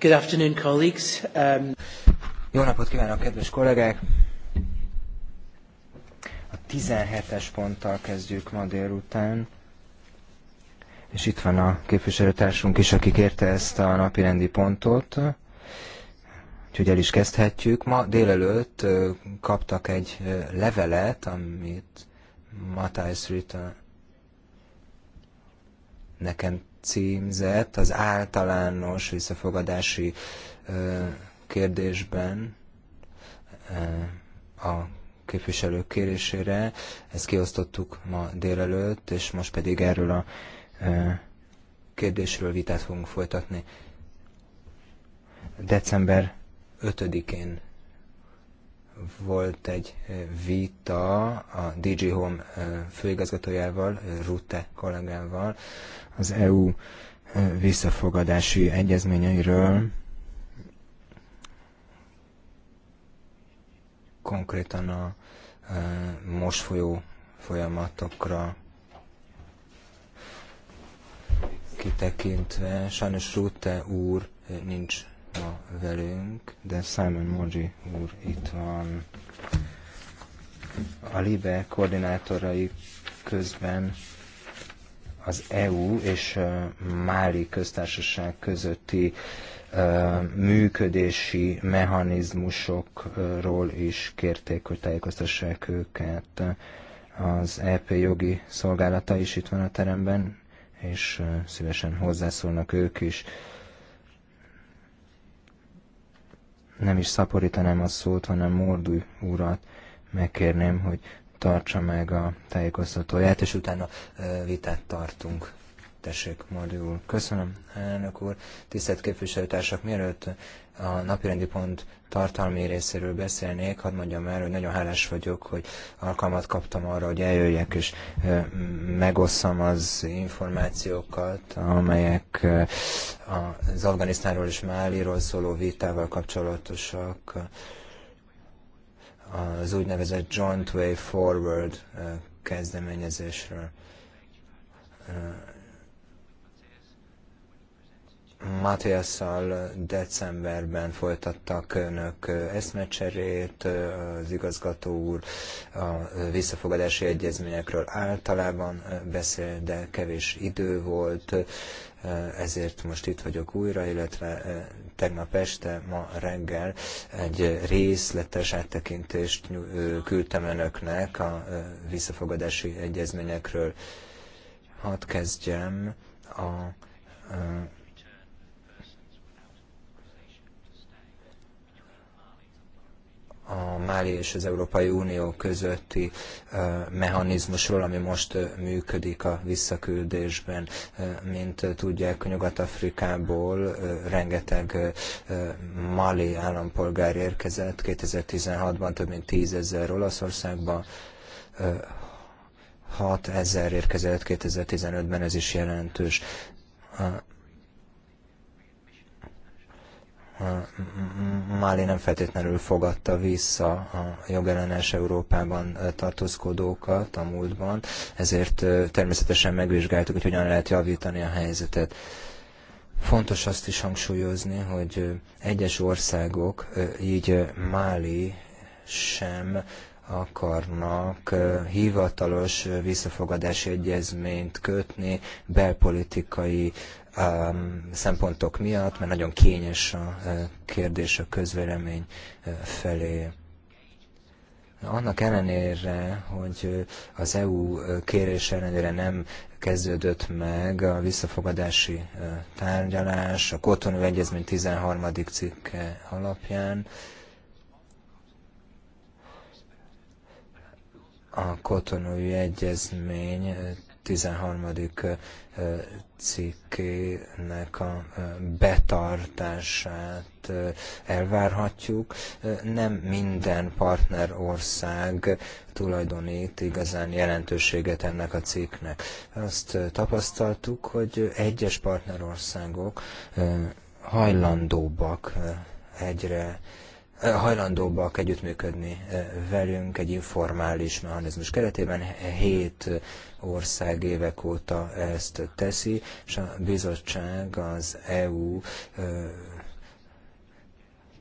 Good afternoon, colleagues. Um... Jó napot kívánok, kedves kollégák! A 17-es ponttal kezdjük ma délután, és itt van a képviselőtársunk is, aki kérte ezt a napirendi pontot, úgyhogy el is kezdhetjük. Ma délelőtt kaptak egy levelet, amit Matthijs Rita nekem címzett az általános visszafogadási kérdésben a képviselők kérésére. Ezt kiosztottuk ma délelőtt, és most pedig erről a kérdésről vitát fogunk folytatni. December 5-én volt egy eh, vita a DG Home eh, főigazgatójával, eh, Rutte kollégával, az EU visszafogadási egyezményeiről, konkrétan a most folyó folyamatokra kitekintve. Sajnos Rutte úr nincs ma velünk, de Simon Moji úr itt van. A LIBE koordinátorai közben az EU és Máli köztársaság közötti működési mechanizmusokról is kérték, hogy tájékoztassák őket. Az EP jogi szolgálata is itt van a teremben, és szívesen hozzászólnak ők is. nem is szaporítanám a szót, hanem Mordú urat megkérném, hogy tartsa meg a tájékoztatóját, és utána vitát tartunk. Tessék, Mordú úr. Köszönöm, elnök úr. Tisztelt képviselőtársak, mielőtt a napirendi pont tartalmi részéről beszélnék, hadd mondjam el, hogy nagyon hálás vagyok, hogy alkalmat kaptam arra, hogy eljöjjek és megosszam az információkat, amelyek az Afganisztánról és Máliról szóló vitával kapcsolatosak az úgynevezett Joint Way Forward kezdeményezésről Matthiasszal decemberben folytattak önök eszmecserét, az igazgató úr a visszafogadási egyezményekről általában beszél, de kevés idő volt, ezért most itt vagyok újra, illetve eh, tegnap este, ma reggel egy részletes áttekintést eh, küldtem önöknek a eh, visszafogadási egyezményekről. Hadd kezdjem a a Máli és az Európai Unió közötti mechanizmusról, ami most működik a visszaküldésben. Mint tudják, Nyugat-Afrikából rengeteg Mali állampolgár érkezett 2016-ban több mint 10 ezer Olaszországba, 6 ezer érkezett 2015-ben, ez is jelentős Máli nem feltétlenül fogadta vissza a jogellenes Európában tartózkodókat a múltban, ezért természetesen megvizsgáltuk, hogy hogyan lehet javítani a helyzetet. Fontos azt is hangsúlyozni, hogy egyes országok, így Máli sem akarnak hivatalos visszafogadási egyezményt kötni belpolitikai Um, szempontok miatt, mert nagyon kényes a e, kérdés a közvélemény e, felé. Annak ellenére, hogy az EU e, kérése ellenére nem kezdődött meg a visszafogadási tárgyalás, a Kotonú Egyezmény 13. cikke alapján, a Kotonúi Egyezmény 13 cikkének a betartását elvárhatjuk. Nem minden partner ország tulajdonít igazán jelentőséget ennek a cikknek. Azt tapasztaltuk, hogy egyes partnerországok hajlandóbbak egyre hajlandóbbak együttműködni eh, velünk egy informális mechanizmus keretében. Hét ország évek óta ezt teszi, és a bizottság az EU eh,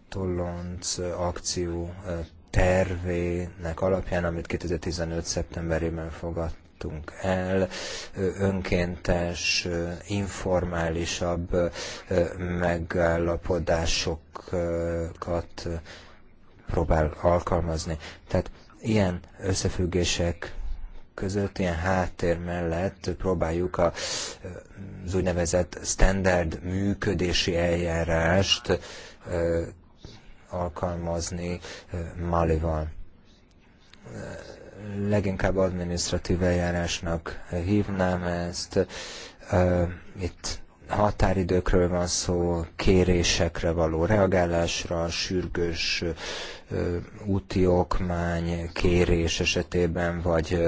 tollonc akció eh, tervének alapján, amit 2015. szeptemberében fogadt jutottunk el, önkéntes, informálisabb megállapodásokat próbál alkalmazni. Tehát ilyen összefüggések között, ilyen háttér mellett próbáljuk a, az úgynevezett standard működési eljárást alkalmazni Malival leginkább adminisztratív eljárásnak hívnám ezt. Itt határidőkről van szó, kérésekre való reagálásra, sürgős úti okmány kérés esetében, vagy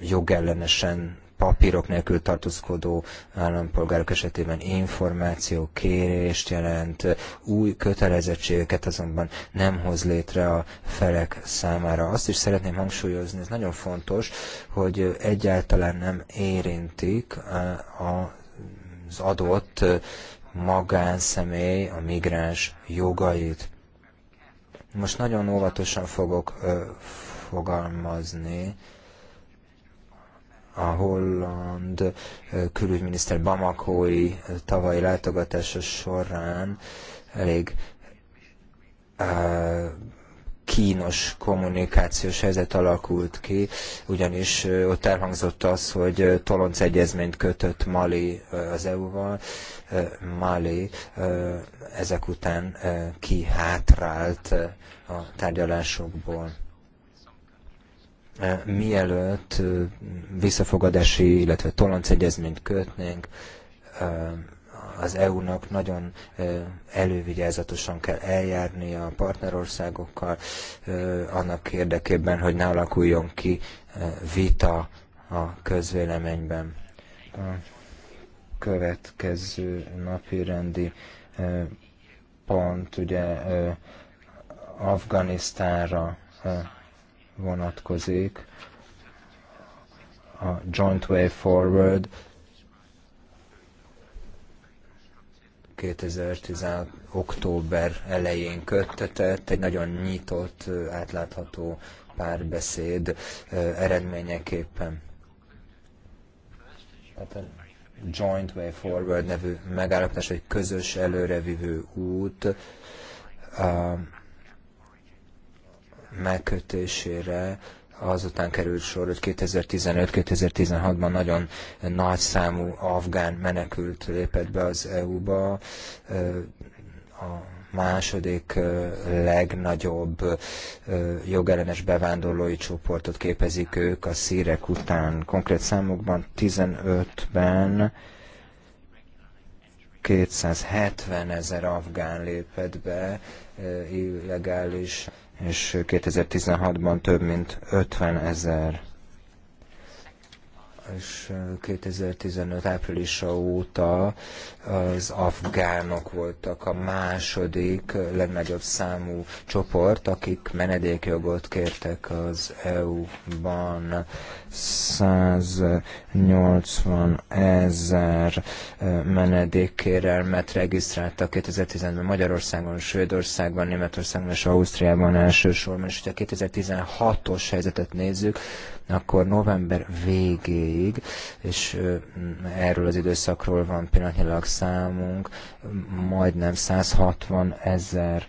jogellenesen papírok nélkül tartózkodó állampolgárok esetében információkérést jelent, új kötelezettségeket azonban nem hoz létre a felek számára. Azt is szeretném hangsúlyozni, ez nagyon fontos, hogy egyáltalán nem érintik eh, az adott magánszemély a migráns jogait. Most nagyon óvatosan fogok eh, fogalmazni, a holland külügyminiszter Bamakói tavalyi látogatása során elég kínos kommunikációs helyzet alakult ki, ugyanis ott elhangzott az, hogy Tolonc egyezményt kötött Mali az EU-val, Mali ezek után kihátrált a tárgyalásokból. E, mielőtt visszafogadási, illetve tolancegyezményt kötnénk, e, az EU-nak nagyon e, elővigyázatosan kell eljárni a partnerországokkal annak érdekében, hogy ne alakuljon ki vita a közvéleményben. A következő napi rendi pont ugye Afganisztánra vonatkozik a Joint Way Forward 2010 október elején köttetett, egy nagyon nyitott, átlátható párbeszéd eredményeképpen. Hát a Joint Way Forward nevű megállapodás egy közös előrevívő út, megkötésére azután került sor, hogy 2015-2016-ban nagyon nagy számú afgán menekült lépett be az EU-ba. A második legnagyobb jogellenes bevándorlói csoportot képezik ők a szírek után. Konkrét számokban 15-ben 270 ezer afgán lépett be illegális és 2016-ban több mint 50 ezer és 2015 áprilisa óta az afgánok voltak a második legnagyobb számú csoport, akik menedékjogot kértek az EU-ban. 180 ezer menedékkérelmet regisztráltak 2015-ben Magyarországon, Svédországban, Németországban és Ausztriában elsősorban, és hogyha 2016-os helyzetet nézzük, akkor november végéig, és erről az időszakról van pillanatnyilag számunk, majdnem 160 ezer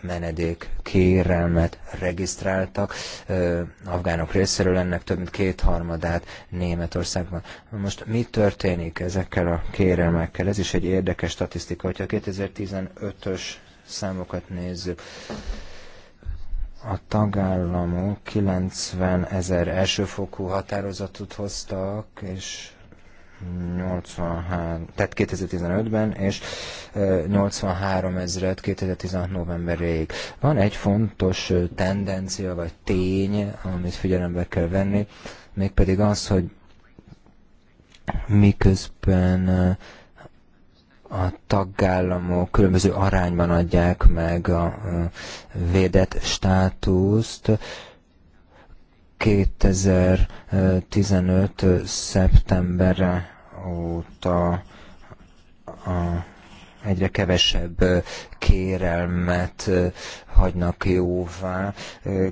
menedék kérelmet regisztráltak. Afgánok részéről ennek több mint kétharmadát Németországban. Most mi történik ezekkel a kérelmekkel? Ez is egy érdekes statisztika, hogyha 2015-ös számokat nézzük a tagállamok 90 ezer elsőfokú határozatot hoztak, és 83, tehát 2015-ben, és 83 ezeret 2016 novemberéig. Van egy fontos tendencia vagy tény, amit figyelembe kell venni, mégpedig az, hogy miközben a tagállamok különböző arányban adják meg a védett státuszt. 2015. szeptemberre óta a egyre kevesebb kérelmet hagynak jóvá.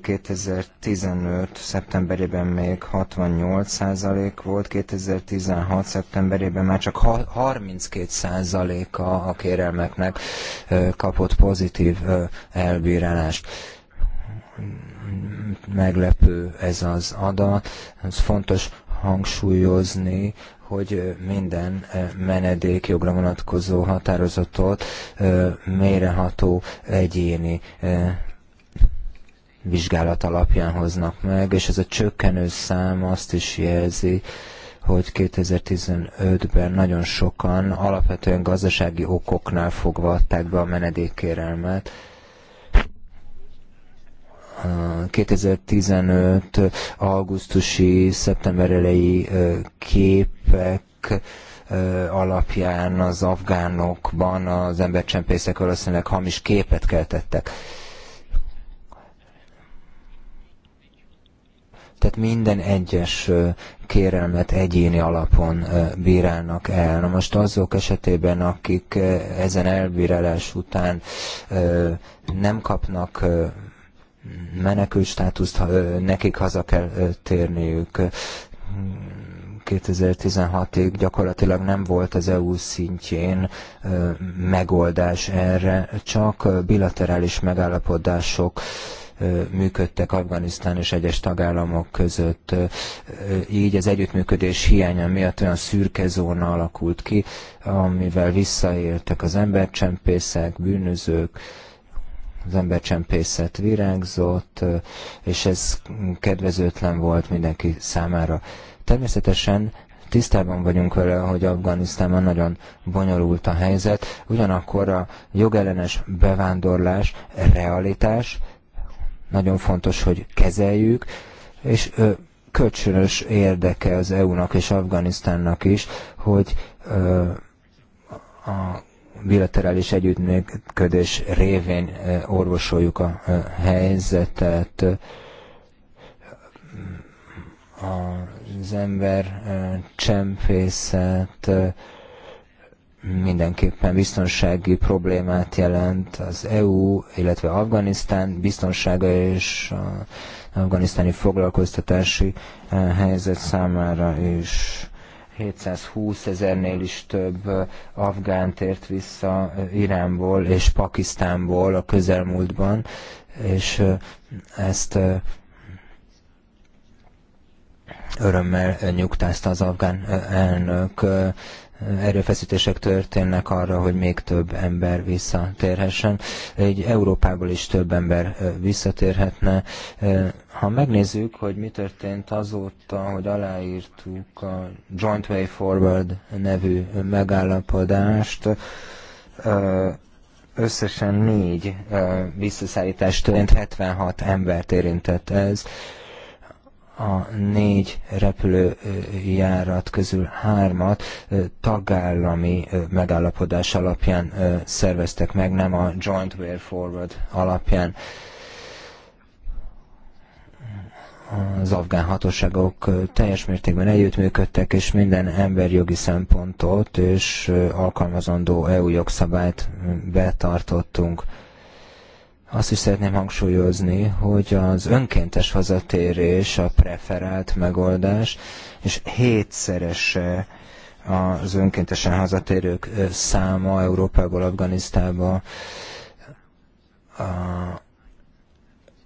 2015. szeptemberében még 68% volt, 2016. szeptemberében már csak 32%-a a kérelmeknek kapott pozitív elbírálást meglepő ez az adat. Ez fontos hangsúlyozni, hogy minden menedékjogra vonatkozó határozatot méreható egyéni vizsgálat alapján hoznak meg, és ez a csökkenő szám azt is jelzi, hogy 2015-ben nagyon sokan alapvetően gazdasági okoknál fogva adták be a menedékkérelmet, 2015 augusztusi, szeptember elejé képek alapján az afgánokban az embercsempészek valószínűleg hamis képet keltettek. Tehát minden egyes kérelmet egyéni alapon bírálnak el. Na most azok esetében, akik ezen elbírálás után nem kapnak menekül státuszt, nekik haza kell térniük. 2016-ig gyakorlatilag nem volt az EU szintjén megoldás erre, csak bilaterális megállapodások működtek Afganisztán és egyes tagállamok között. Így az együttműködés hiánya miatt olyan szürke zóna alakult ki, amivel visszaéltek az embercsempészek, bűnözők, az embercsempészet virágzott, és ez kedvezőtlen volt mindenki számára. Természetesen tisztában vagyunk vele, hogy Afganisztánban nagyon bonyolult a helyzet, ugyanakkor a jogellenes bevándorlás realitás, nagyon fontos, hogy kezeljük, és ö, kölcsönös érdeke az EU-nak és Afganisztánnak is, hogy ö, a bilaterális együttműködés révén eh, orvosoljuk a eh, helyzetet. Az ember eh, csempészet mindenképpen biztonsági problémát jelent az EU, illetve Afganisztán biztonsága és az afganisztáni foglalkoztatási helyzet számára is 720 ezernél is több afgán tért vissza Iránból és Pakisztánból a közelmúltban, és ezt örömmel nyugtázta az afgán elnök erőfeszítések történnek arra, hogy még több ember visszatérhessen. egy Európából is több ember visszatérhetne. Ha megnézzük, hogy mi történt azóta, hogy aláírtuk a Joint Way Forward nevű megállapodást, összesen négy visszaszállítás történt, 76 embert érintett ez a négy repülőjárat közül hármat tagállami megállapodás alapján szerveztek meg, nem a Joint Way Forward alapján. Az afgán hatóságok teljes mértékben együttműködtek, és minden emberjogi szempontot és alkalmazandó EU jogszabályt betartottunk. Azt is szeretném hangsúlyozni, hogy az önkéntes hazatérés a preferált megoldás, és hétszerese az önkéntesen hazatérők száma Európából, Afganisztába.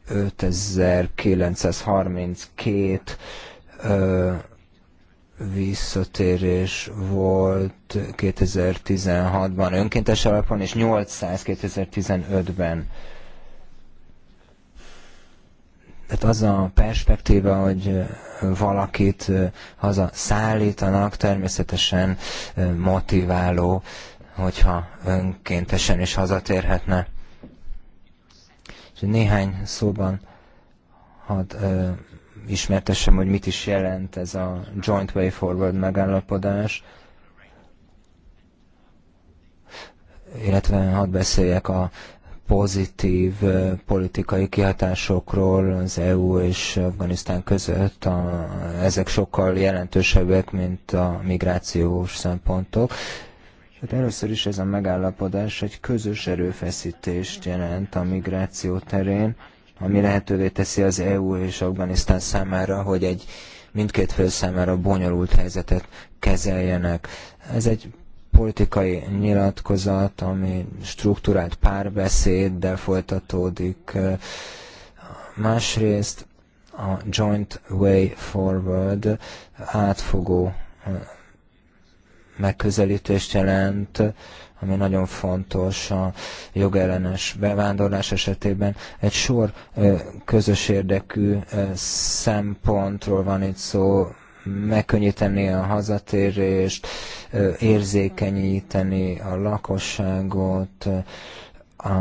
5932 visszatérés volt 2016-ban önkéntes alapon, és 800 2015-ben. Tehát az a perspektíva, hogy valakit haza szállítanak, természetesen motiváló, hogyha önkéntesen is hazatérhetne. Néhány szóban hadd ismertessem, hogy mit is jelent ez a Joint Way Forward megállapodás, illetve hadd beszéljek a pozitív politikai kihatásokról az EU és Afganisztán között. A, ezek sokkal jelentősebbek, mint a migrációs szempontok. Hát először is ez a megállapodás egy közös erőfeszítést jelent a migráció terén, ami lehetővé teszi az EU és Afganisztán számára, hogy egy mindkét fél számára bonyolult helyzetet kezeljenek. Ez egy politikai nyilatkozat, ami struktúrált párbeszéddel folytatódik. Másrészt a Joint Way Forward átfogó megközelítést jelent, ami nagyon fontos a jogellenes bevándorlás esetében. Egy sor közös érdekű szempontról van itt szó, megkönnyíteni a hazatérést, érzékenyíteni a lakosságot, a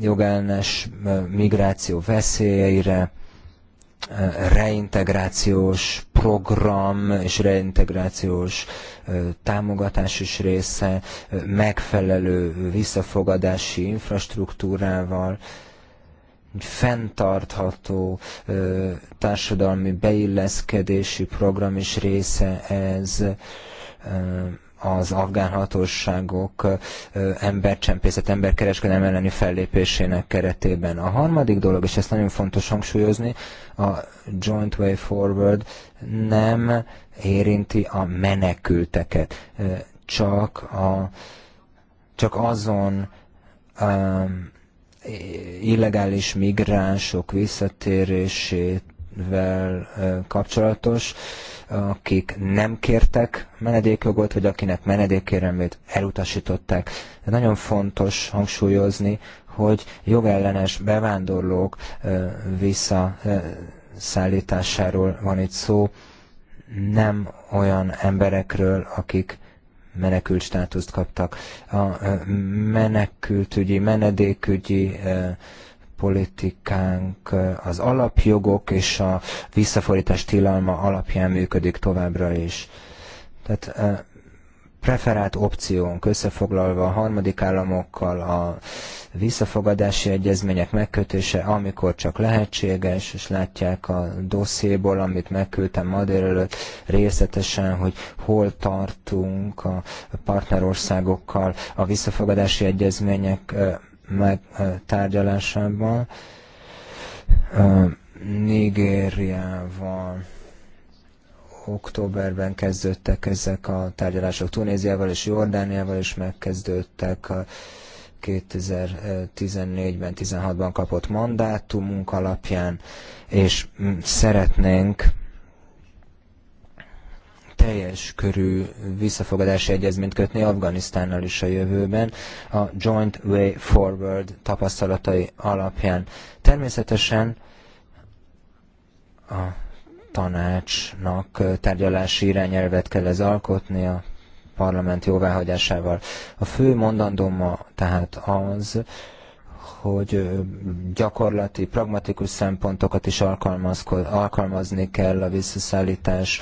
jogellenes migráció veszélyeire, reintegrációs program és reintegrációs támogatás is része, megfelelő visszafogadási infrastruktúrával, fenntartható társadalmi beilleszkedési program is része ez az afgán hatóságok embercsempészet, emberkereskedelem elleni fellépésének keretében. A harmadik dolog, és ezt nagyon fontos hangsúlyozni, a Joint Way Forward nem érinti a menekülteket, csak, a, csak azon illegális migránsok visszatérésével kapcsolatos, akik nem kértek menedékjogot, vagy akinek menedékkérelmét elutasították. De nagyon fontos hangsúlyozni, hogy jogellenes bevándorlók visszaszállításáról van itt szó, nem olyan emberekről, akik menekült státuszt kaptak. A menekültügyi, menedékügyi politikánk az alapjogok és a visszafordítás tilalma alapján működik továbbra is. Tehát preferált opciónk összefoglalva a harmadik államokkal a visszafogadási egyezmények megkötése, amikor csak lehetséges, és látják a dosszéból, amit megküldtem ma délelőtt részletesen, hogy hol tartunk a partnerországokkal a visszafogadási egyezmények megtárgyalásában. Nigériával októberben kezdődtek ezek a tárgyalások Tunéziával és Jordániával, és megkezdődtek a 2014-ben, 16-ban kapott mandátumunk alapján, és szeretnénk teljes körű visszafogadási egyezményt kötni Afganisztánnal is a jövőben a Joint Way Forward tapasztalatai alapján. Természetesen a tanácsnak tárgyalási irányelvet kell ez alkotni a parlament jóváhagyásával. A fő mondandóma tehát az, hogy gyakorlati, pragmatikus szempontokat is alkalmazni kell a visszaszállítás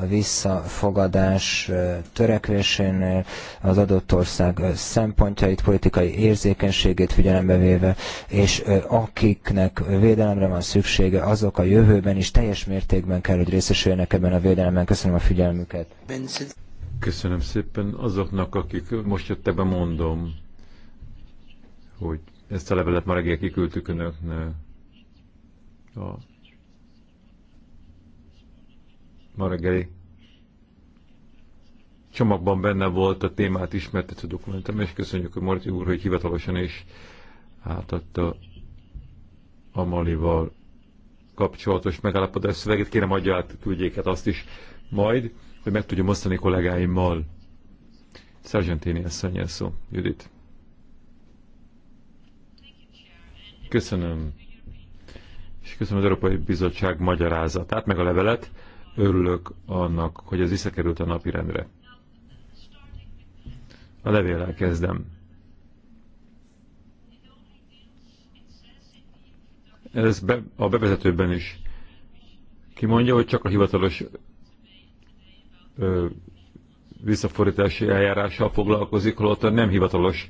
a visszafogadás törekvésénél, az adott ország szempontjait, politikai érzékenységét figyelembe véve, és akiknek védelemre van szüksége, azok a jövőben is teljes mértékben kell, hogy részesüljenek ebben a védelemben. Köszönöm a figyelmüket. Köszönöm szépen azoknak, akik most jöttek be, mondom, hogy ezt a levelet ma reggel kiküldtük önöknek. A ma reggeli csomagban benne volt a témát ismertető dokumentum, és köszönjük a Marti úr, hogy hivatalosan is átadta a Malival kapcsolatos megállapodás szöveget. Kérem adja át, küldjék hát azt is majd, hogy meg tudjam osztani kollégáimmal. Szerzsenténi asszony szó, Judit. Köszönöm. És köszönöm az Európai Bizottság magyarázatát, meg a levelet. Örülök annak, hogy ez visszakerült a napirendre. A levéllel kezdem. Ez be, a bevezetőben is kimondja, hogy csak a hivatalos ö, visszafordítási eljárással foglalkozik, holott a nem hivatalos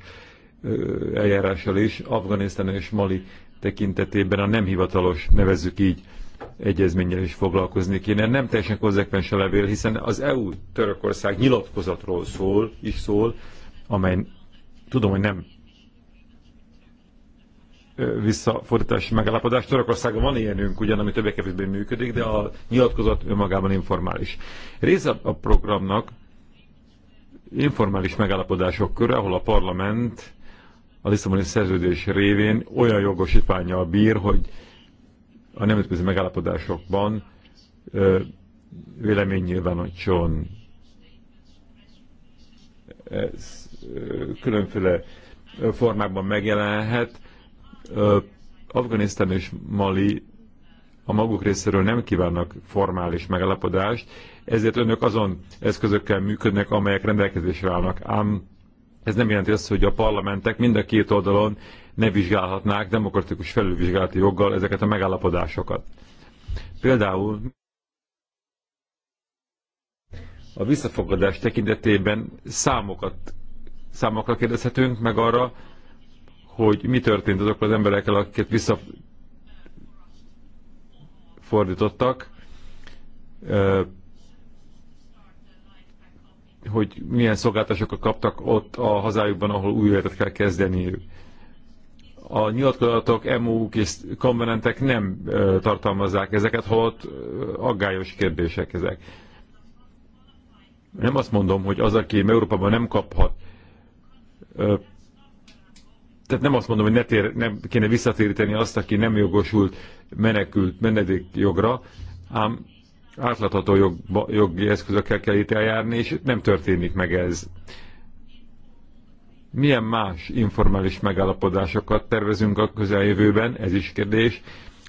eljárással is, Afganisztán és Mali tekintetében a nem hivatalos, nevezzük így, egyezménnyel is foglalkozni kéne. Nem teljesen konzekvens a levél, hiszen az EU-Törökország nyilatkozatról szól, is szól, amely tudom, hogy nem visszafordítási megállapodás. Törökországban van ilyenünk, ugyan, ami többé-kevésbé működik, de a nyilatkozat önmagában informális. Része a programnak informális megállapodások köre, ahol a parlament a Lisszaboni szerződés révén olyan jogosítványjal bír, hogy a nemzetközi megállapodásokban nyilvánítson. ez különféle formákban megjelenhet. Afganisztán és Mali a maguk részéről nem kívánnak formális megállapodást, ezért önök azon eszközökkel működnek, amelyek rendelkezésre állnak. Ám ez nem jelenti azt, hogy a parlamentek mind a két oldalon ne vizsgálhatnák demokratikus felülvizsgálati joggal ezeket a megállapodásokat. Például a visszafogadás tekintetében számokat, számokra kérdezhetünk meg arra, hogy mi történt azokkal az emberekkel, akiket visszafordítottak, hogy milyen szolgáltatásokat kaptak ott a hazájukban, ahol új életet kell kezdeniük a nyilatkozatok, mu k és konvenentek nem tartalmazzák ezeket, holott aggályos kérdések ezek. Nem azt mondom, hogy az, aki Európában nem kaphat, tehát nem azt mondom, hogy ne tér, nem kéne visszatéríteni azt, aki nem jogosult menekült menedékjogra, ám átlátható jog, jogi eszközökkel kell itt eljárni, és nem történik meg ez. Milyen más informális megállapodásokat tervezünk a közeljövőben, ez is kérdés,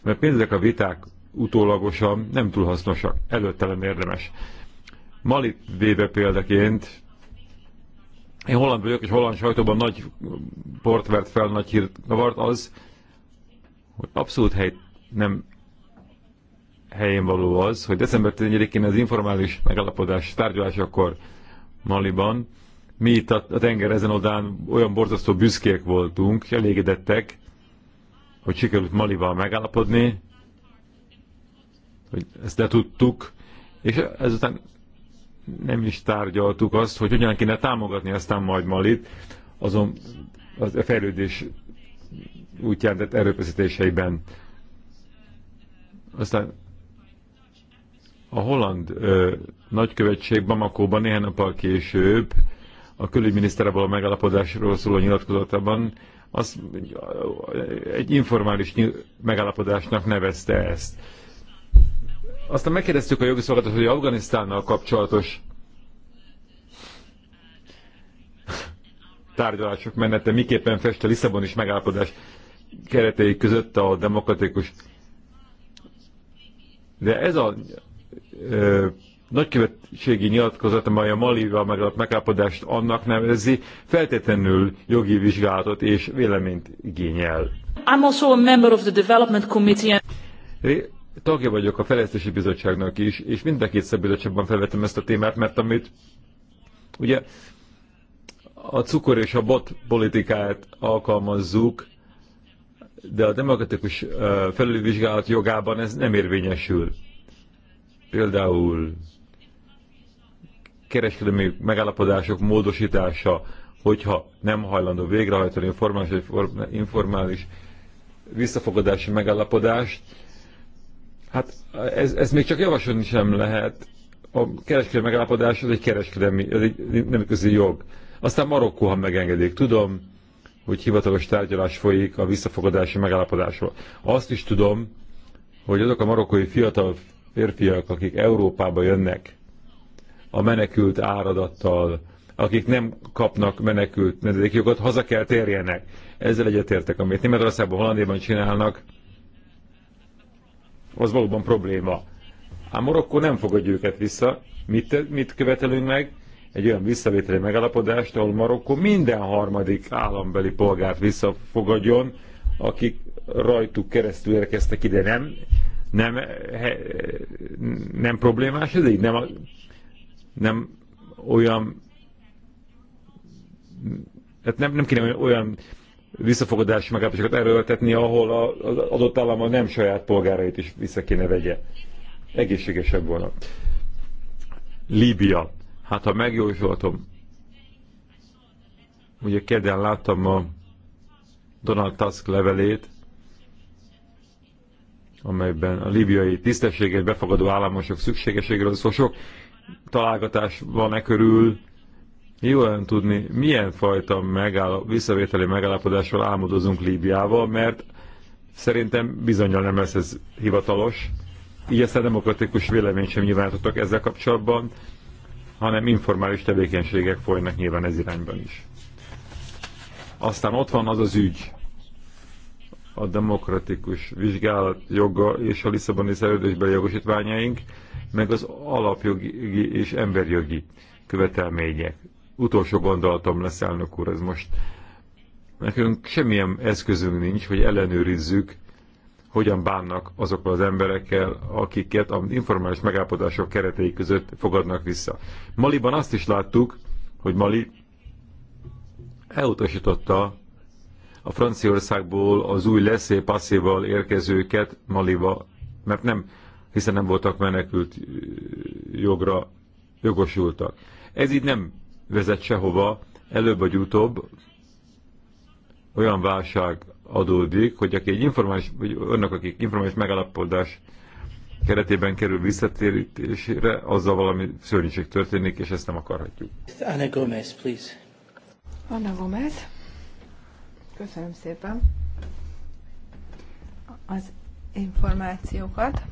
mert pénzek a viták utólagosan nem túl hasznosak, előttelen érdemes. Malit véve példaként, én holland vagyok, és holland sajtóban nagy port vert fel, nagy hírt kavart az, hogy abszolút hely, nem helyén való az, hogy december 14-én az informális megállapodás tárgyalásakor Maliban mi itt a, a tenger ezen odán olyan borzasztó büszkék voltunk, elégedettek, hogy sikerült Malival megállapodni, hogy ezt le tudtuk, és ezután nem is tárgyaltuk azt, hogy hogyan kéne támogatni aztán majd Malit azon az a e fejlődés útján tett erőfeszítéseiben. Aztán a holland ö, nagykövetség Bamako-ban néhány nappal később a külügyminisztere a megállapodásról szóló nyilatkozatában az egy informális megállapodásnak nevezte ezt. Aztán megkérdeztük a jogi szolgáltatót, hogy Afganisztánnal kapcsolatos tárgyalások menete miképpen fest a Lisszabon is megállapodás keretei között a demokratikus. De ez a nagykövetségi nyilatkozat, amely a Malival megadott megállapodást annak nevezi, feltétlenül jogi vizsgálatot és véleményt igényel. I'm also a member of the development committee. Ré tagja vagyok a Fejlesztési Bizottságnak is, és mind a két bizottságban felvettem ezt a témát, mert amit ugye a cukor és a bot politikát alkalmazzuk, de a demokratikus felülvizsgálat jogában ez nem érvényesül. Például kereskedelmi megállapodások módosítása, hogyha nem hajlandó végrehajtani a formális vagy informális visszafogadási megállapodást, hát ez, ez még csak javasolni sem lehet. A kereskedelmi megállapodás az egy kereskedelmi, az egy nemközi jog. Aztán Marokkó, ha megengedik, tudom, hogy hivatalos tárgyalás folyik a visszafogadási megállapodásról. Azt is tudom, hogy azok a marokkói fiatal férfiak, akik Európába jönnek, a menekült áradattal, akik nem kapnak menekült nemzedékjogot, haza kell térjenek. Ezzel egyetértek, amit Németországban, Hollandiában csinálnak, az valóban probléma. A Marokkó nem fogadja őket vissza. Mit, mit követelünk meg? Egy olyan visszavételi megalapodást, ahol Marokkó minden harmadik állambeli polgárt visszafogadjon, akik rajtuk keresztül érkeztek ide. Nem, nem, he, nem problémás ez így? Nem nem olyan hát nem, nem kéne olyan visszafogadási megállapotokat erőltetni, ahol az adott állam a nem saját polgárait is vissza kéne vegye. Egészségesebb volna. Líbia. Hát ha megjósoltam, ugye kedden láttam a Donald Tusk levelét, amelyben a líbiai tisztességet befogadó államosok szükségeségről szó Sok találgatás van-e körül. Jó olyan tudni, milyen fajta megáll, visszavételi megállapodásról álmodozunk Líbiával, mert szerintem bizonyal nem lesz ez hivatalos. Így ezt a demokratikus véleményt sem nyilvánítottak ezzel kapcsolatban, hanem informális tevékenységek folynak nyilván ez irányban is. Aztán ott van az az ügy, a demokratikus vizsgálat joga és a Lisszaboni szerződésbeli jogosítványaink, meg az alapjogi és emberjogi követelmények. Utolsó gondolatom lesz, elnök úr, ez most. Nekünk semmilyen eszközünk nincs, hogy ellenőrizzük, hogyan bánnak azokkal az emberekkel, akiket a informális megállapodások keretei között fogadnak vissza. Maliban azt is láttuk, hogy Mali elutasította a Franciaországból az új leszé passzéval érkezőket Maliba, mert nem, hiszen nem voltak menekült jogra jogosultak. Ez így nem vezet sehova, előbb vagy utóbb olyan válság adódik, hogy aki egy informális, vagy önök, akik informális megállapodás keretében kerül visszatérítésére, azzal valami szörnyűség történik, és ezt nem akarhatjuk. Anna Gomez, please. Anna Gomez. Köszönöm szépen az információkat.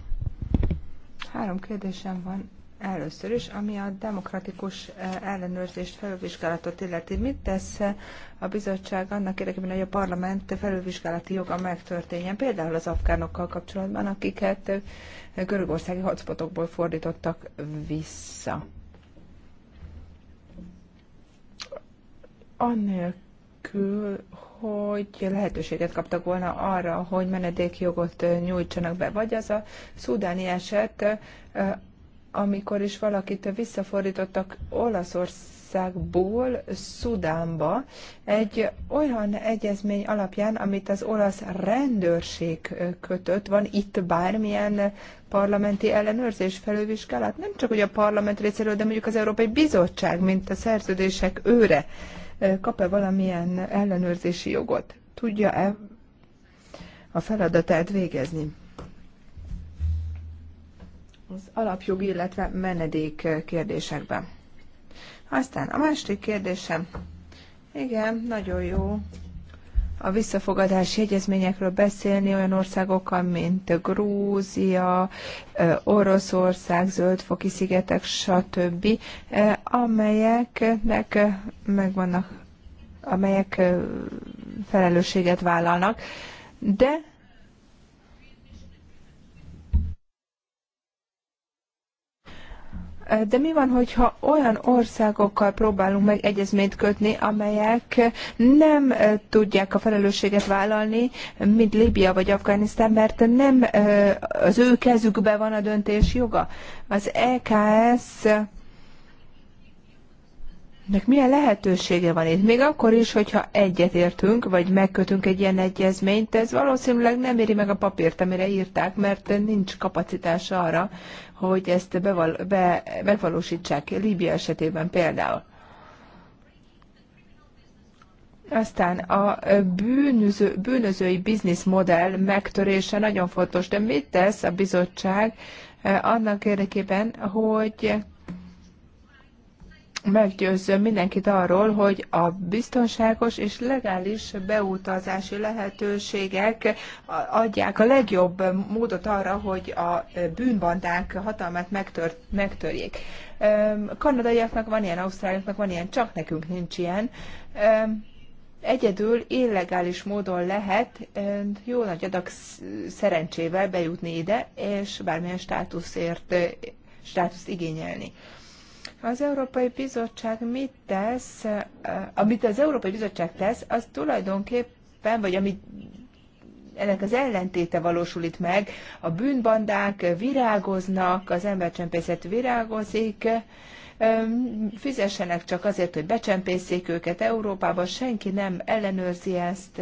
Három kérdésem van először is, ami a demokratikus eh, ellenőrzést, felülvizsgálatot illeti. Mit tesz eh, a bizottság annak érdekében, hogy a parlament felülvizsgálati joga megtörténjen, például az afgánokkal kapcsolatban, akiket eh, görögországi hotspotokból fordítottak vissza? Annélkül anélkül, hogy lehetőséget kaptak volna arra, hogy menedékjogot nyújtsanak be. Vagy az a szudáni eset, amikor is valakit visszafordítottak Olaszországból Szudánba egy olyan egyezmény alapján, amit az olasz rendőrség kötött, van itt bármilyen parlamenti ellenőrzés felülvizsgálat, nem csak hogy a parlament részéről, de mondjuk az Európai Bizottság, mint a szerződések őre kap-e valamilyen ellenőrzési jogot? Tudja-e a feladatát végezni? Az alapjog, illetve menedék kérdésekben. Aztán a másik kérdésem. Igen, nagyon jó a visszafogadási egyezményekről beszélni olyan országokkal, mint Grúzia, Oroszország, Zöldfoki szigetek, stb., amelyeknek megvannak, amelyek felelősséget vállalnak, de De mi van, hogyha olyan országokkal próbálunk meg egyezményt kötni, amelyek nem tudják a felelősséget vállalni, mint Líbia vagy Afganisztán, mert nem az ő kezükbe van a döntés joga. Az EKS Nek milyen lehetősége van itt? Még akkor is, hogyha egyetértünk, vagy megkötünk egy ilyen egyezményt, ez valószínűleg nem éri meg a papírt, amire írták, mert nincs kapacitása arra, hogy ezt beval- be- megvalósítsák Líbia esetében például. Aztán a bűnöző, bűnözői bizniszmodell megtörése nagyon fontos, de mit tesz a bizottság eh, annak érdekében, hogy meggyőzzön mindenkit arról, hogy a biztonságos és legális beutazási lehetőségek adják a legjobb módot arra, hogy a bűnbandák hatalmát megtör, megtörjék. Kanadaiaknak van ilyen, Ausztráliaknak van ilyen, csak nekünk nincs ilyen. Egyedül illegális módon lehet jó nagy adag szerencsével bejutni ide, és bármilyen státuszért, státuszt igényelni. Az Európai Bizottság mit tesz, amit az Európai Bizottság tesz, az tulajdonképpen, vagy amit ennek az ellentéte valósul itt meg. A bűnbandák virágoznak, az embercsempészet virágozik, fizessenek csak azért, hogy becsempészék őket Európába, senki nem ellenőrzi ezt.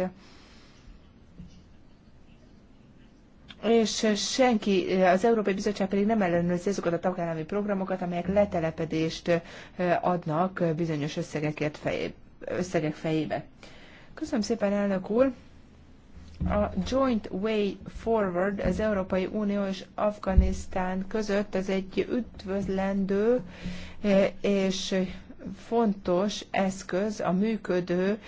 és senki, az Európai Bizottság pedig nem ellenőrzi azokat a tagállami programokat, amelyek letelepedést adnak bizonyos összegekért fejé, összegek fejébe. Köszönöm szépen, elnök úr! A Joint Way Forward az Európai Unió és Afganisztán között az egy üdvözlendő és fontos eszköz a működő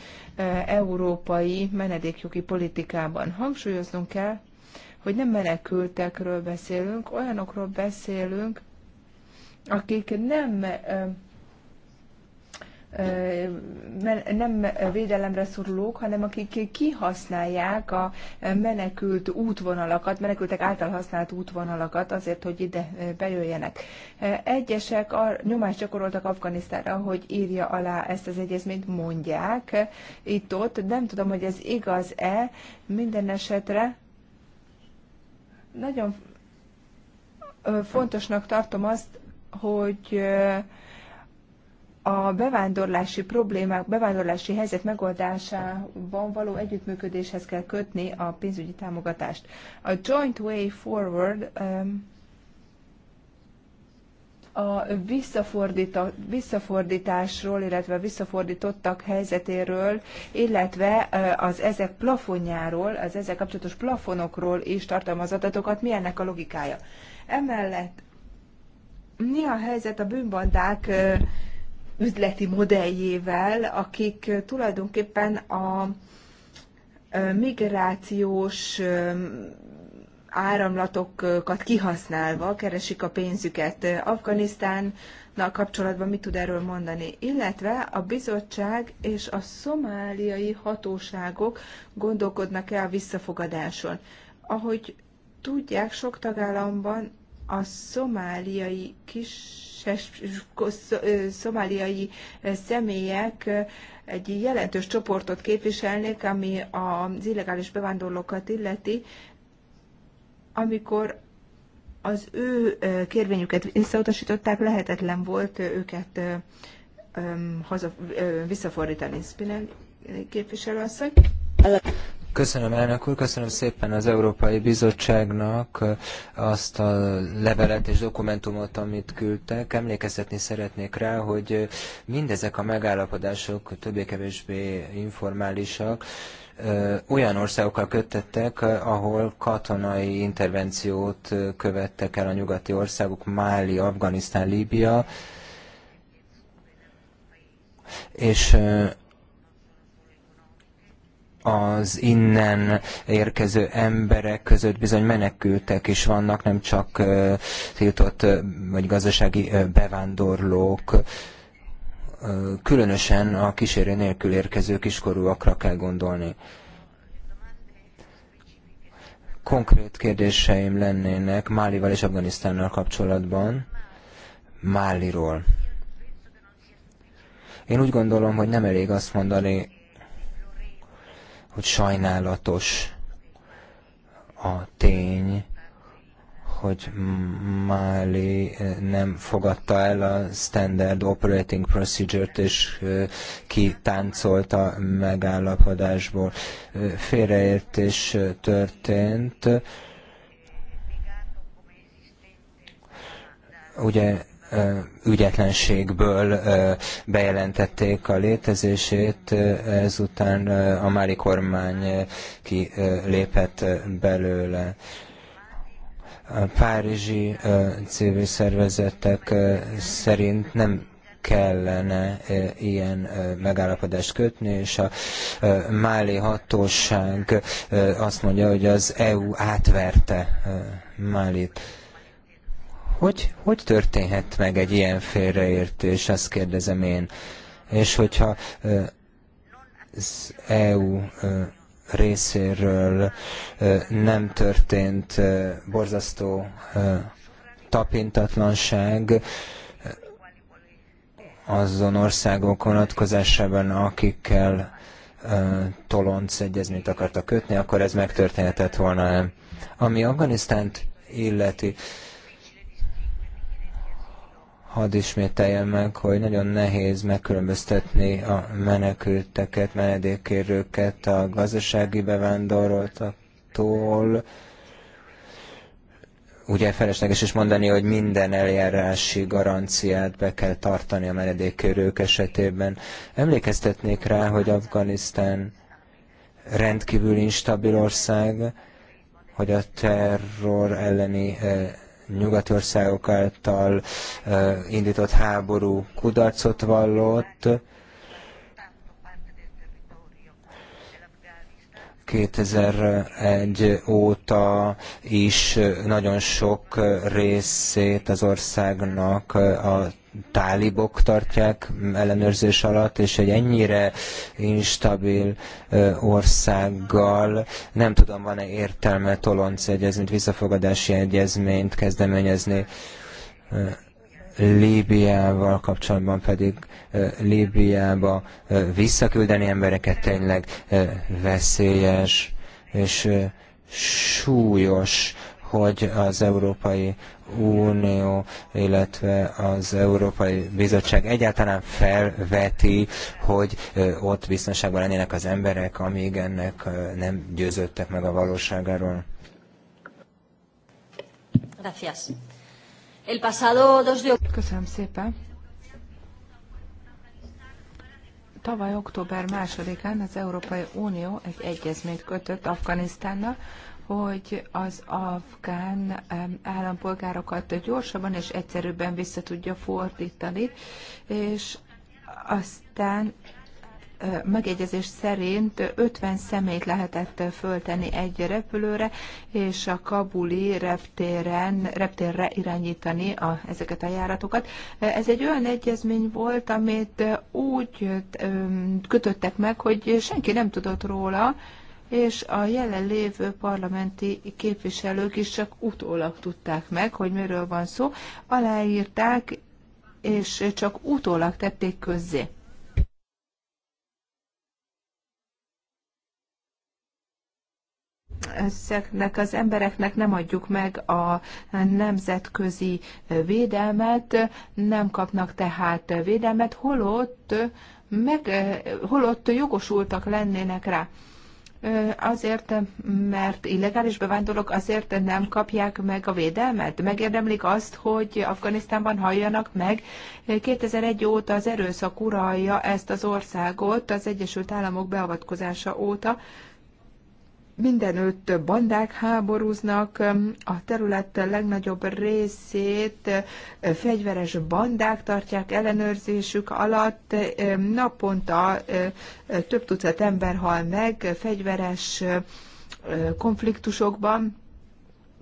európai menedékjogi politikában. Hangsúlyoznunk kell, hogy nem menekültekről beszélünk, olyanokról beszélünk, akik nem nem védelemre szorulók, hanem akik kihasználják a menekült útvonalakat, menekültek által használt útvonalakat azért, hogy ide bejöjjenek. Egyesek nyomást gyakoroltak Afganisztára, hogy írja alá ezt az egyezményt, mondják itt-ott. Nem tudom, hogy ez igaz-e, minden esetre nagyon fontosnak tartom azt, hogy a bevándorlási problémák, bevándorlási helyzet megoldásában való együttműködéshez kell kötni a pénzügyi támogatást. A Joint Way Forward um, a visszafordításról, illetve a visszafordítottak helyzetéről, illetve az ezek plafonjáról, az ezek kapcsolatos plafonokról is tartalmaz adatokat. Mi ennek a logikája? Emellett mi a helyzet a bűnbandák üzleti modelljével, akik tulajdonképpen a migrációs áramlatokat kihasználva keresik a pénzüket. Afganisztánnal kapcsolatban mit tud erről mondani? Illetve a bizottság és a szomáliai hatóságok gondolkodnak-e a visszafogadáson? Ahogy tudják, sok tagállamban a szomáliai kis szomáliai személyek egy jelentős csoportot képviselnék, ami az illegális bevándorlókat illeti, amikor az ő kérvényüket visszautasították, lehetetlen volt őket haza, visszafordítani. Spinel képviselőasszony. Köszönöm elnök úr, köszönöm szépen az Európai Bizottságnak azt a levelet és dokumentumot, amit küldtek. Emlékeztetni szeretnék rá, hogy mindezek a megállapodások többé-kevésbé informálisak, olyan országokkal kötöttek, ahol katonai intervenciót követtek el a nyugati országok, Máli, Afganisztán, Líbia, és az innen érkező emberek között bizony menekültek is vannak, nem csak tiltott vagy gazdasági bevándorlók különösen a kísérő nélkül érkező kiskorúakra kell gondolni. Konkrét kérdéseim lennének Málival és Afganisztánnal kapcsolatban. Máliról. Én úgy gondolom, hogy nem elég azt mondani, hogy sajnálatos a tény, hogy Mali eh, nem fogadta el a Standard Operating Procedure-t, és eh, kitáncolt a megállapodásból. Eh, félreértés történt. Ugye ügyetlenségből bejelentették a létezését, ezután a Máli kormány kilépett belőle párizsi civil szervezetek szerint nem kellene ilyen megállapodást kötni, és a Máli hatóság azt mondja, hogy az EU átverte Málit. Hogy, hogy történhet meg egy ilyen félreértés, azt kérdezem én. És hogyha az EU részéről nem történt borzasztó tapintatlanság azon országok vonatkozásában, akikkel tolonc egyezményt akartak kötni, akkor ez megtörténhetett volna. Ami Afganisztánt illeti, hadd ismételjem meg, hogy nagyon nehéz megkülönböztetni a menekülteket, menedékkérőket a gazdasági bevándoroltaktól. Ugye felesleges is mondani, hogy minden eljárási garanciát be kell tartani a menedékkérők esetében. Emlékeztetnék rá, hogy Afganisztán rendkívül instabil ország, hogy a terror elleni eh, nyugati országok által indított háború kudarcot vallott. 2001 óta is nagyon sok részét az országnak a tálibok tartják ellenőrzés alatt, és egy ennyire instabil országgal nem tudom, van-e értelme tolonc egyezményt, visszafogadási egyezményt kezdeményezni. Líbiával kapcsolatban pedig Líbiába visszaküldeni embereket tényleg veszélyes és súlyos hogy az Európai Unió, illetve az Európai Bizottság egyáltalán felveti, hogy ott biztonságban lennének az emberek, amíg ennek nem győződtek meg a valóságáról. El pasado de... Köszönöm szépen. Tavaly október másodikán az Európai Unió egy egyezményt kötött Afganisztánnal, hogy az afgán állampolgárokat gyorsabban és egyszerűbben vissza tudja fordítani, és aztán megegyezés szerint 50 szemét lehetett föltenni egy repülőre, és a kabuli reptéren, reptérre irányítani a, ezeket a járatokat. Ez egy olyan egyezmény volt, amit úgy kötöttek meg, hogy senki nem tudott róla, és a jelenlévő parlamenti képviselők is csak utólag tudták meg, hogy miről van szó, aláírták, és csak utólag tették közzé. ezeknek az embereknek nem adjuk meg a nemzetközi védelmet, nem kapnak tehát védelmet, holott, meg, holott jogosultak lennének rá azért, mert illegális bevándorlók azért nem kapják meg a védelmet? Megérdemlik azt, hogy Afganisztánban halljanak meg. 2001 óta az erőszak uralja ezt az országot, az Egyesült Államok beavatkozása óta mindenütt bandák háborúznak, a terület legnagyobb részét fegyveres bandák tartják ellenőrzésük alatt, naponta több tucat ember hal meg fegyveres konfliktusokban.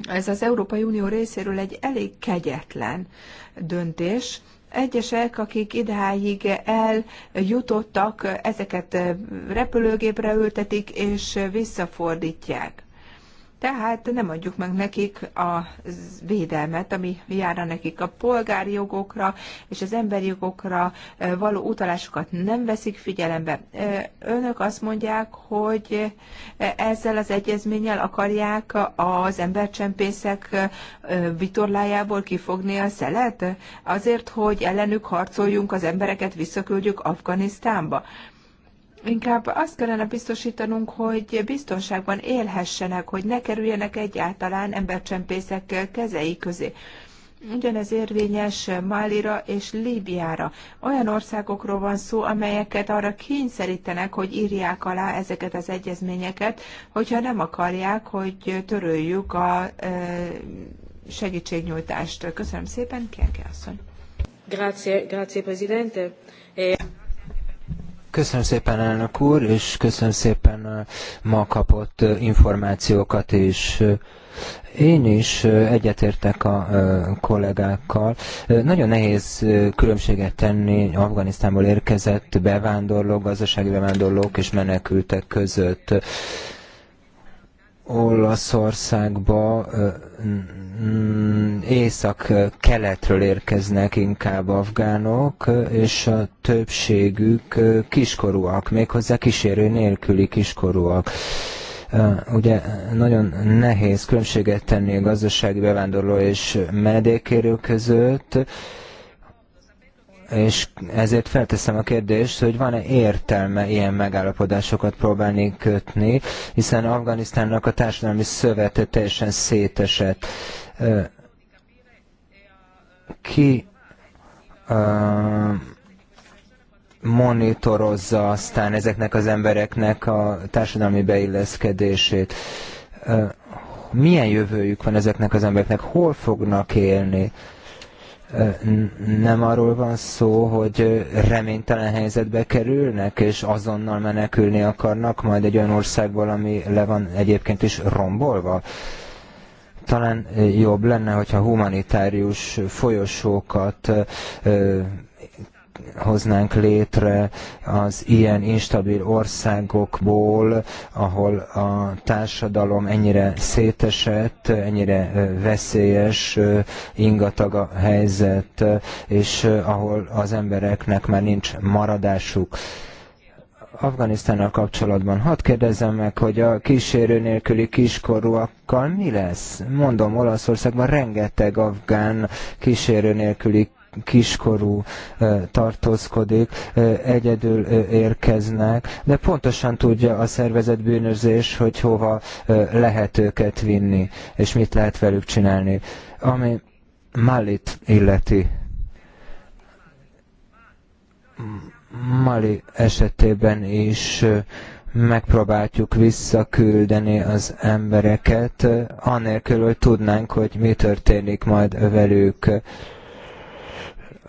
Ez az Európai Unió részéről egy elég kegyetlen döntés, Egyesek, akik idáig eljutottak, ezeket repülőgépre ültetik és visszafordítják. Tehát nem adjuk meg nekik a védelmet, ami jár nekik a polgári jogokra és az emberi jogokra való utalásokat nem veszik figyelembe. Önök azt mondják, hogy ezzel az egyezménnyel akarják az embercsempészek vitorlájából kifogni a szelet, azért, hogy ellenük harcoljunk, az embereket visszaküldjük Afganisztánba inkább azt kellene biztosítanunk, hogy biztonságban élhessenek, hogy ne kerüljenek egyáltalán embercsempészek kezei közé. Ugyanez érvényes Málira és Líbiára. Olyan országokról van szó, amelyeket arra kényszerítenek, hogy írják alá ezeket az egyezményeket, hogyha nem akarják, hogy töröljük a segítségnyújtást. Köszönöm szépen, Kérke asszony. Grazie, grazie, presidente. Eh, Köszönöm szépen, elnök úr, és köszönöm szépen a ma kapott információkat is. Én is egyetértek a kollégákkal. Nagyon nehéz különbséget tenni Afganisztánból érkezett bevándorlók, gazdasági bevándorlók és menekültek között Olaszországba mm, észak-keletről érkeznek inkább afgánok, és a többségük kiskorúak, méghozzá kísérő nélküli kiskorúak ugye nagyon nehéz különbséget tenni a gazdasági bevándorló és menedékkérő között, és ezért felteszem a kérdést, hogy van-e értelme ilyen megállapodásokat próbálni kötni, hiszen Afganisztánnak a társadalmi szövete teljesen szétesett. Ki monitorozza aztán ezeknek az embereknek a társadalmi beilleszkedését? Milyen jövőjük van ezeknek az embereknek? Hol fognak élni? nem arról van szó, hogy reménytelen helyzetbe kerülnek, és azonnal menekülni akarnak majd egy olyan országból, ami le van egyébként is rombolva? Talán jobb lenne, hogyha humanitárius folyosókat hoznánk létre az ilyen instabil országokból, ahol a társadalom ennyire szétesett, ennyire veszélyes, ingatag a helyzet, és ahol az embereknek már nincs maradásuk. Afganisztánnal kapcsolatban. Hadd kérdezzem meg, hogy a kísérő nélküli kiskorúakkal mi lesz? Mondom, Olaszországban rengeteg afgán kísérő nélküli kiskorú tartózkodik, egyedül érkeznek, de pontosan tudja a szervezet bűnözés, hogy hova lehet őket vinni, és mit lehet velük csinálni. Ami Malit illeti. Mali esetében is megpróbáljuk visszaküldeni az embereket, anélkül, hogy tudnánk, hogy mi történik majd velük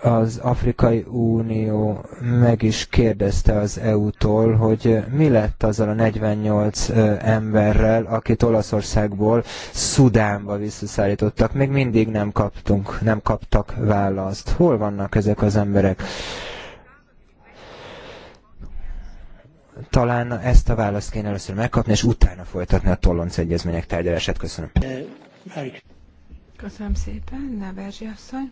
az Afrikai Unió meg is kérdezte az EU-tól, hogy mi lett azzal a 48 emberrel, akit Olaszországból Szudánba visszaszállítottak. Még mindig nem kaptunk, nem kaptak választ. Hol vannak ezek az emberek? Talán ezt a választ kéne először megkapni, és utána folytatni a Tolonc egyezmények tárgyalását. Köszönöm. Köszönöm szépen, Neverzsi asszony.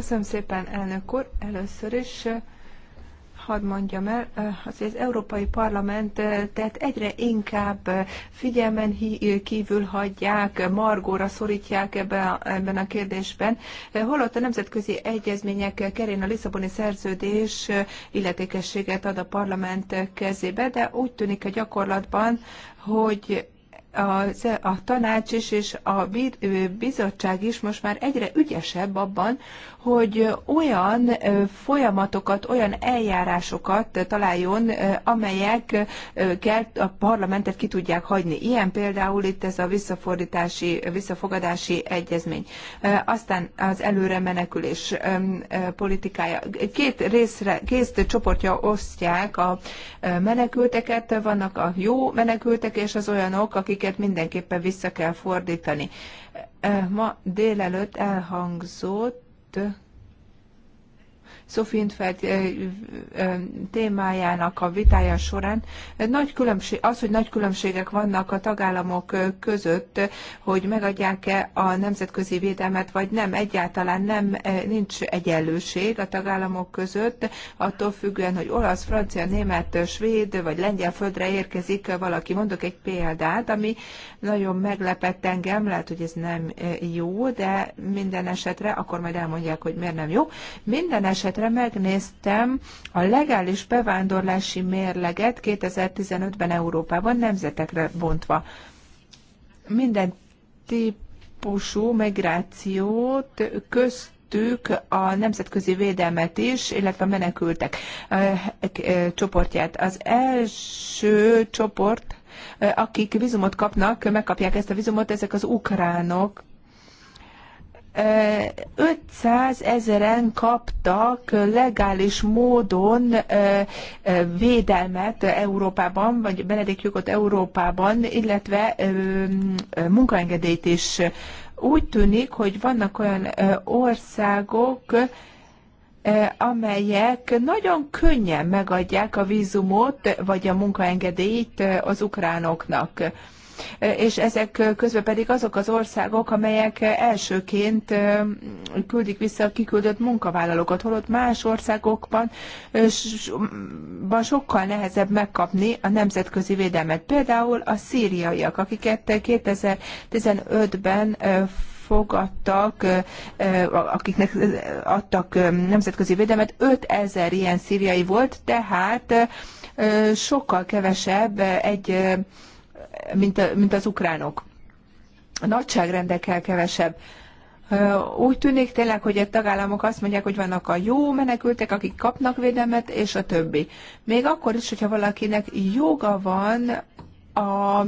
Köszönöm szépen, elnök úr. Először is eh, hadd mondjam el, eh, hogy az Európai Parlament eh, tehát egyre inkább figyelmen kívül hagyják, margóra szorítják ebben a kérdésben, holott a nemzetközi egyezmények kerén a Lisszaboni szerződés illetékességet ad a parlament kezébe, de úgy tűnik a gyakorlatban, hogy az, a tanács is és a bizottság is most már egyre ügyesebb abban, hogy olyan folyamatokat, olyan eljárásokat találjon, amelyekkel a parlamentet ki tudják hagyni. Ilyen például itt ez a visszafordítási, visszafogadási egyezmény. Aztán az előre menekülés politikája. Két részre, két csoportja osztják a menekülteket, vannak a jó menekültek és az olyanok, akik őket mindenképpen vissza kell fordítani. E, ma délelőtt elhangzott, Szofintfeld eh, eh, eh, témájának a vitája során. Nagy különbség, az, hogy nagy különbségek vannak a tagállamok között, hogy megadják-e a nemzetközi védelmet, vagy nem, egyáltalán nem, nincs egyenlőség a tagállamok között, attól függően, hogy olasz, francia, német, svéd vagy lengyel földre érkezik valaki. Mondok egy példát, ami nagyon meglepett engem, lehet, hogy ez nem jó, de minden esetre, akkor majd elmondják, hogy miért nem jó. Minden esetre esetre megnéztem a legális bevándorlási mérleget 2015-ben Európában nemzetekre bontva. Minden típusú migrációt közt a nemzetközi védelmet is, illetve a menekültek csoportját. Az első csoport, akik vizumot kapnak, megkapják ezt a vizumot, ezek az ukránok, 500 ezeren kaptak legális módon védelmet Európában, vagy jogot Európában, illetve munkaengedélyt is. Úgy tűnik, hogy vannak olyan országok, amelyek nagyon könnyen megadják a vízumot, vagy a munkaengedélyt az ukránoknak és ezek közben pedig azok az országok, amelyek elsőként küldik vissza a kiküldött munkavállalókat, holott más országokban sokkal nehezebb megkapni a nemzetközi védelmet. Például a szíriaiak, akiket 2015-ben fogadtak, akiknek adtak nemzetközi védelmet, 5000 ilyen szíriai volt, tehát sokkal kevesebb egy mint, mint az ukránok. A nagyságrendekkel kevesebb. Úgy tűnik tényleg, hogy a tagállamok azt mondják, hogy vannak a jó menekültek, akik kapnak védelmet, és a többi. Még akkor is, hogyha valakinek joga van a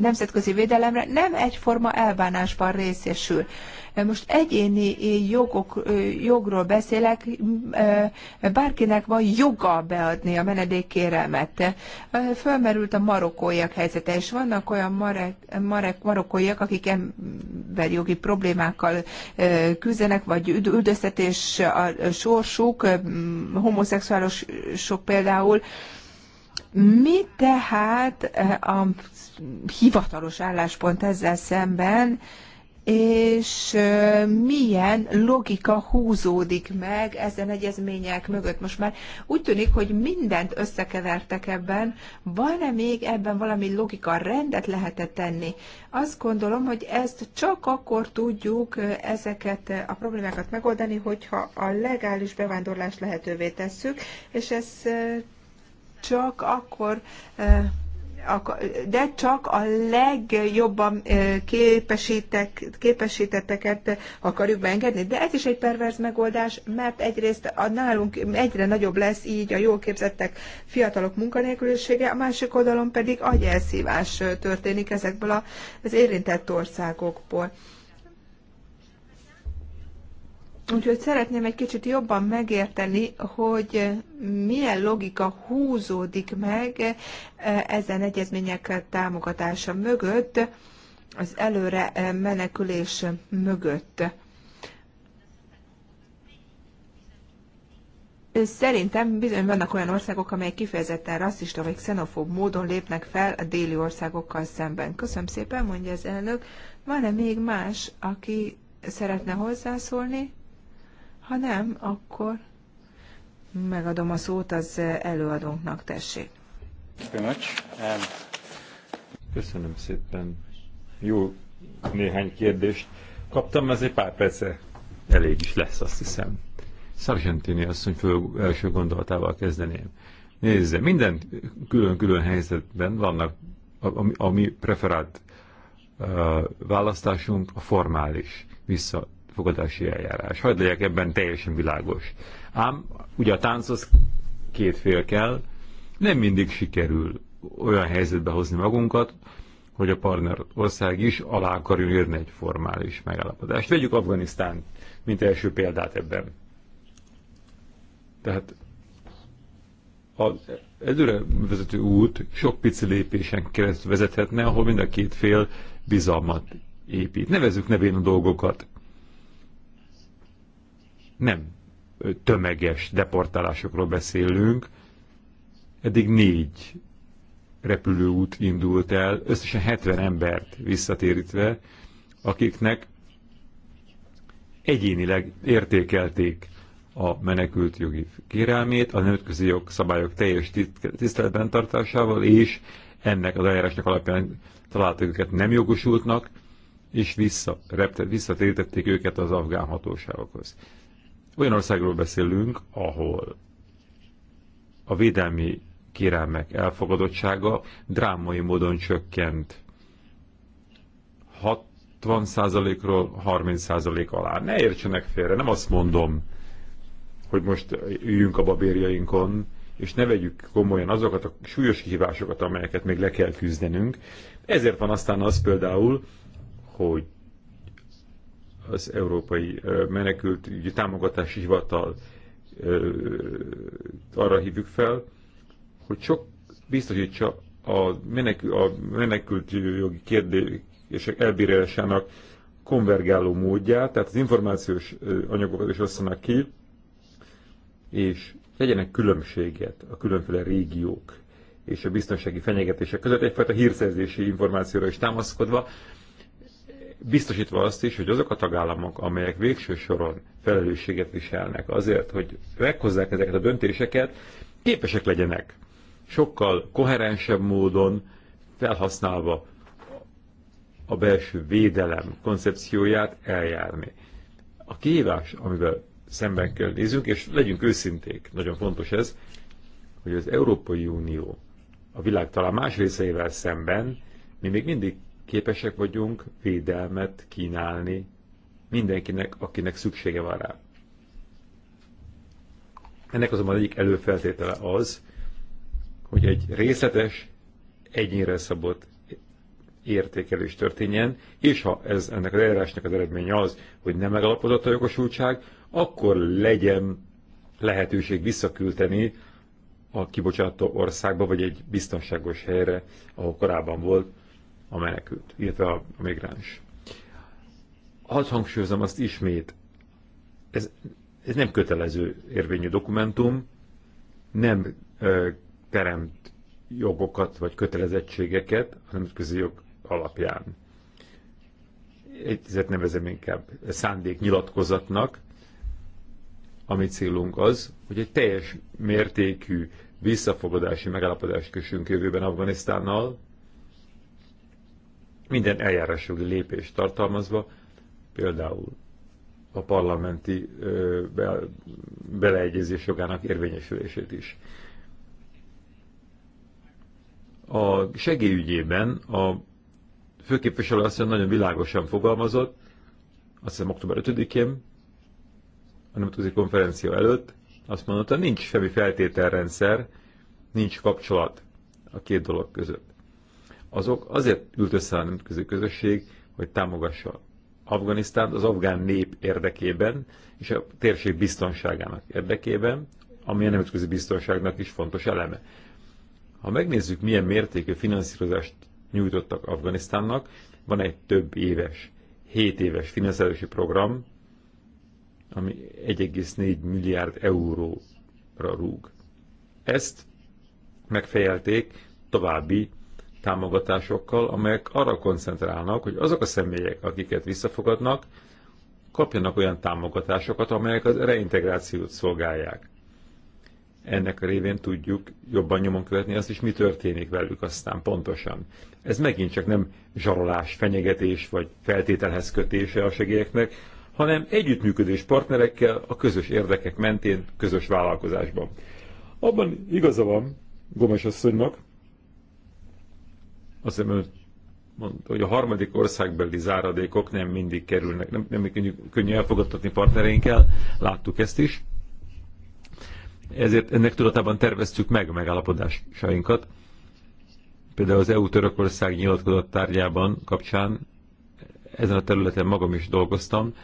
nemzetközi védelemre nem egyforma elbánásban részesül. Most egyéni jogok, jogról beszélek, bárkinek van joga beadni a menedékkérelmet. Fölmerült a marokkóiak helyzete, és vannak olyan marek, marek, marokkóiak, akik emberjogi problémákkal küzdenek, vagy üldöztetés a sorsuk, homoszexuálisok például, mi tehát eh, a hivatalos álláspont ezzel szemben, és eh, milyen logika húzódik meg ezen egyezmények mögött most már? Úgy tűnik, hogy mindent összekevertek ebben. Van-e még ebben valami logika? Rendet lehet -e tenni? Azt gondolom, hogy ezt csak akkor tudjuk eh, ezeket a problémákat megoldani, hogyha a legális bevándorlást lehetővé tesszük, és ez csak akkor de csak a legjobban képesítek, képesítetteket akarjuk beengedni. De ez is egy perverz megoldás, mert egyrészt a nálunk egyre nagyobb lesz így a jól képzettek fiatalok munkanélkülisége, a másik oldalon pedig agyelszívás történik ezekből az érintett országokból. Úgyhogy szeretném egy kicsit jobban megérteni, hogy milyen logika húzódik meg eh, ezen egyezmények támogatása mögött, az előre eh, menekülés mögött. Szerintem bizony vannak olyan országok, amelyek kifejezetten rasszista vagy xenofób módon lépnek fel a déli országokkal szemben. Köszönöm szépen, mondja az elnök. Van-e még más, aki szeretne hozzászólni? Ha nem, akkor megadom a szót az előadónknak, tessék. Um, Köszönöm szépen. Jó néhány kérdést kaptam, egy pár perce elég is lesz, azt hiszem. Sargentini asszony föl első gondolatával kezdeném. Nézze, minden külön-külön helyzetben vannak a, a, a mi preferált uh, választásunk a formális vissza elfogadási eljárás. Hagyd legyek ebben teljesen világos. Ám ugye a tánchoz két fél kell, nem mindig sikerül olyan helyzetbe hozni magunkat, hogy a partner ország is alá akarjon érni egy formális megállapodást. Vegyük Afganisztán, mint első példát ebben. Tehát az előre vezető út sok pici lépésen keresztül vezethetne, ahol mind a két fél bizalmat épít. Nevezzük nevén a dolgokat nem tömeges deportálásokról beszélünk. Eddig négy repülőút indult el, összesen 70 embert visszatérítve, akiknek egyénileg értékelték a menekült jogi kérelmét, a nemzetközi jogszabályok teljes tiszteletben tartásával, és ennek az eljárásnak alapján találtak őket nem jogosultnak, és visszatértették visszatérítették őket az afgán hatóságokhoz olyan országról beszélünk, ahol a védelmi kérelmek elfogadottsága drámai módon csökkent. 60%-ról 30% alá. Ne értsenek félre, nem azt mondom, hogy most üljünk a babérjainkon, és ne vegyük komolyan azokat a súlyos kihívásokat, amelyeket még le kell küzdenünk. Ezért van aztán az például, hogy az Európai Menekültügyi Támogatási Hivatal arra hívjuk fel, hogy sok biztosítsa a, menekül, a menekült jogi kérdések elbírálásának konvergáló módját, tehát az információs anyagokat is osszanak ki, és legyenek különbséget a különféle régiók és a biztonsági fenyegetések között, egyfajta hírszerzési információra is támaszkodva, biztosítva azt is, hogy azok a tagállamok, amelyek végső soron felelősséget viselnek azért, hogy meghozzák ezeket a döntéseket, képesek legyenek sokkal koherensebb módon felhasználva a belső védelem koncepcióját eljárni. A kihívás, amivel szemben kell nézünk, és legyünk őszinték, nagyon fontos ez, hogy az Európai Unió a világ talán más részeivel szemben mi még mindig képesek vagyunk védelmet kínálni mindenkinek, akinek szüksége van rá. Ennek azonban egyik előfeltétele az, hogy egy részletes, egyénre szabott értékelés történjen, és ha ez ennek az eljárásnak az eredménye az, hogy nem megalapozott a jogosultság, akkor legyen lehetőség visszaküldeni a kibocsátó országba, vagy egy biztonságos helyre, ahol korábban volt a menekült, illetve a, a migráns. Hadd hangsúlyozom azt ismét, ez, ez nem kötelező érvényű dokumentum, nem ö, teremt jogokat vagy kötelezettségeket a nemzetközi jog alapján. Egyet nevezem inkább szándéknyilatkozatnak, ami célunk az, hogy egy teljes mértékű visszafogadási megállapodást kössünk jövőben Afganisztánnal, minden eljárásjogi lépést tartalmazva, például a parlamenti ö, be, beleegyezés jogának érvényesülését is. A segélyügyében a főképviselő azt nagyon világosan fogalmazott, azt hiszem október 5-én, a nemzetközi konferencia előtt, azt mondta, nincs semmi feltételrendszer, nincs kapcsolat a két dolog között azok azért ült össze a nemzetközi közösség, hogy támogassa Afganisztánt az afgán nép érdekében és a térség biztonságának érdekében, ami a nemzetközi biztonságnak is fontos eleme. Ha megnézzük, milyen mértékű finanszírozást nyújtottak Afganisztánnak, van egy több éves, 7 éves finanszírozási program, ami 1,4 milliárd euróra rúg. Ezt megfejelték további támogatásokkal, amelyek arra koncentrálnak, hogy azok a személyek, akiket visszafogadnak, kapjanak olyan támogatásokat, amelyek az reintegrációt szolgálják. Ennek a révén tudjuk jobban nyomon követni azt is, mi történik velük aztán pontosan. Ez megint csak nem zsarolás, fenyegetés vagy feltételhez kötése a segélyeknek, hanem együttműködés partnerekkel a közös érdekek mentén, közös vállalkozásban. Abban igaza van Gomes asszonynak, azt hiszem, mondta, hogy a harmadik országbeli záradékok nem mindig kerülnek, nem, nem könnyű, könnyű elfogadtatni partnereinkkel, láttuk ezt is. Ezért ennek tudatában terveztük meg a megállapodásainkat. Például az EU-Törökország nyilatkozott tárgyában kapcsán ezen a területen magam is dolgoztam.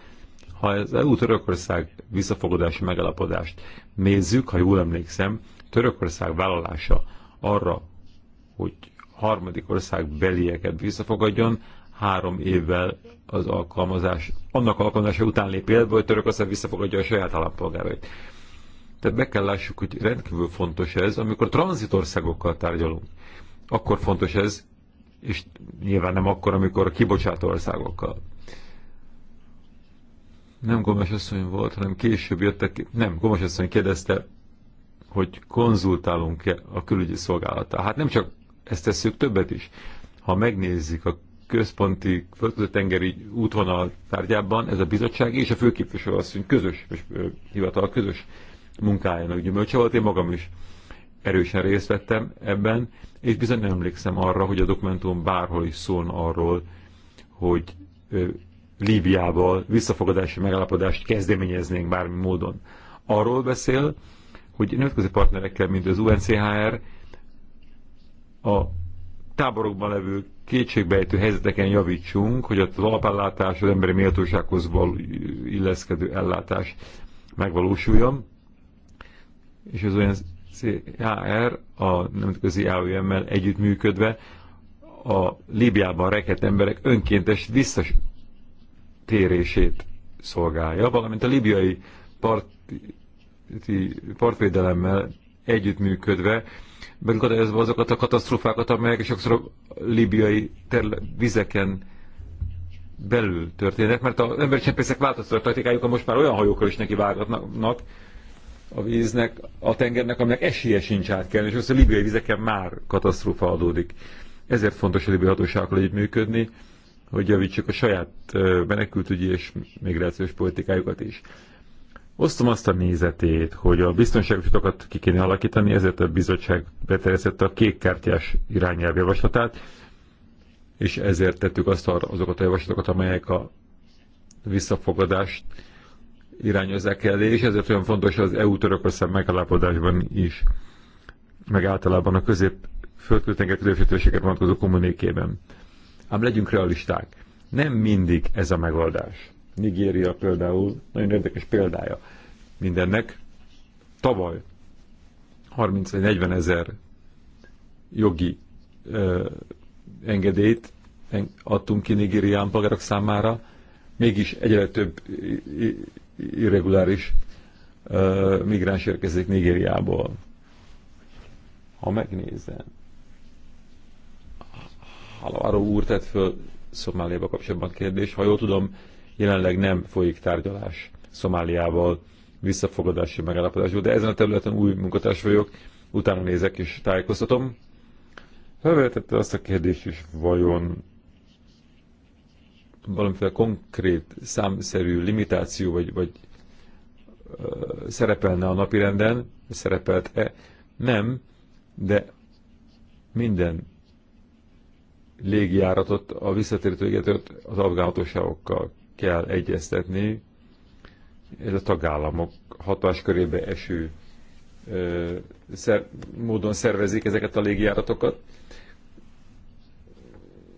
Ha az EU-Törökország visszafogadási megállapodást nézzük, ha jól emlékszem, Törökország vállalása arra, hogy harmadik ország belieket visszafogadjon, három évvel az alkalmazás, annak alkalmazása után lép életbe, hogy Törökország visszafogadja a saját állampolgárait. Tehát be kell lássuk, hogy rendkívül fontos ez, amikor tranzitországokkal tárgyalunk. Akkor fontos ez, és nyilván nem akkor, amikor a kibocsátó országokkal. Nem Gomes asszony volt, hanem később jöttek, nem, Gomes asszony kérdezte, hogy konzultálunk-e a külügyi szolgálattal. Hát nem csak ezt tesszük többet is. Ha megnézzük a központi tengeri útvonal tárgyában, ez a bizottság és a főképviselő asszony közös és hivatal közös munkájának gyümölcse volt. Én magam is erősen részt vettem ebben, és bizony nem emlékszem arra, hogy a dokumentum bárhol is szólna arról, hogy Líbiával visszafogadási megállapodást kezdeményeznénk bármi módon. Arról beszél, hogy nemzetközi partnerekkel, mint az UNCHR a táborokban levő kétségbejtő helyzeteken javítsunk, hogy az alapellátás, az emberi méltósághoz való illeszkedő ellátás megvalósuljon. És az olyan CAR, a nemzetközi AOM-mel együttműködve a Líbiában rekett emberek önkéntes visszatérését szolgálja, valamint a libiai part, partvédelemmel együttműködve megakadályozva azokat a katasztrófákat, amelyek sokszor a libiai vizeken belül történnek, mert az embercsempészek változtató a most már olyan hajókkal is neki vágatnak a víznek, a tengernek, aminek esélye sincs átkelni, és az a libiai vizeken már katasztrófa adódik. Ezért fontos a libiai hatóságokkal működni, hogy javítsuk a saját menekültügyi és migrációs politikájukat is. Osztom azt a nézetét, hogy a biztonságos utakat ki kéne alakítani, ezért a bizottság beterjesztette a kékkártyás irányelv javaslatát, és ezért tettük azt azokat a javaslatokat, amelyek a visszafogadást irányozzák el, és ezért olyan fontos az EU-Törökország megállapodásban is, meg általában a közép földkörtenger közösségeket vonatkozó kommunikében. Ám legyünk realisták, nem mindig ez a megoldás. Nigéria például nagyon érdekes példája mindennek. Tavaly 30-40 ezer jogi ö, engedélyt adtunk ki nigériai polgárok számára, mégis egyre több irreguláris ö, migráns érkezik Nigériából. Ha megnézem. Halváró úr tett föl Szomáliába kapcsolatban kérdés. Ha jól tudom, Jelenleg nem folyik tárgyalás Szomáliával visszafogadási megállapodásból, de ezen a területen új munkatárs vagyok, utána nézek és tájékoztatom. Felvetette azt a kérdést is, vajon valamiféle konkrét számszerű limitáció vagy, vagy ö, szerepelne a napirenden, szerepelt-e? Nem, de minden légjáratot a visszatérítő égetőt az afgán hatóságokkal kell egyeztetni. Ez a tagállamok hatáskörébe eső ö, szer, módon szervezik ezeket a légjáratokat.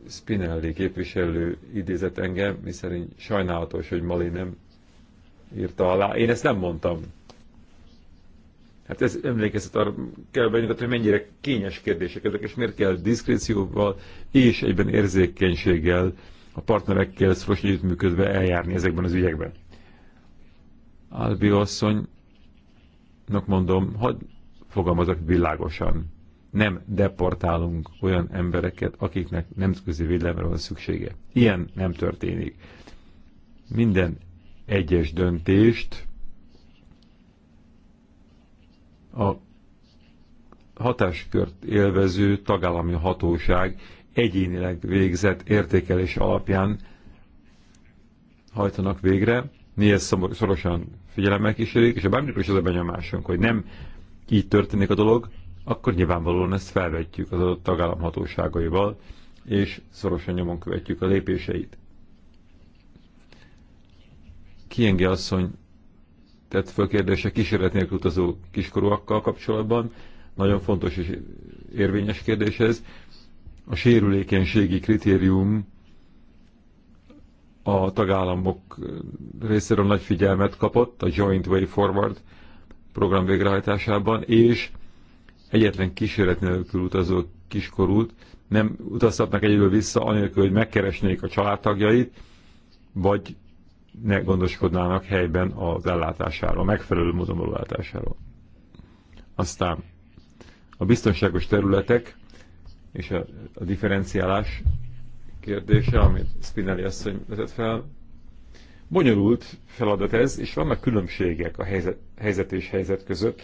Spinelli képviselő idézett engem, miszerint sajnálatos, hogy Mali nem írta alá. Én ezt nem mondtam. Hát ez emlékeztet arra kell bennünket, hogy mennyire kényes kérdések ezek, és miért kell diszkrécióval és egyben érzékenységgel a partnerekkel szoros együttműködve eljárni ezekben az ügyekben. Albi asszonynak mondom, hogy fogalmazok világosan. Nem deportálunk olyan embereket, akiknek nemzetközi védelemre van szüksége. Ilyen nem történik. Minden egyes döntést a hatáskört élvező tagállami hatóság egyénileg végzett értékelés alapján hajtanak végre. Mi ezt szorosan figyelemmel kísérjük, és ha bármikor is az a benyomásunk, hogy nem így történik a dolog, akkor nyilvánvalóan ezt felvetjük az adott tagállam hatóságaival, és szorosan nyomon követjük a lépéseit. Kiengi asszony tett föl kérdése kísérlet nélkül utazó kiskorúakkal kapcsolatban. Nagyon fontos és érvényes kérdés ez a sérülékenységi kritérium a tagállamok részéről nagy figyelmet kapott a Joint Way Forward program végrehajtásában, és egyetlen kísérlet nélkül utazó kiskorút nem utazhatnak egyedül vissza, anélkül, hogy megkeresnék a családtagjait, vagy ne gondoskodnának helyben az ellátásáról, megfelelő módon való ellátásáról. Aztán a biztonságos területek és a, a differenciálás kérdése, amit Spinelli asszony vezet fel. Bonyolult feladat ez, és vannak különbségek a helyzet, helyzet és helyzet között,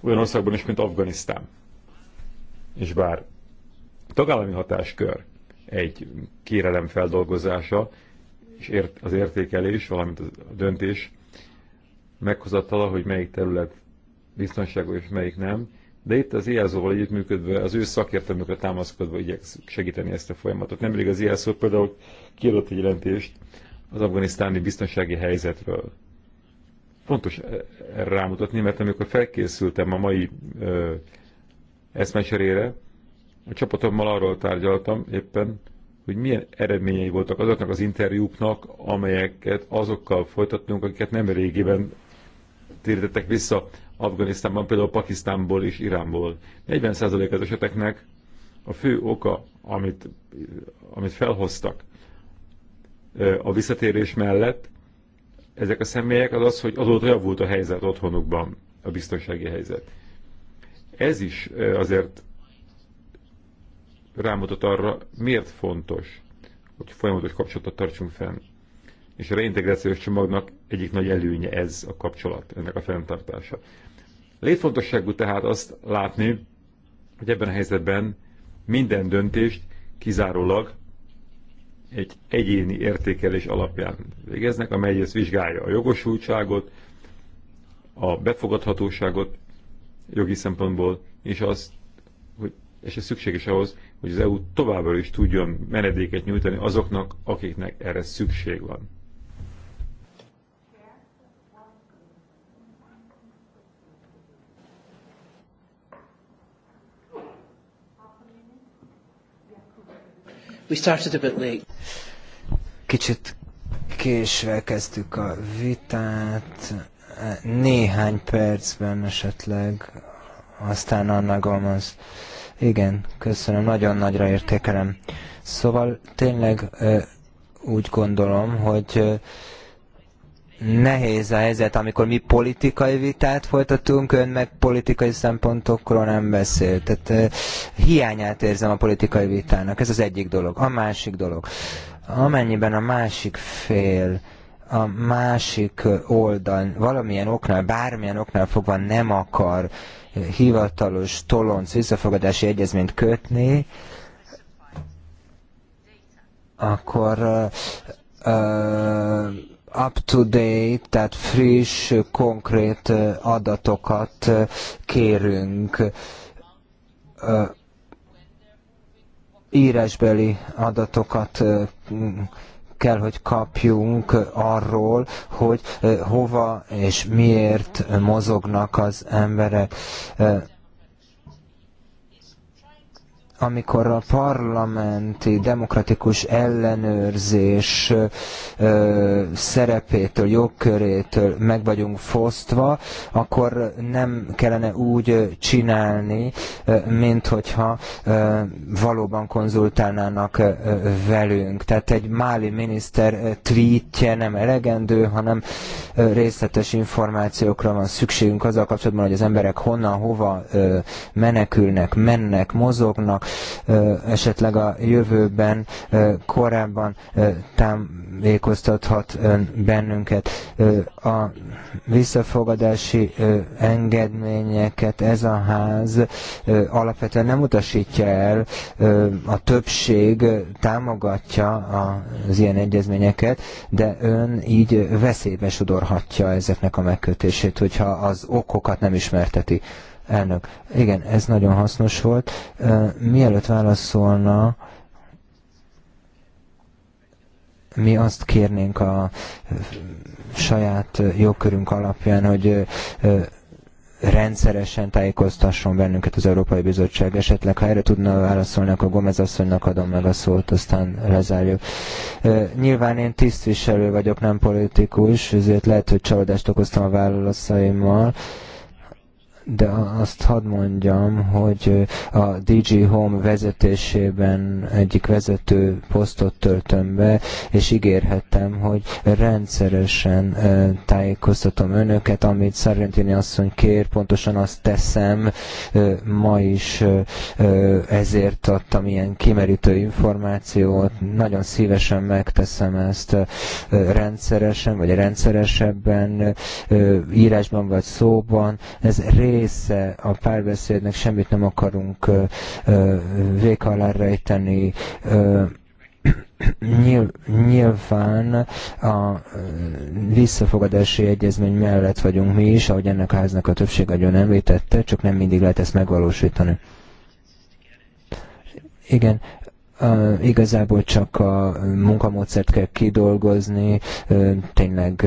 olyan országban is, mint Afganisztán. És bár a tagállami hatáskör egy kérelem feldolgozása, és ért, az értékelés, valamint a döntés meghozatala, hogy melyik terület biztonságos és melyik nem, de itt az IASZ-val együttműködve, az ő szakértelmükre támaszkodva igyekszünk segíteni ezt a folyamatot. Nemrég az IASZ például kiadott egy jelentést az afganisztáni biztonsági helyzetről. Fontos e- rámutatni, mert amikor felkészültem a mai ö, eszmeserére, a csapatommal arról tárgyaltam éppen, hogy milyen eredményei voltak azoknak az interjúknak, amelyeket azokkal folytattunk, akiket nem régiben térítettek vissza Afganisztánban, például Pakisztánból és Iránból. 40% az eseteknek a fő oka, amit, amit felhoztak a visszatérés mellett, ezek a személyek az az, hogy azóta javult a helyzet otthonukban, a biztonsági helyzet. Ez is azért rámutat arra, miért fontos, hogy folyamatos kapcsolatot tartsunk fenn és a reintegrációs csomagnak egyik nagy előnye ez a kapcsolat, ennek a fenntartása. Létfontosságú tehát azt látni, hogy ebben a helyzetben minden döntést kizárólag egy egyéni értékelés alapján végeznek, amely ezt vizsgálja a jogosultságot, a befogadhatóságot jogi szempontból, és azt, hogy, és ez szükséges ahhoz, hogy az EU továbbra is tudjon menedéket nyújtani azoknak, akiknek erre szükség van. We started a bit late. Kicsit késve kezdtük a vitát, néhány percben esetleg, aztán Anna Gomez. Igen, köszönöm, nagyon nagyra értékelem. Szóval tényleg úgy gondolom, hogy nehéz a helyzet, amikor mi politikai vitát folytatunk, ön meg politikai szempontokról nem beszél. Tehát hiányát érzem a politikai vitának. Ez az egyik dolog. A másik dolog. Amennyiben a másik fél a másik oldal valamilyen oknál, bármilyen oknál fogva nem akar hivatalos tolonc visszafogadási egyezményt kötni, akkor uh, uh, up-to-date, tehát friss, konkrét adatokat kérünk írásbeli adatokat kell, hogy kapjunk arról, hogy hova és miért mozognak az emberek amikor a parlamenti demokratikus ellenőrzés ö, szerepétől, jogkörétől meg vagyunk fosztva, akkor nem kellene úgy csinálni, mint hogyha ö, valóban konzultálnának velünk. Tehát egy máli miniszter tweetje nem elegendő, hanem részletes információkra van szükségünk azzal kapcsolatban, hogy az emberek honnan, hova menekülnek, mennek, mozognak, esetleg a jövőben korábban támékoztathat ön bennünket. A visszafogadási engedményeket ez a ház alapvetően nem utasítja el, a többség támogatja az ilyen egyezményeket, de ön így veszélybe sodorhatja ezeknek a megkötését, hogyha az okokat nem ismerteti. Elnök, igen, ez nagyon hasznos volt. Mielőtt válaszolna, mi azt kérnénk a saját jogkörünk alapján, hogy rendszeresen tájékoztasson bennünket az Európai Bizottság. Esetleg, ha erre tudna válaszolni, akkor Gomez asszonynak adom meg a szót, aztán lezárjuk. Nyilván én tisztviselő vagyok, nem politikus, ezért lehet, hogy csalódást okoztam a válaszaimmal de azt hadd mondjam, hogy a DG Home vezetésében egyik vezető posztot töltöm be, és ígérhettem, hogy rendszeresen tájékoztatom önöket, amit Szarentini asszony kér, pontosan azt teszem, ma is ezért adtam ilyen kimerítő információt, nagyon szívesen megteszem ezt rendszeresen, vagy rendszeresebben, írásban vagy szóban, ez ré része a párbeszédnek, semmit nem akarunk vék alá rejteni. Nyilván a visszafogadási egyezmény mellett vagyunk mi is, ahogy ennek a háznak a többség nagyon említette, csak nem mindig lehet ezt megvalósítani. Igen, Igazából csak a munkamódszert kell kidolgozni, tényleg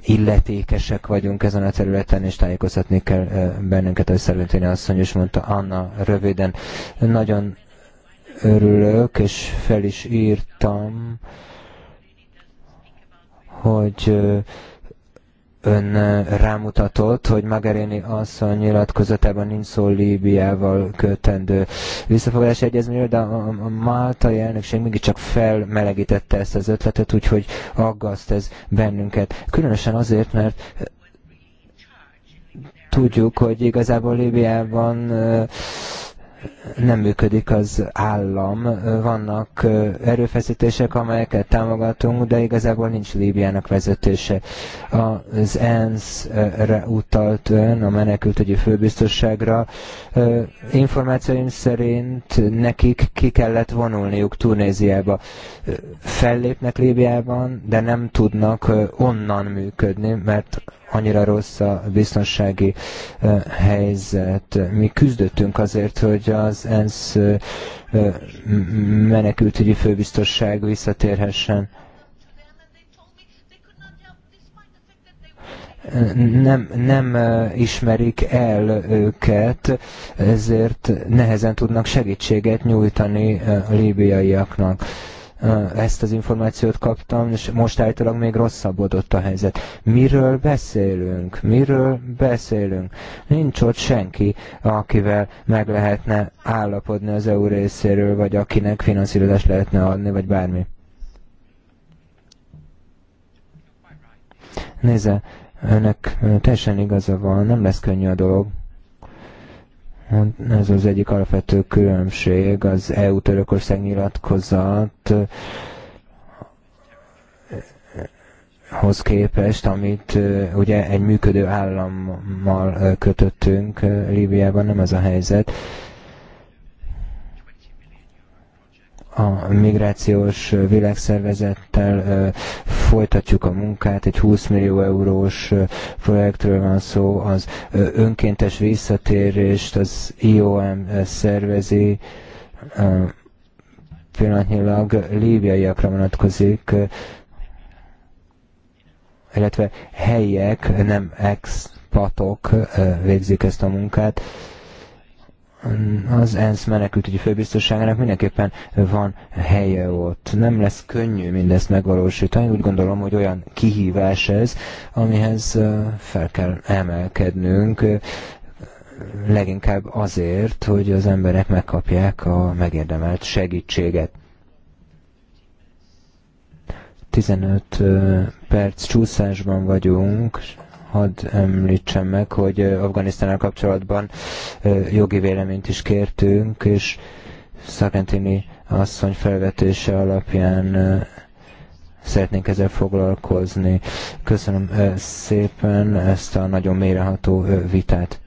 illetékesek vagyunk ezen a területen, és tájékoztatni kell bennünket, ahogy Szerventéni asszony is mondta, Anna röviden. Nagyon örülök, és fel is írtam, hogy ön rámutatott, hogy Magaréni asszony nyilatkozatában nincs szó Líbiával kötendő visszafogadási egyezményről, de a, a máltai elnökség mégiscsak felmelegítette ezt az ötletet, úgyhogy aggaszt ez bennünket. Különösen azért, mert tudjuk, hogy igazából Líbiában nem működik az állam. Vannak erőfeszítések, amelyeket támogatunk, de igazából nincs Líbiának vezetése. Az ENSZ-re utalt ön, a menekültügyi főbiztosságra. Információim szerint nekik ki kellett vonulniuk Tunéziába. Fellépnek Líbiában, de nem tudnak onnan működni, mert annyira rossz a biztonsági helyzet. Mi küzdöttünk azért, hogy az ENSZ menekültügyi főbiztosság visszatérhessen. nem, nem ismerik el őket, ezért nehezen tudnak segítséget nyújtani a líbiaiaknak ezt az információt kaptam, és most állítólag még rosszabbodott a helyzet. Miről beszélünk? Miről beszélünk? Nincs ott senki, akivel meg lehetne állapodni az EU részéről, vagy akinek finanszírozást lehetne adni, vagy bármi. Nézze, önnek teljesen igaza van, nem lesz könnyű a dolog. Ez az egyik alapvető különbség, az EU-Törökország nyilatkozat eh, hoz képest, amit eh, ugye egy működő állammal eh, kötöttünk Líbiában, nem ez a helyzet. a migrációs világszervezettel folytatjuk a munkát, egy 20 millió eurós projektről van szó, az önkéntes visszatérést az IOM szervezi, pillanatnyilag líbiaiakra vonatkozik, illetve helyiek, nem expatok végzik ezt a munkát az ENSZ menekültügyi főbiztosságának mindenképpen van helye ott. Nem lesz könnyű mindezt megvalósítani, úgy gondolom, hogy olyan kihívás ez, amihez fel kell emelkednünk, leginkább azért, hogy az emberek megkapják a megérdemelt segítséget. 15 perc csúszásban vagyunk, hadd említsem meg, hogy Afganisztánnal kapcsolatban jogi véleményt is kértünk, és Szakentini asszony felvetése alapján szeretnénk ezzel foglalkozni. Köszönöm szépen ezt a nagyon mélyreható vitát.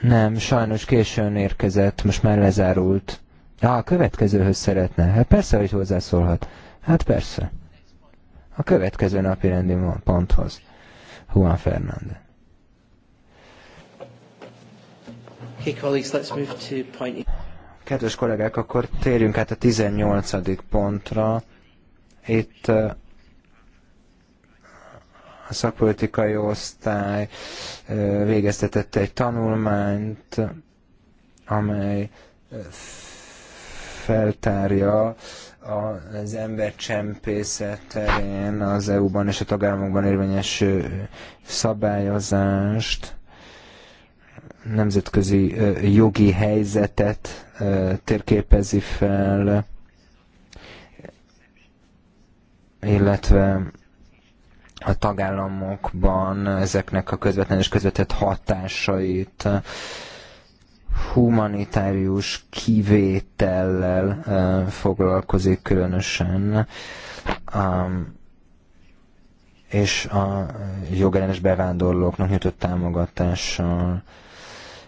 Nem, sajnos későn érkezett, most már lezárult. Ah, a következőhöz szeretne. Hát persze, hogy hozzászólhat. Hát persze a következő napi rendi ponthoz. Juan Fernández. Okay, e- Kedves kollégák, akkor térjünk át a 18. pontra. Itt a szakpolitikai osztály végeztetett egy tanulmányt, amely feltárja az embercsempészet terén az EU-ban és a tagállamokban érvényes szabályozást, nemzetközi jogi helyzetet térképezi fel, illetve a tagállamokban ezeknek a közvetlen és közvetett hatásait humanitárius kivétellel foglalkozik különösen, és a jogellenes bevándorlóknak nyújtott támogatással.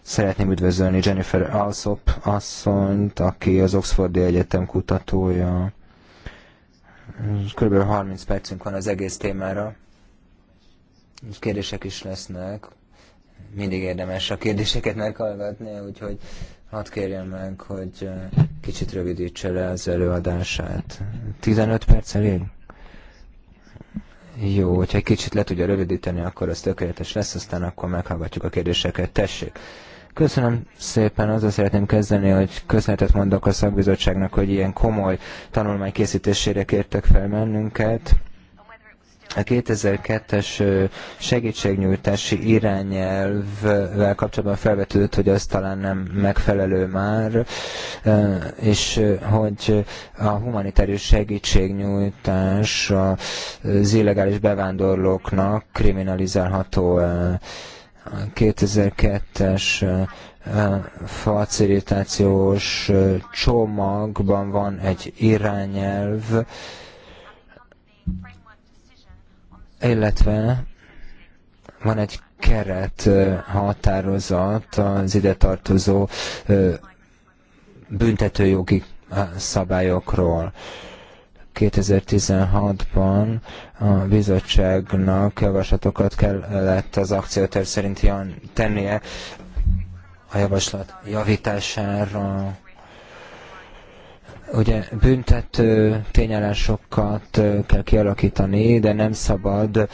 Szeretném üdvözölni Jennifer Alsop asszonyt, aki az Oxfordi Egyetem kutatója. Körülbelül 30 percünk van az egész témára. Kérdések is lesznek mindig érdemes a kérdéseket meghallgatni, úgyhogy hadd kérjem meg, hogy kicsit rövidítse le az előadását. 15 perc elég? Jó, hogyha egy kicsit le tudja rövidíteni, akkor az tökéletes lesz, aztán akkor meghallgatjuk a kérdéseket. Tessék! Köszönöm szépen, azzal szeretném kezdeni, hogy köszönetet mondok a szakbizottságnak, hogy ilyen komoly tanulmány készítésére kértek fel bennünket a 2002-es segítségnyújtási irányelvvel kapcsolatban felvetődött, hogy az talán nem megfelelő már, és hogy a humanitárius segítségnyújtás az illegális bevándorlóknak kriminalizálható 2002-es facilitációs csomagban van egy irányelv, illetve van egy keret határozat az ide tartozó büntetőjogi szabályokról. 2016-ban a bizottságnak javaslatokat kellett az akcióterv szerint tennie a javaslat javítására, Ugye büntető tényállásokat kell kialakítani, de nem szabad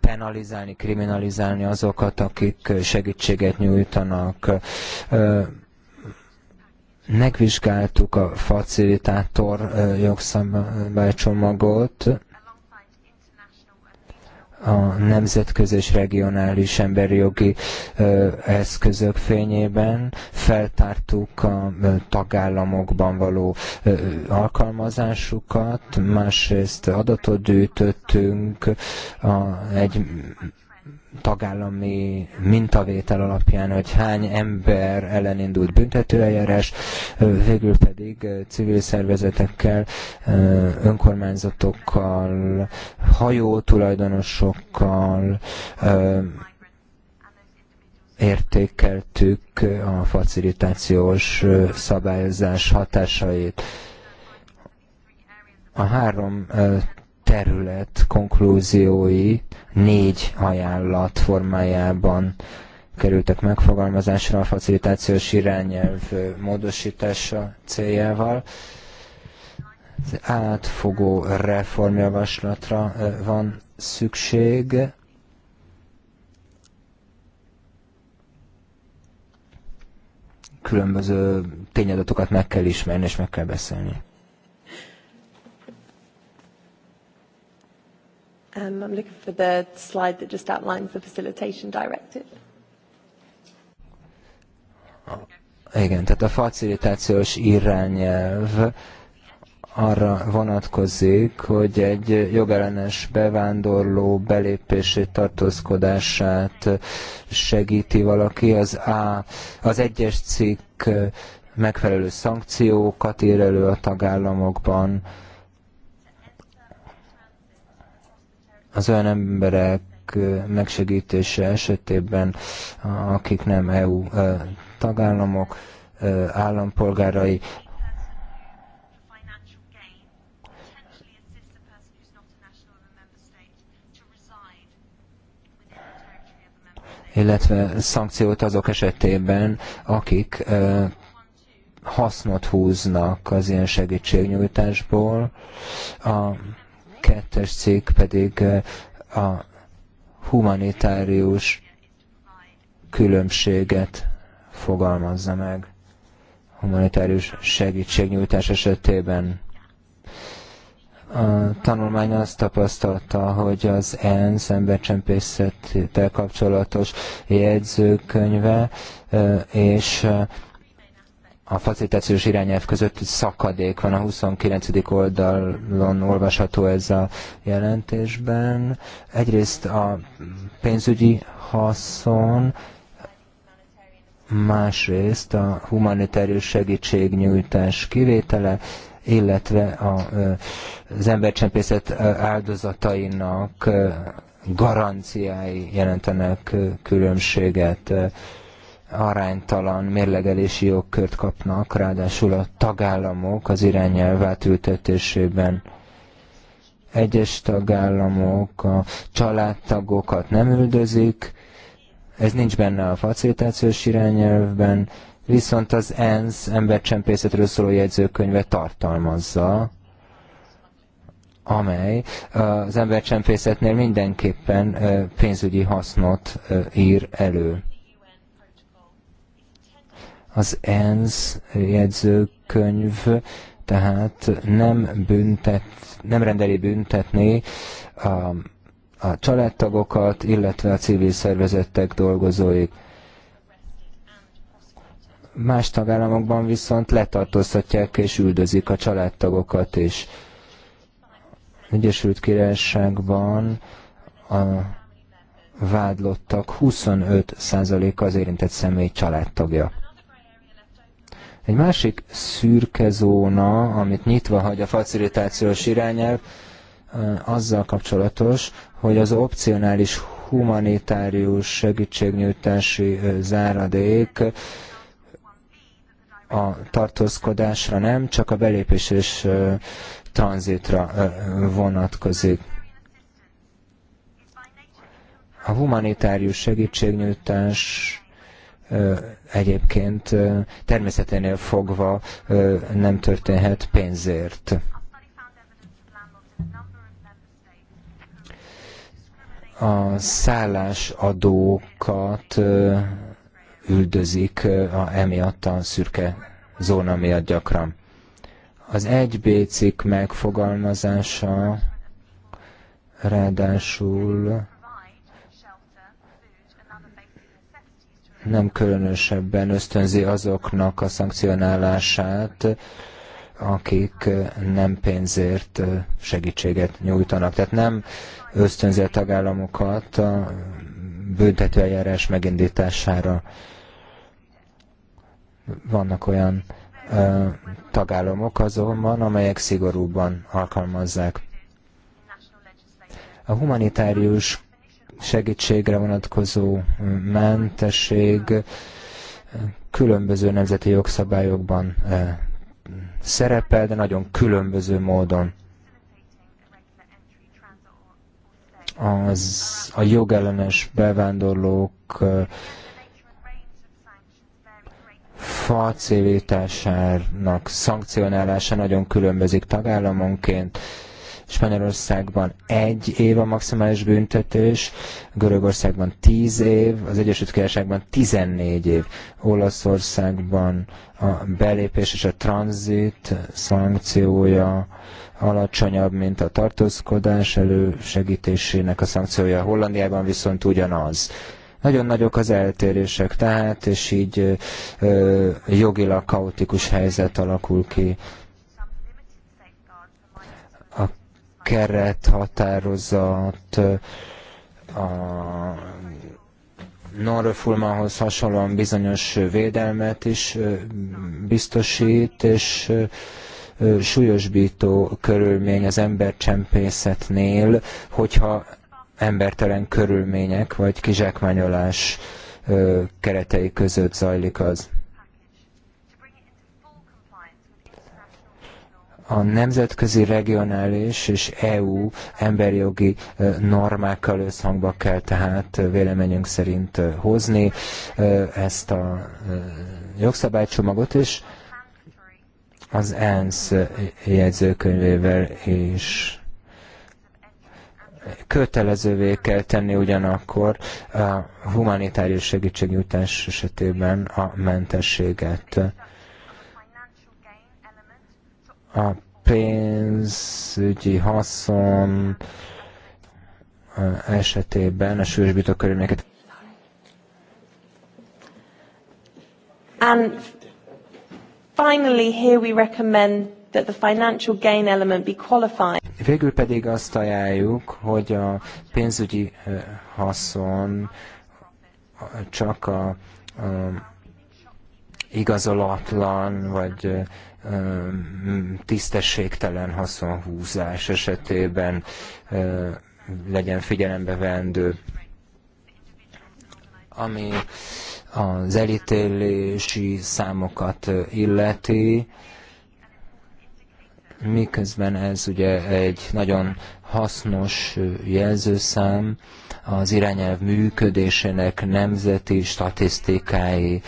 penalizálni, kriminalizálni azokat, akik segítséget nyújtanak megvizsgáltuk a facilitátor jogszabálycsomagot, a nemzetközi és regionális emberi jogi eszközök fényében feltártuk a tagállamokban való alkalmazásukat, másrészt adatot gyűjtöttünk egy tagállami mintavétel alapján, hogy hány ember ellen indult büntetőeljárás, végül pedig civil szervezetekkel, önkormányzatokkal, hajótulajdonosokkal értékeltük a facilitációs szabályozás hatásait. A három terület konklúziói négy ajánlat formájában kerültek megfogalmazásra a facilitációs irányelv módosítása céljával. Az átfogó reformjavaslatra van szükség. Különböző tényadatokat meg kell ismerni és meg kell beszélni. Um, I'm looking for the slide that just outlines the facilitation directive. Ah, igen, tehát a facilitációs irányelv arra vonatkozik, hogy egy jogellenes bevándorló belépési tartózkodását segíti valaki. Az, A, az egyes cikk megfelelő szankciókat ír elő a tagállamokban, az olyan emberek megsegítése esetében, akik nem EU tagállamok, állampolgárai, illetve szankciót azok esetében, akik hasznot húznak az ilyen segítségnyújtásból. A kettes cikk pedig eh, a humanitárius különbséget fogalmazza meg humanitárius segítségnyújtás esetében. A tanulmány azt tapasztalta, hogy az ENSZ embercsempészettel kapcsolatos jegyzőkönyve eh, és eh, a facilitációs irányelv között szakadék van, a 29. oldalon olvasható ez a jelentésben. Egyrészt a pénzügyi haszon, másrészt a humanitárius segítségnyújtás kivétele, illetve a, az embercsempészet áldozatainak garanciái jelentenek különbséget aránytalan mérlegelési jogkört kapnak, ráadásul a tagállamok az irányelv átültetésében. Egyes tagállamok a családtagokat nem üldözik, ez nincs benne a facilitációs irányelvben, viszont az ENSZ embercsempészetről szóló jegyzőkönyve tartalmazza, amely az embercsempészetnél mindenképpen pénzügyi hasznot ír elő. Az ENSZ jegyzőkönyv tehát nem büntet, nem rendeli büntetni a, a családtagokat, illetve a civil szervezetek dolgozóit. Más tagállamokban viszont letartóztatják és üldözik a családtagokat is. Egyesült Királyságban a vádlottak 25 az érintett személy családtagja. Egy másik szürke zóna, amit nyitva hagy a facilitációs irányelv, azzal kapcsolatos, hogy az opcionális humanitárius segítségnyújtási záradék a tartózkodásra nem, csak a belépés és tranzitra vonatkozik. A humanitárius segítségnyújtás egyébként természeténél fogva nem történhet pénzért. A szállásadókat üldözik a, emiatt a szürke zóna miatt gyakran. Az 1B cikk megfogalmazása ráadásul nem különösebben ösztönzi azoknak a szankcionálását, akik nem pénzért segítséget nyújtanak. Tehát nem ösztönzi a tagállamokat a büntetőeljárás megindítására. Vannak olyan ö, tagállamok azonban, amelyek szigorúban alkalmazzák. A humanitárius segítségre vonatkozó mentesség különböző nemzeti jogszabályokban szerepel, de nagyon különböző módon. Az, a jogellenes bevándorlók facilitásának szankcionálása nagyon különbözik tagállamonként Spanyolországban egy év a maximális büntetés, Görögországban tíz év, az Egyesült Királyságban tizennégy év, Olaszországban a belépés és a tranzit szankciója alacsonyabb, mint a tartózkodás elősegítésének a szankciója. Hollandiában viszont ugyanaz nagyon nagyok az eltérések, tehát, és így ö, jogilag kaotikus helyzet alakul ki. keret határozat a non hasonlóan bizonyos védelmet is biztosít, és súlyosbító körülmény az embercsempészetnél, hogyha embertelen körülmények vagy kizsákmányolás keretei között zajlik az. a nemzetközi, regionális és EU emberjogi normákkal összhangba kell tehát véleményünk szerint hozni ezt a jogszabálycsomagot, és az ENSZ jegyzőkönyvével is kötelezővé kell tenni ugyanakkor a humanitárius segítségnyújtás esetében a mentességet a pénzügyi haszon esetében a sűrűsbítő körülményeket. And finally, here we recommend that the financial gain element be qualified. Végül pedig azt ajánljuk, hogy a pénzügyi haszon csak a, a igazolatlan vagy tisztességtelen haszonhúzás esetében legyen figyelembe vendő. Ami az elítélési számokat illeti, miközben ez ugye egy nagyon hasznos jelzőszám, az irányelv működésének nemzeti statisztikái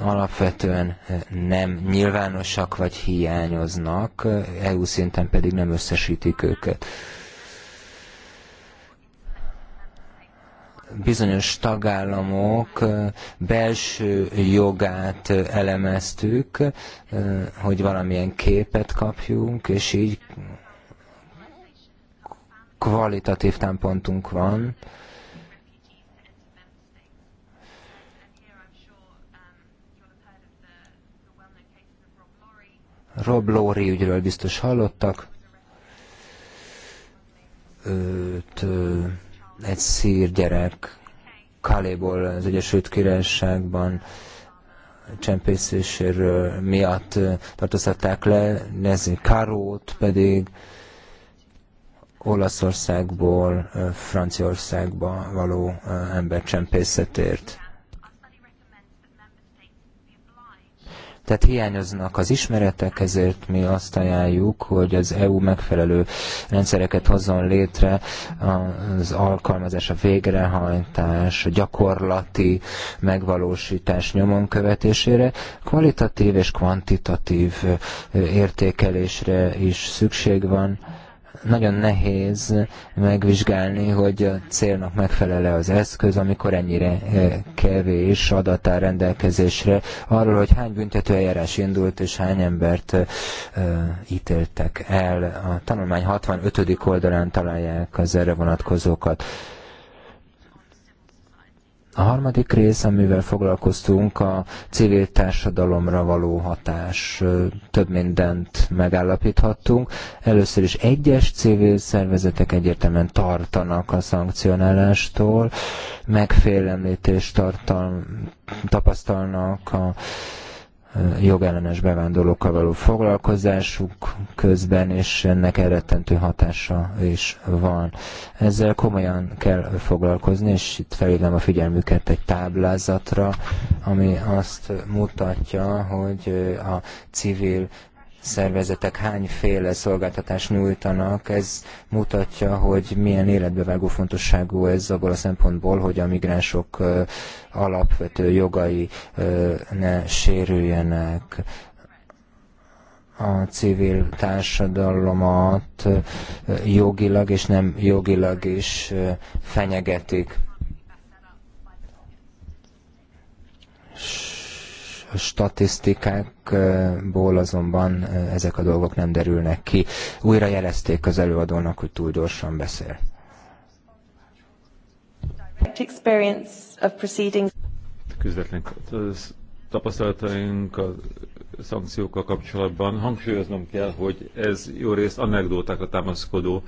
alapvetően eh, nem nyilvánosak vagy hiányoznak, eh, EU szinten pedig nem összesítik őket. Bizonyos tagállamok eh, belső jogát elemeztük, hogy valamilyen képet kapjunk, és így kvalitatív támpontunk van, Rob Lóri ügyről biztos hallottak. Őt egy szír gyerek Kaléból az Egyesült Királyságban csempészéséről miatt tartóztatták le, Nezi Karót pedig Olaszországból Franciaországba való embercsempészetért. Tehát hiányoznak az ismeretek, ezért mi azt ajánljuk, hogy az EU megfelelő rendszereket hozzon létre az alkalmazás, a végrehajtás, a gyakorlati megvalósítás nyomon követésére, kvalitatív és kvantitatív értékelésre is szükség van nagyon nehéz megvizsgálni, hogy a célnak megfelele az eszköz, amikor ennyire e, kevés adat áll rendelkezésre arról, hogy hány büntetőeljárás indult és hány embert e, e, ítéltek el. A tanulmány 65. oldalán találják az erre vonatkozókat. A harmadik rész, amivel foglalkoztunk, a civil társadalomra való hatás. Több mindent megállapíthattunk. Először is egyes civil szervezetek egyértelműen tartanak a szankcionálástól, megfélemlítést tartal, tapasztalnak a jogellenes bevándorlókkal való foglalkozásuk közben, és ennek elrettentő hatása is van. Ezzel komolyan kell foglalkozni, és itt felhívnám a figyelmüket egy táblázatra, ami azt mutatja, hogy a civil szervezetek hányféle szolgáltatást nyújtanak, ez mutatja, hogy milyen életbevágó fontosságú ez abból a szempontból, hogy a migránsok alapvető jogai ne sérüljenek a civil társadalomat jogilag és nem jogilag is fenyegetik. S a statisztikákból azonban ezek a dolgok nem derülnek ki. Újra jelezték az előadónak, hogy túl gyorsan beszél. Közvetlen tapasztalataink a szankciókkal kapcsolatban. Hangsúlyoznom kell, hogy ez jó részt anekdótákra támaszkodó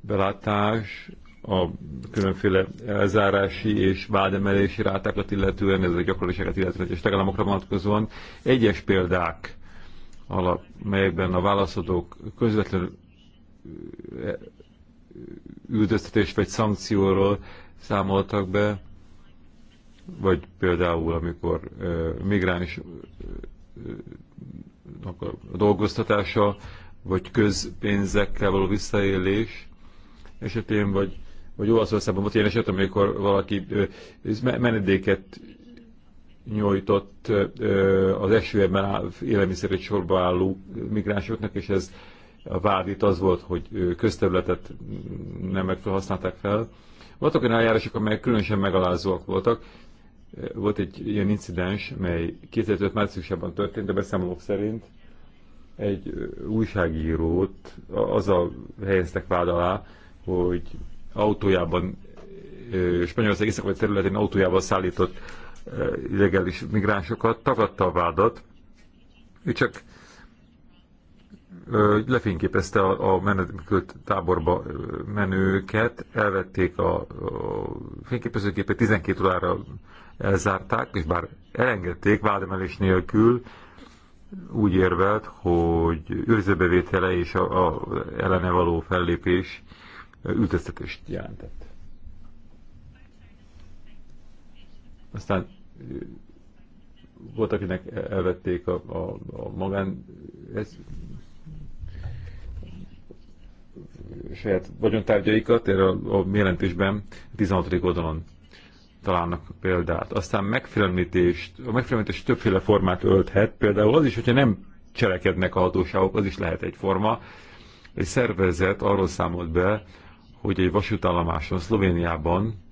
belátás, a különféle elzárási és vádemelési rátákat illetően, ez a gyakoriságot illetően, és tagállamokra vonatkozóan egyes példák alap, melyekben a válaszadók közvetlenül üldöztetés vagy szankcióról számoltak be, vagy például, amikor migráns a dolgoztatása, vagy közpénzekkel való visszaélés esetén, vagy vagy Olaszországban volt ilyen eset, amikor valaki menedéket nyújtott az esőben élelmiszerét sorba álló migránsoknak, és ez a vád itt az volt, hogy közterületet nem megfelelően használták fel. Voltak olyan eljárások, amelyek különösen megalázóak voltak. Volt egy ilyen incidens, mely 2005 márciusában történt, de beszámolók szerint egy újságírót azzal helyeztek vád alá, hogy autójában, Spanyolország észak területén autójában szállított illegális migránsokat, tagadta a vádat, ő csak lefényképezte a, menekült táborba menőket, elvették a, fényképezőképet, 12 órára elzárták, és bár elengedték vádemelés nélkül, úgy érvelt, hogy őrzőbevétele és a, a ellene való fellépés ültöztetést jelentett. Aztán volt, akinek elvették a, a, a magán ez, saját vagyontárgyaikat, erre a, a jelentésben 16. oldalon találnak példát. Aztán megfélemlítést, a megfélemlítés többféle formát ölthet, például az is, hogyha nem cselekednek a hatóságok, az is lehet egy forma, Egy szervezet arról számolt be, hogy egy vasútállomáson Szlovéniában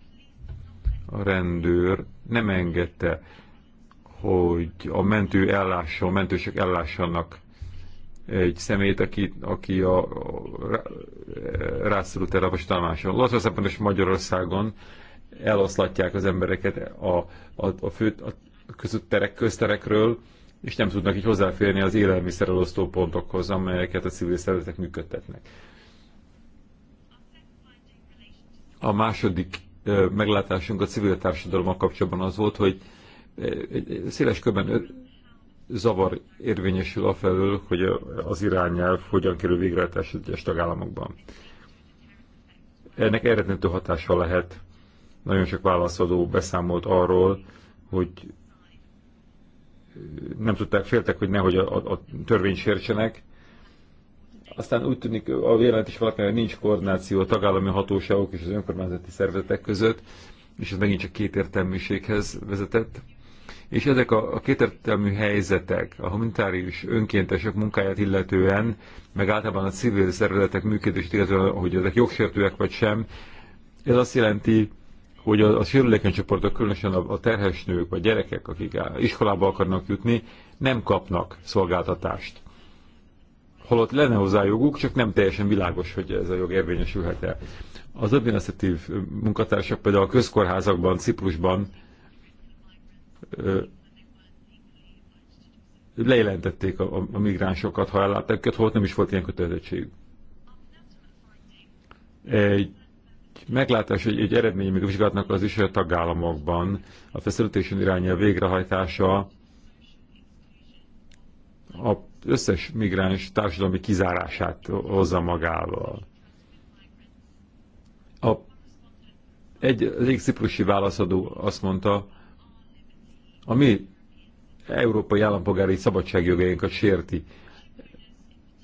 a rendőr nem engedte, hogy a mentő ellásson, mentősök ellássanak egy szemét, aki, aki a, a rászorult erre a vasútállomáson. Laszországban és Magyarországon eloszlatják az embereket a, a, a, fő, a közötterek, közterekről, és nem tudnak így hozzáférni az élelmiszerelosztó pontokhoz, amelyeket a civil szervezetek működtetnek. A második meglátásunk a civil társadalommal kapcsolatban az volt, hogy széles körben zavar érvényesül afelől, hogy az irányelv hogyan kerül végre a tagállamokban. Ennek eredetlenül hatása lehet. Nagyon sok válaszadó beszámolt arról, hogy nem tudták, féltek, hogy nehogy a, a, a törvény sértsenek, aztán úgy tűnik a is alapján, hogy nincs koordináció a tagállami hatóságok és az önkormányzati szervezetek között, és ez megint csak kétértelműséghez vezetett. És ezek a, a kétértelmű helyzetek, a humanitárius önkéntesek munkáját illetően, meg általában a civil szervezetek működését illetően, hogy ezek jogsértőek vagy sem, ez azt jelenti, hogy a, a sérülékeny csoportok, különösen a, a terhes nők vagy gyerekek, akik iskolába akarnak jutni, nem kapnak szolgáltatást holott lenne hozzá joguk, csak nem teljesen világos, hogy ez a jog érvényesülhet el. Az adminisztratív munkatársak például a közkórházakban, Ciprusban lejelentették a, a, a migránsokat, ha ellátták őket, holott nem is volt ilyen kötelezettség. Egy meglátás, egy, egy eredmény még vizsgálatnak az is, hogy a tagállamokban a facilitation irányja végrehajtása a összes migráns társadalmi kizárását hozza magával. A, egy, az egyik ciprusi válaszadó azt mondta, a mi európai állampolgári szabadságjogainkat sérti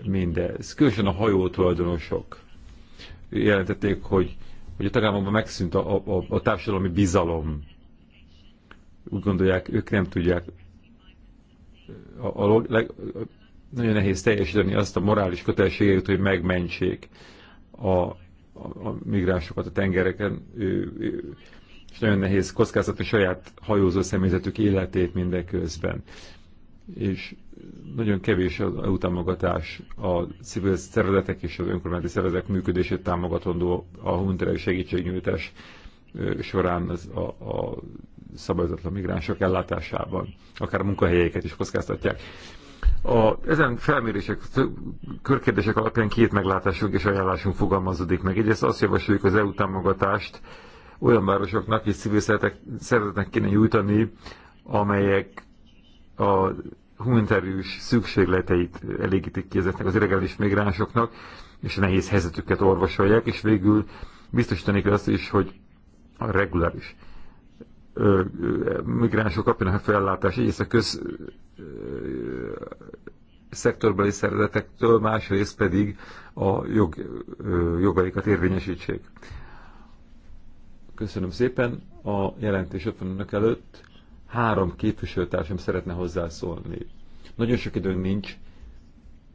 mindez. Különösen a hajó tulajdonosok jelentették, hogy, hogy a tagállamokban megszűnt a, a, a társadalmi bizalom. Úgy gondolják, ők nem tudják a, a, leg, a nagyon nehéz teljesíteni azt a morális kötelességét, hogy megmentsék a, a, a migránsokat a tengereken, ő, ő, és nagyon nehéz kockáztatni saját hajózó személyzetük életét mindeközben. És nagyon kevés az EU támogatás a civil szervezetek és az önkormányzati szervezetek működését támogatandó a humanitárius segítségnyújtás során az, a, a szabályozatlan migránsok ellátásában, akár a munkahelyeket is kockáztatják. A, ezen felmérések, körkérdések alapján két meglátásunk és ajánlásunk fogalmazódik meg. Egyrészt azt javasoljuk az EU támogatást olyan városoknak és civil szervezetnek kéne nyújtani, amelyek a humanitárius szükségleteit elégítik ki ezeknek az illegális migránsoknak, és a nehéz helyzetüket orvosolják, és végül biztosítani kell azt is, hogy a reguláris migránsok kapjanak fellátást, egyrészt a köz szektorbeli szervezetektől, másrészt pedig a jog, jogaikat érvényesítsék. Köszönöm szépen. A jelentés ott van önök előtt. Három képviselőtársam szeretne hozzászólni. Nagyon sok időn nincs.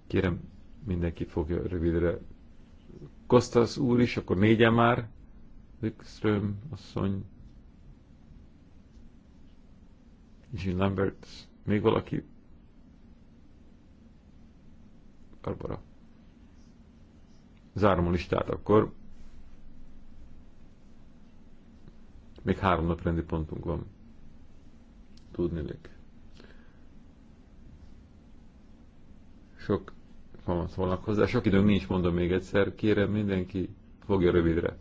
Kérem, mindenki fogja rövidre. Kostas úr is, akkor négyen már. Wikström asszony, Jean Lambert, még valaki? Barbara. Zárom a listát akkor. Még három naprendi pontunk van. Tudnélik. Sok kamasz vannak hozzá. Sok időm nincs, mondom még egyszer. Kérem, mindenki fogja rövidre.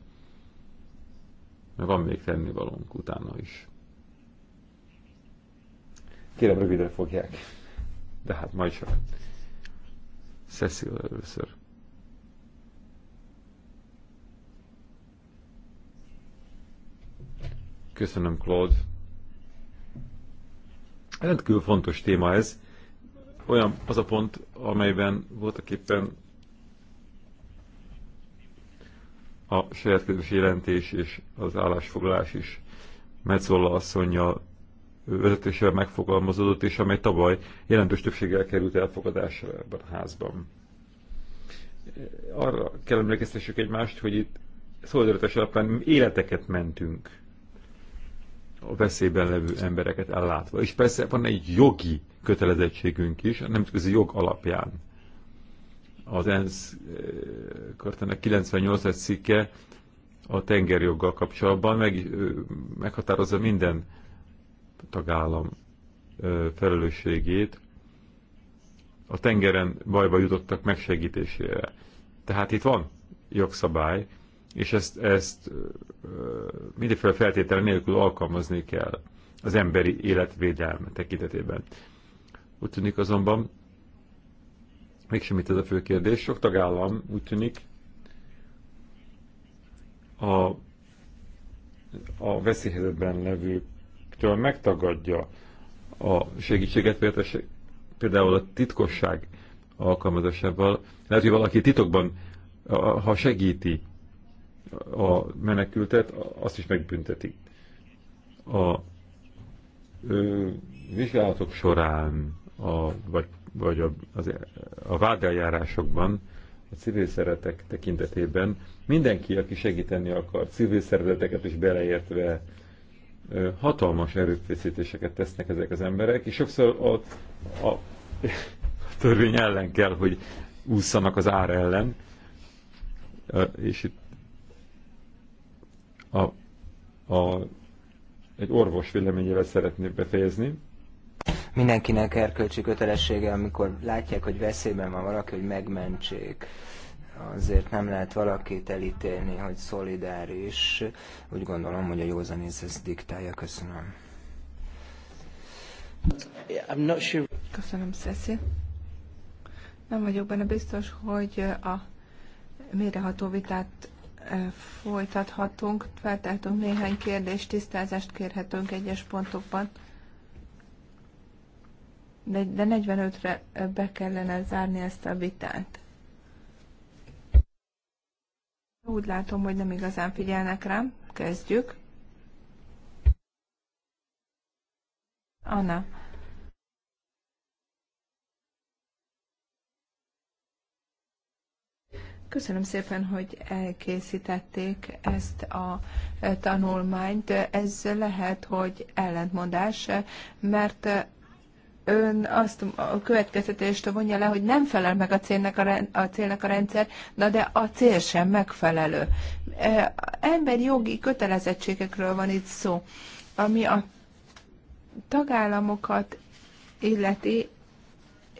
Mert van még tennivalónk utána is. Kérem, rövidre fogják. De hát majd csak. Cecil először. Köszönöm, Claude. Rendkívül fontos téma ez. Olyan az a pont, amelyben voltak éppen a saját közös jelentés és az állásfoglalás is Metzola asszonyjal vezetésével megfogalmazódott, és amely tavaly jelentős többséggel került elfogadásra ebben a házban. Arra kell emlékeztessük egymást, hogy itt szolidaritás alapján életeket mentünk a veszélyben levő embereket ellátva. És persze van egy jogi kötelezettségünk is, a nemzetközi jog alapján. Az ENSZ eh, kartának 98 es cikke a tengerjoggal kapcsolatban meg, meghatározza minden tagállam felelősségét a tengeren bajba jutottak megsegítésére. Tehát itt van jogszabály, és ezt, ezt mindenféle feltétele nélkül alkalmazni kell az emberi életvédelme tekintetében. Úgy tűnik azonban, mégsem itt ez a fő kérdés, sok tagállam úgy tűnik a, a veszélyhelyzetben levő segítségtől megtagadja a segítséget, például a titkosság alkalmazásával. Lehet, hogy valaki titokban, ha segíti a menekültet, azt is megbünteti. A ö, vizsgálatok során, a, vagy, vagy a, az, a vádeljárásokban, a civil szeretek tekintetében mindenki, aki segíteni akar, civil szervezeteket is beleértve, hatalmas erőfeszítéseket tesznek ezek az emberek, és sokszor a, a, a törvény ellen kell, hogy ússzanak az ár ellen. És itt a, a, egy orvos véleményével szeretnék befejezni. Mindenkinek erkölcsi kötelessége, amikor látják, hogy veszélyben van valaki, hogy megmentsék azért nem lehet valakit elítélni, hogy szolidáris. Úgy gondolom, hogy a józanész ezt diktálja. Köszönöm. I'm not sure. Köszönöm, Cecil. Nem vagyok benne biztos, hogy a méreható vitát e, folytathatunk. Feltehetünk néhány kérdést, tisztázást kérhetünk egyes pontokban. De, de 45-re be kellene zárni ezt a vitát. Úgy látom, hogy nem igazán figyelnek rám. Kezdjük. Anna. Köszönöm szépen, hogy elkészítették ezt a e, tanulmányt. Ez lehet, hogy ellentmondás, e, mert e, ön azt a következtetést vonja le, hogy nem felel meg a célnak a, rend, a célnak a rendszer, na de a cél sem megfelelő. E, emberi jogi kötelezettségekről van itt szó, ami a tagállamokat illeti,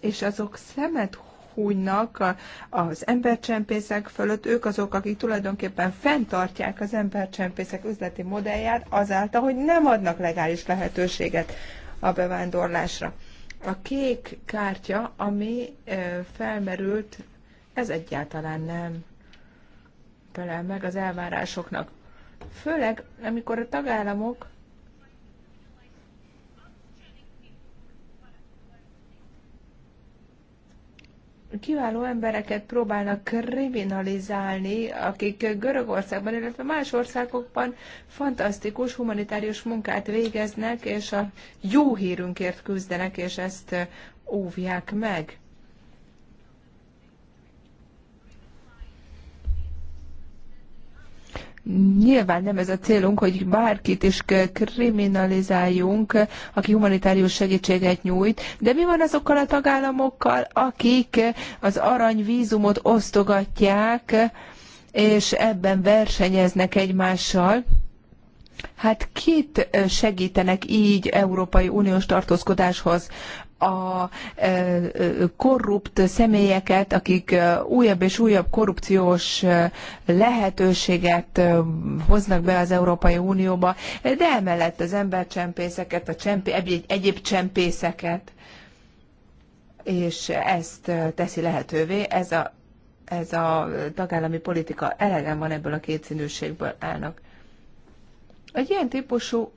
és azok szemet hújnak az embercsempészek fölött, ők azok, akik tulajdonképpen fenntartják az embercsempészek üzleti modellját azáltal, hogy nem adnak legális lehetőséget a bevándorlásra. A kék kártya, ami felmerült, ez egyáltalán nem felel meg az elvárásoknak. Főleg, amikor a tagállamok kiváló embereket próbálnak kriminalizálni, akik Görögországban, illetve más országokban fantasztikus humanitárius munkát végeznek, és a jó hírünkért küzdenek, és ezt óvják meg. Nyilván nem ez a célunk, hogy bárkit is kriminalizáljunk, aki humanitárius segítséget nyújt, de mi van azokkal a tagállamokkal, akik az aranyvízumot osztogatják, és ebben versenyeznek egymással? Hát kit segítenek így Európai Uniós tartózkodáshoz? a e, e, korrupt személyeket, akik e, újabb és újabb korrupciós lehetőséget hoznak be az Európai Unióba, de emellett az embercsempészeket, a csempé, egyéb csempészeket, és ezt teszi lehetővé. Ez a, ez a tagállami politika elegem van ebből a kétszínűségből állnak. Egy ilyen típusú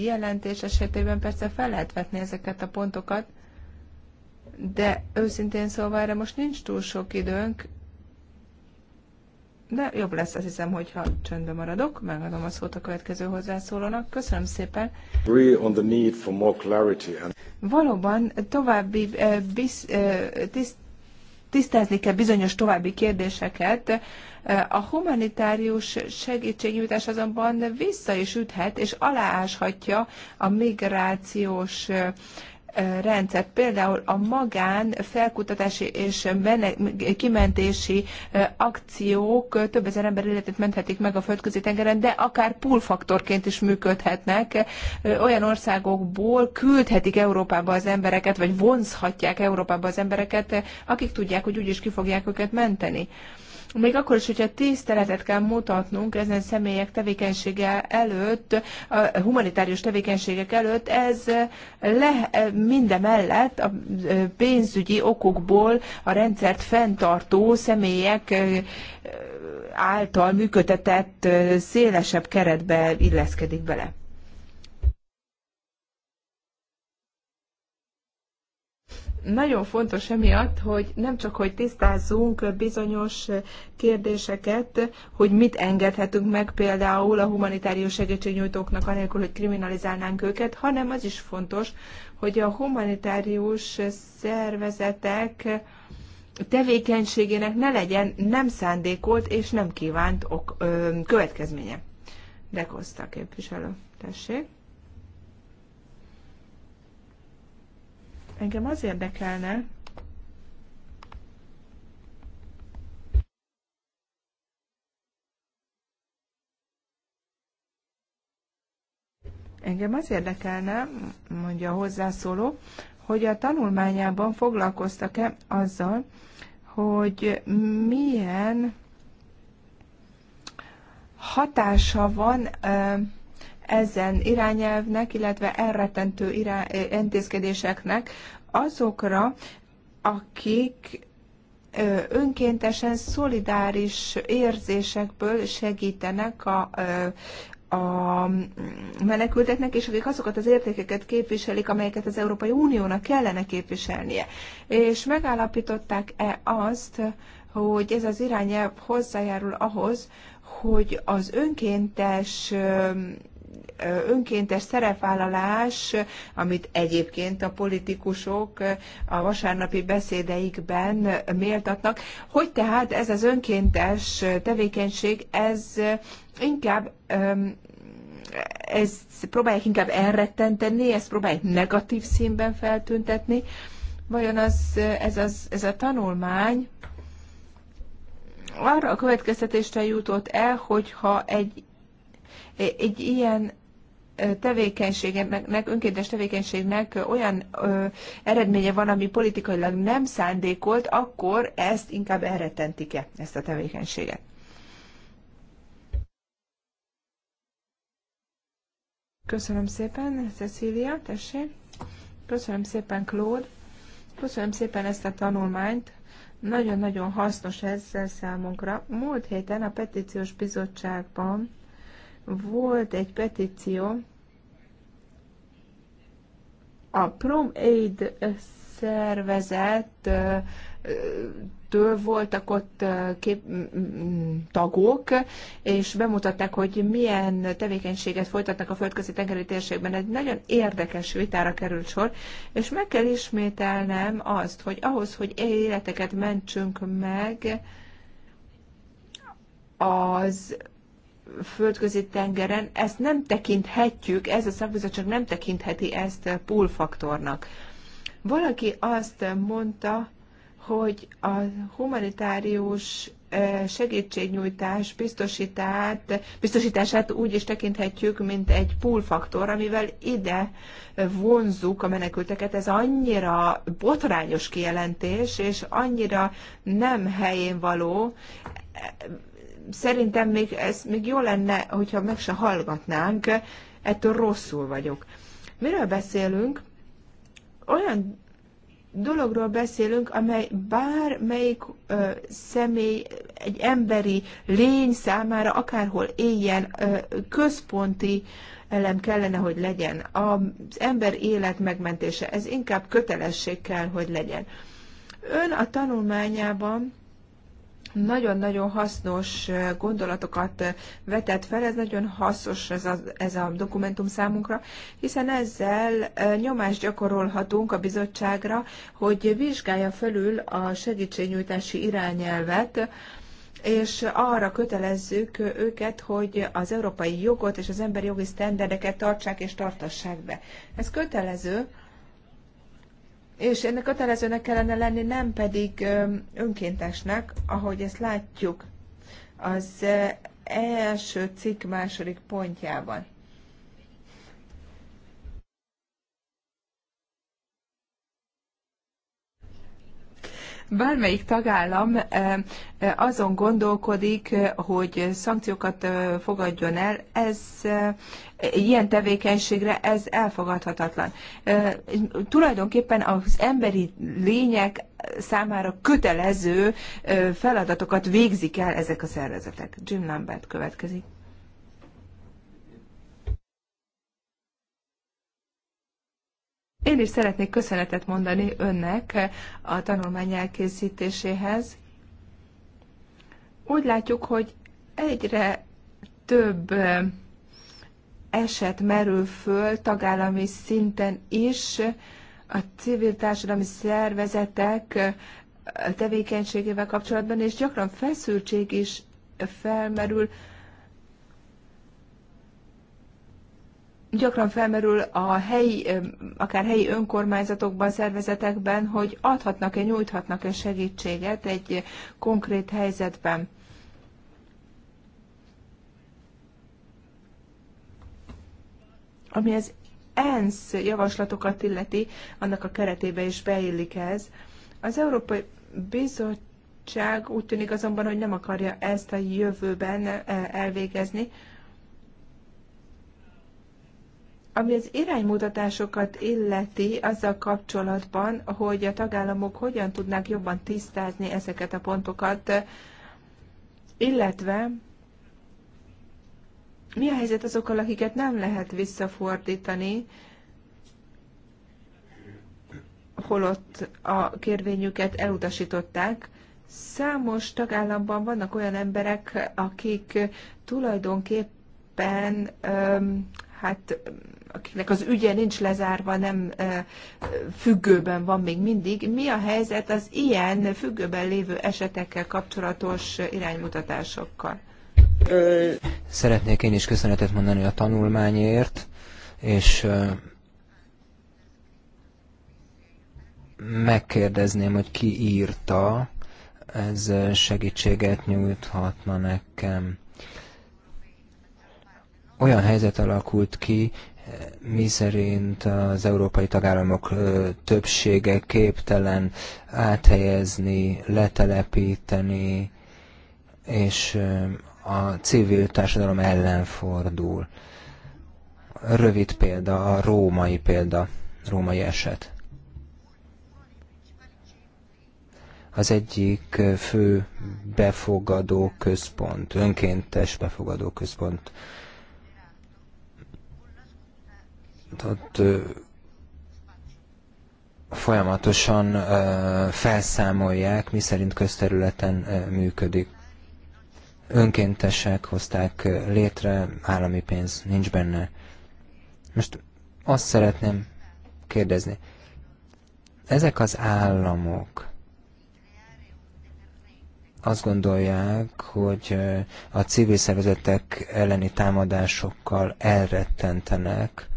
jelentés esetében persze fel lehet vetni ezeket a pontokat, de őszintén szólva erre most nincs túl sok időnk, de jobb lesz, azt hiszem, hogyha csöndbe maradok, megadom a szót a következő hozzászólónak. Köszönöm szépen. Valóban további eh, biz, eh, tiszt, tisztázni kell bizonyos további kérdéseket, a humanitárius segítségnyújtás azonban vissza is üthet, és alááshatja a migrációs rendszert. Például a magán felkutatási és kimentési akciók több ezer ember életét menthetik meg a földközi tengeren, de akár pull-faktorként is működhetnek. Olyan országokból küldhetik Európába az embereket, vagy vonzhatják Európába az embereket, akik tudják, hogy úgyis ki fogják őket menteni. Még akkor is, hogyha tiszteletet kell mutatnunk ezen személyek tevékenysége előtt, a humanitárius tevékenységek előtt, ez le, minden mellett a pénzügyi okokból a rendszert fenntartó személyek által működtetett szélesebb keretbe illeszkedik bele. nagyon fontos emiatt, hogy nem csak, hogy tisztázzunk bizonyos kérdéseket, hogy mit engedhetünk meg például a humanitárius segítségnyújtóknak, anélkül, hogy kriminalizálnánk őket, hanem az is fontos, hogy a humanitárius szervezetek tevékenységének ne legyen nem szándékolt és nem kívánt ok, ö, következménye. Dekozta képviselő. Tessék. Engem az érdekelne, Engem az érdekelne, mondja a hozzászóló, hogy a tanulmányában foglalkoztak-e azzal, hogy milyen hatása van ezen irányelvnek, illetve elretentő irány, eh, intézkedéseknek azokra, akik önkéntesen szolidáris érzésekből segítenek a, a menekülteknek, és akik azokat az értékeket képviselik, amelyeket az Európai Uniónak kellene képviselnie. És megállapították-e azt, hogy ez az irányelv hozzájárul ahhoz, hogy az önkéntes önkéntes szerepvállalás, amit egyébként a politikusok a vasárnapi beszédeikben méltatnak. Hogy tehát ez az önkéntes tevékenység, ez inkább ezt próbálják inkább elrettenteni, ezt próbálják negatív színben feltüntetni. Vajon az, ez, az, ez a tanulmány arra a következtetésre jutott el, hogyha egy egy ilyen tevékenységnek, önkéntes tevékenységnek olyan ö, eredménye van, ami politikailag nem szándékolt, akkor ezt inkább elrettentik-e, ezt a tevékenységet. Köszönöm szépen, Cecília, tessék. Köszönöm szépen, Claude. Köszönöm szépen ezt a tanulmányt. Nagyon-nagyon hasznos ez számunkra. Múlt héten a petíciós bizottságban volt egy petíció a PromAid szervezet től voltak ott kép, tagok, és bemutatták, hogy milyen tevékenységet folytatnak a földközi tengeri térségben. Egy nagyon érdekes vitára került sor, és meg kell ismételnem azt, hogy ahhoz, hogy életeket mentsünk meg, az földközi tengeren, ezt nem tekinthetjük, ez a szakbizottság nem tekintheti ezt pull faktornak. Valaki azt mondta, hogy a humanitárius eh, segítségnyújtás biztosítát, biztosítását úgy is tekinthetjük, mint egy pull faktor, amivel ide vonzuk a menekülteket. Ez annyira botrányos kijelentés, és annyira nem helyén való, szerintem még ez még jó lenne, hogyha meg se hallgatnánk, ettől rosszul vagyok. Miről beszélünk? Olyan dologról beszélünk, amely bármelyik ö, személy, egy emberi lény számára, akárhol éljen, ö, központi elem kellene, hogy legyen. Az ember élet megmentése, ez inkább kötelesség kell, hogy legyen. Ön a tanulmányában nagyon-nagyon hasznos gondolatokat vetett fel, ez nagyon hasznos ez a, ez a dokumentum számunkra, hiszen ezzel nyomást gyakorolhatunk a bizottságra, hogy vizsgálja felül a segítségnyújtási irányelvet, és arra kötelezzük őket, hogy az európai jogot és az emberi jogi sztenderdeket tartsák és tartassák be. Ez kötelező, és ennek kötelezőnek kellene lenni, nem pedig önkéntesnek, ahogy ezt látjuk az első cikk második pontjában. bármelyik tagállam eh, eh, azon gondolkodik, eh, hogy szankciókat fogadjon el, ez ilyen tevékenységre ez elfogadhatatlan. Tulajdonképpen az emberi lények számára kötelező feladatokat végzik el ezek a szervezetek. Jim Lambert következik. Én is szeretnék köszönetet mondani önnek a tanulmány elkészítéséhez. Úgy látjuk, hogy egyre több eset merül föl tagállami szinten is a civil társadalmi szervezetek tevékenységével kapcsolatban, és gyakran feszültség is felmerül gyakran felmerül a helyi, akár helyi önkormányzatokban, szervezetekben, hogy adhatnak-e, nyújthatnak-e segítséget egy konkrét helyzetben. Ami az ENSZ javaslatokat illeti, annak a keretébe is beillik ez. Az Európai Bizottság úgy tűnik azonban, hogy nem akarja ezt a jövőben e, elvégezni ami az iránymutatásokat illeti azzal kapcsolatban, hogy a tagállamok hogyan tudnák jobban tisztázni ezeket a pontokat, illetve mi a helyzet azokkal, akiket nem lehet visszafordítani, holott a kérvényüket elutasították. Számos tagállamban vannak olyan emberek, akik tulajdonképpen hát akinek az ügye nincs lezárva, nem függőben van még mindig. Mi a helyzet az ilyen függőben lévő esetekkel kapcsolatos iránymutatásokkal? Szeretnék én is köszönetet mondani a tanulmányért, és megkérdezném, hogy ki írta, ez segítséget nyújthatna nekem. Olyan helyzet alakult ki, mi szerint az európai tagállamok többsége képtelen áthelyezni, letelepíteni, és a civil társadalom ellen fordul. Rövid példa, a római példa, római eset. Az egyik fő befogadó központ, önkéntes befogadó központ tehát folyamatosan felszámolják, miszerint közterületen működik. Önkéntesek hozták létre, állami pénz nincs benne. Most azt szeretném kérdezni, ezek az államok azt gondolják, hogy a civil szervezetek elleni támadásokkal elrettentenek,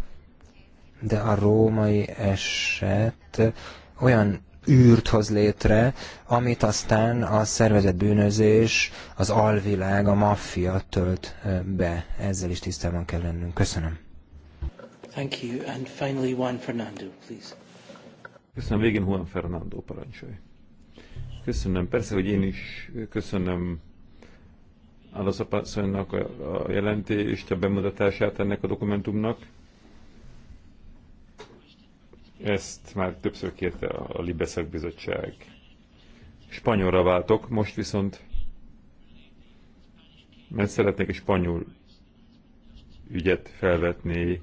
de a római eset olyan űrt hoz létre, amit aztán a szervezett bűnözés, az alvilág, a maffia tölt be. Ezzel is tisztában kell lennünk. Köszönöm. Thank you. And finally Juan Fernando, please. Köszönöm. Végén Juan Fernando parancsolj. Köszönöm. Persze, hogy én is köszönöm Alaszapasszonynak a, a jelentést, a bemutatását ennek a dokumentumnak ezt már többször kérte a Libeszek Bizottság. Spanyolra váltok, most viszont mert szeretnék egy spanyol ügyet felvetni,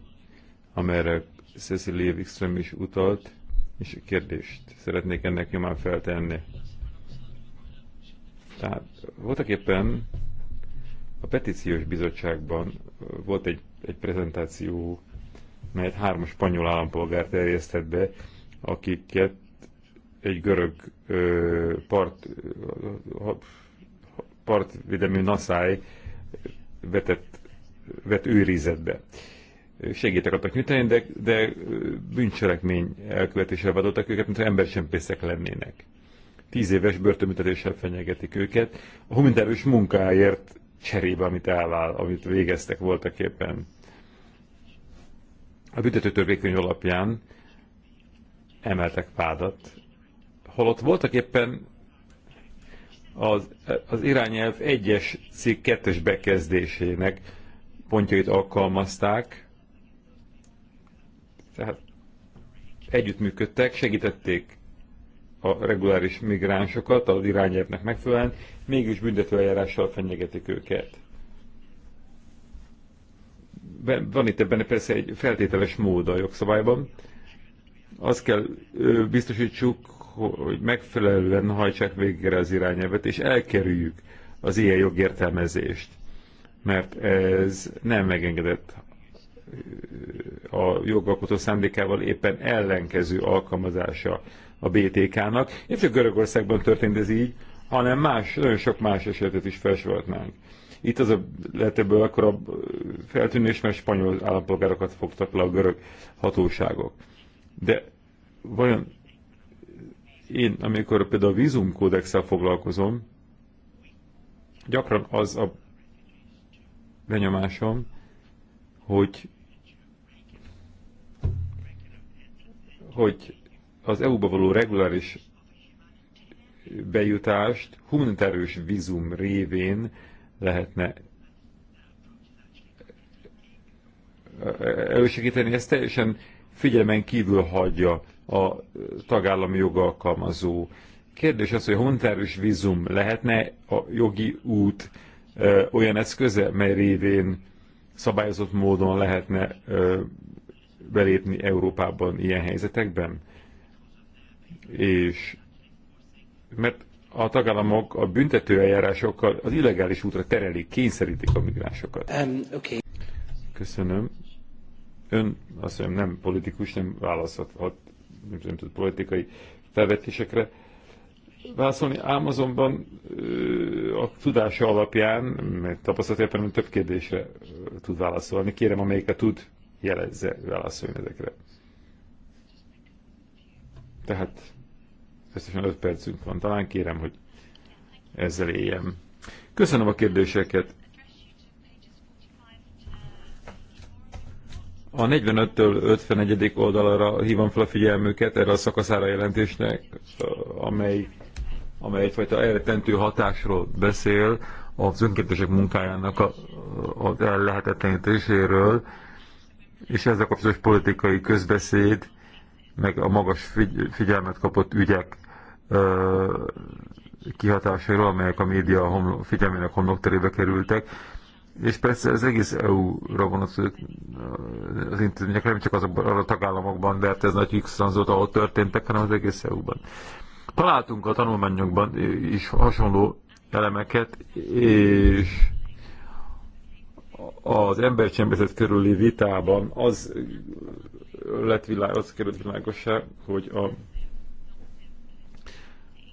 amelyre Cecilia Wikström is utalt, és kérdést szeretnék ennek nyomán feltenni. Tehát voltak éppen a petíciós bizottságban volt egy, egy prezentáció melyet három spanyol állampolgár terjesztett be, akiket egy görög ö, part, partvédelmű naszály vetett, vett őrizetbe. Segítek adtak nyújtani, de, de bűncselekmény elkövetésre vadoltak őket, mint embercsempészek lennének. Tíz éves börtönbüntetéssel fenyegetik őket, a humintervős munkáért cserébe, amit elvál, amit végeztek voltak éppen a törvékeny alapján emeltek vádat, holott voltak éppen az, az irányelv egyes cikk kettes bekezdésének pontjait alkalmazták, tehát együttműködtek, segítették a reguláris migránsokat az irányelvnek megfelelően, mégis büntetőeljárással fenyegetik őket van itt ebben persze egy feltételes mód a jogszabályban. Azt kell biztosítsuk, hogy megfelelően hajtsák végre az irányelvet, és elkerüljük az ilyen jogértelmezést, mert ez nem megengedett a jogalkotó szándékával éppen ellenkező alkalmazása a BTK-nak. Nem csak Görögországban történt ez így, hanem más, nagyon sok más esetet is felsorolhatnánk. Itt az a lehetőbb, akkor a feltűnés, mert spanyol állampolgárokat fogtak le a görög hatóságok. De vajon én, amikor például a vízumkódexsel foglalkozom, gyakran az a benyomásom, hogy hogy az EU-ba való reguláris bejutást humanitárius vízum révén lehetne elősegíteni, ez teljesen figyelmen kívül hagyja a tagállami jogalkalmazó. Kérdés az, hogy honterős vízum lehetne a jogi út ö, olyan eszköze, mely révén szabályozott módon lehetne ö, belépni Európában ilyen helyzetekben? És mert a tagállamok a büntetőeljárásokkal az illegális útra terelik, kényszerítik a migránsokat. Um, okay. Köszönöm. Ön azt mondja, nem politikus, nem választhat nem, nem tud politikai felvetésekre válaszolni, ám azonban a tudása alapján, mert tapasztalatében több kérdésre tud válaszolni. Kérem, amelyiket tud, jelezze, válaszoljon ezekre. Tehát összesen 5 percünk van. Talán kérem, hogy ezzel éljem. Köszönöm a kérdéseket. A 45-től 51. oldalra hívom fel a figyelmüket erre a szakaszára jelentésnek, amely, amely egyfajta elretentő hatásról beszél, az önkéntesek munkájának a, az ellehetetlenítéséről, és ezzel kapcsolatos politikai közbeszéd, meg a magas figyelmet kapott ügyek kihatásairól, amelyek a média homlok, figyelmének homlokterébe kerültek. És persze ez egész EU-ra vonatkozik az intézményekre, nem csak azokban a tagállamokban, de hát ez nagy visszanzott, ahol történtek, hanem az egész EU-ban. Találtunk a tanulmányokban is hasonló elemeket, és az embercsempészet körüli vitában az lett világos, az került világosá, hogy a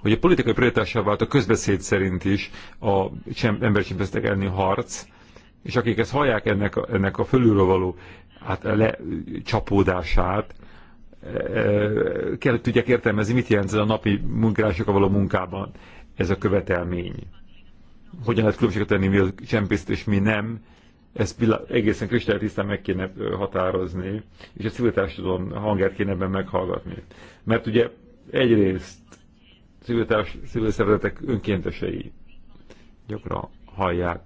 hogy a politikai prioritássá vált a közbeszéd szerint is a embercsempésztek elleni harc, és akik ezt hallják ennek a, ennek a fölülről való hát, lecsapódását, e, kell tudják értelmezni, mit jelent ez a napi munkásokkal való munkában ez a követelmény. Hogyan lehet különbséget tenni, mi a csempészt és mi nem, ezt egészen kristálytisztán meg kéne határozni, és a civil társadalom hangját kéne ebben meghallgatni. Mert ugye egyrészt civil, társ, civil szervezetek önkéntesei gyakran hallják,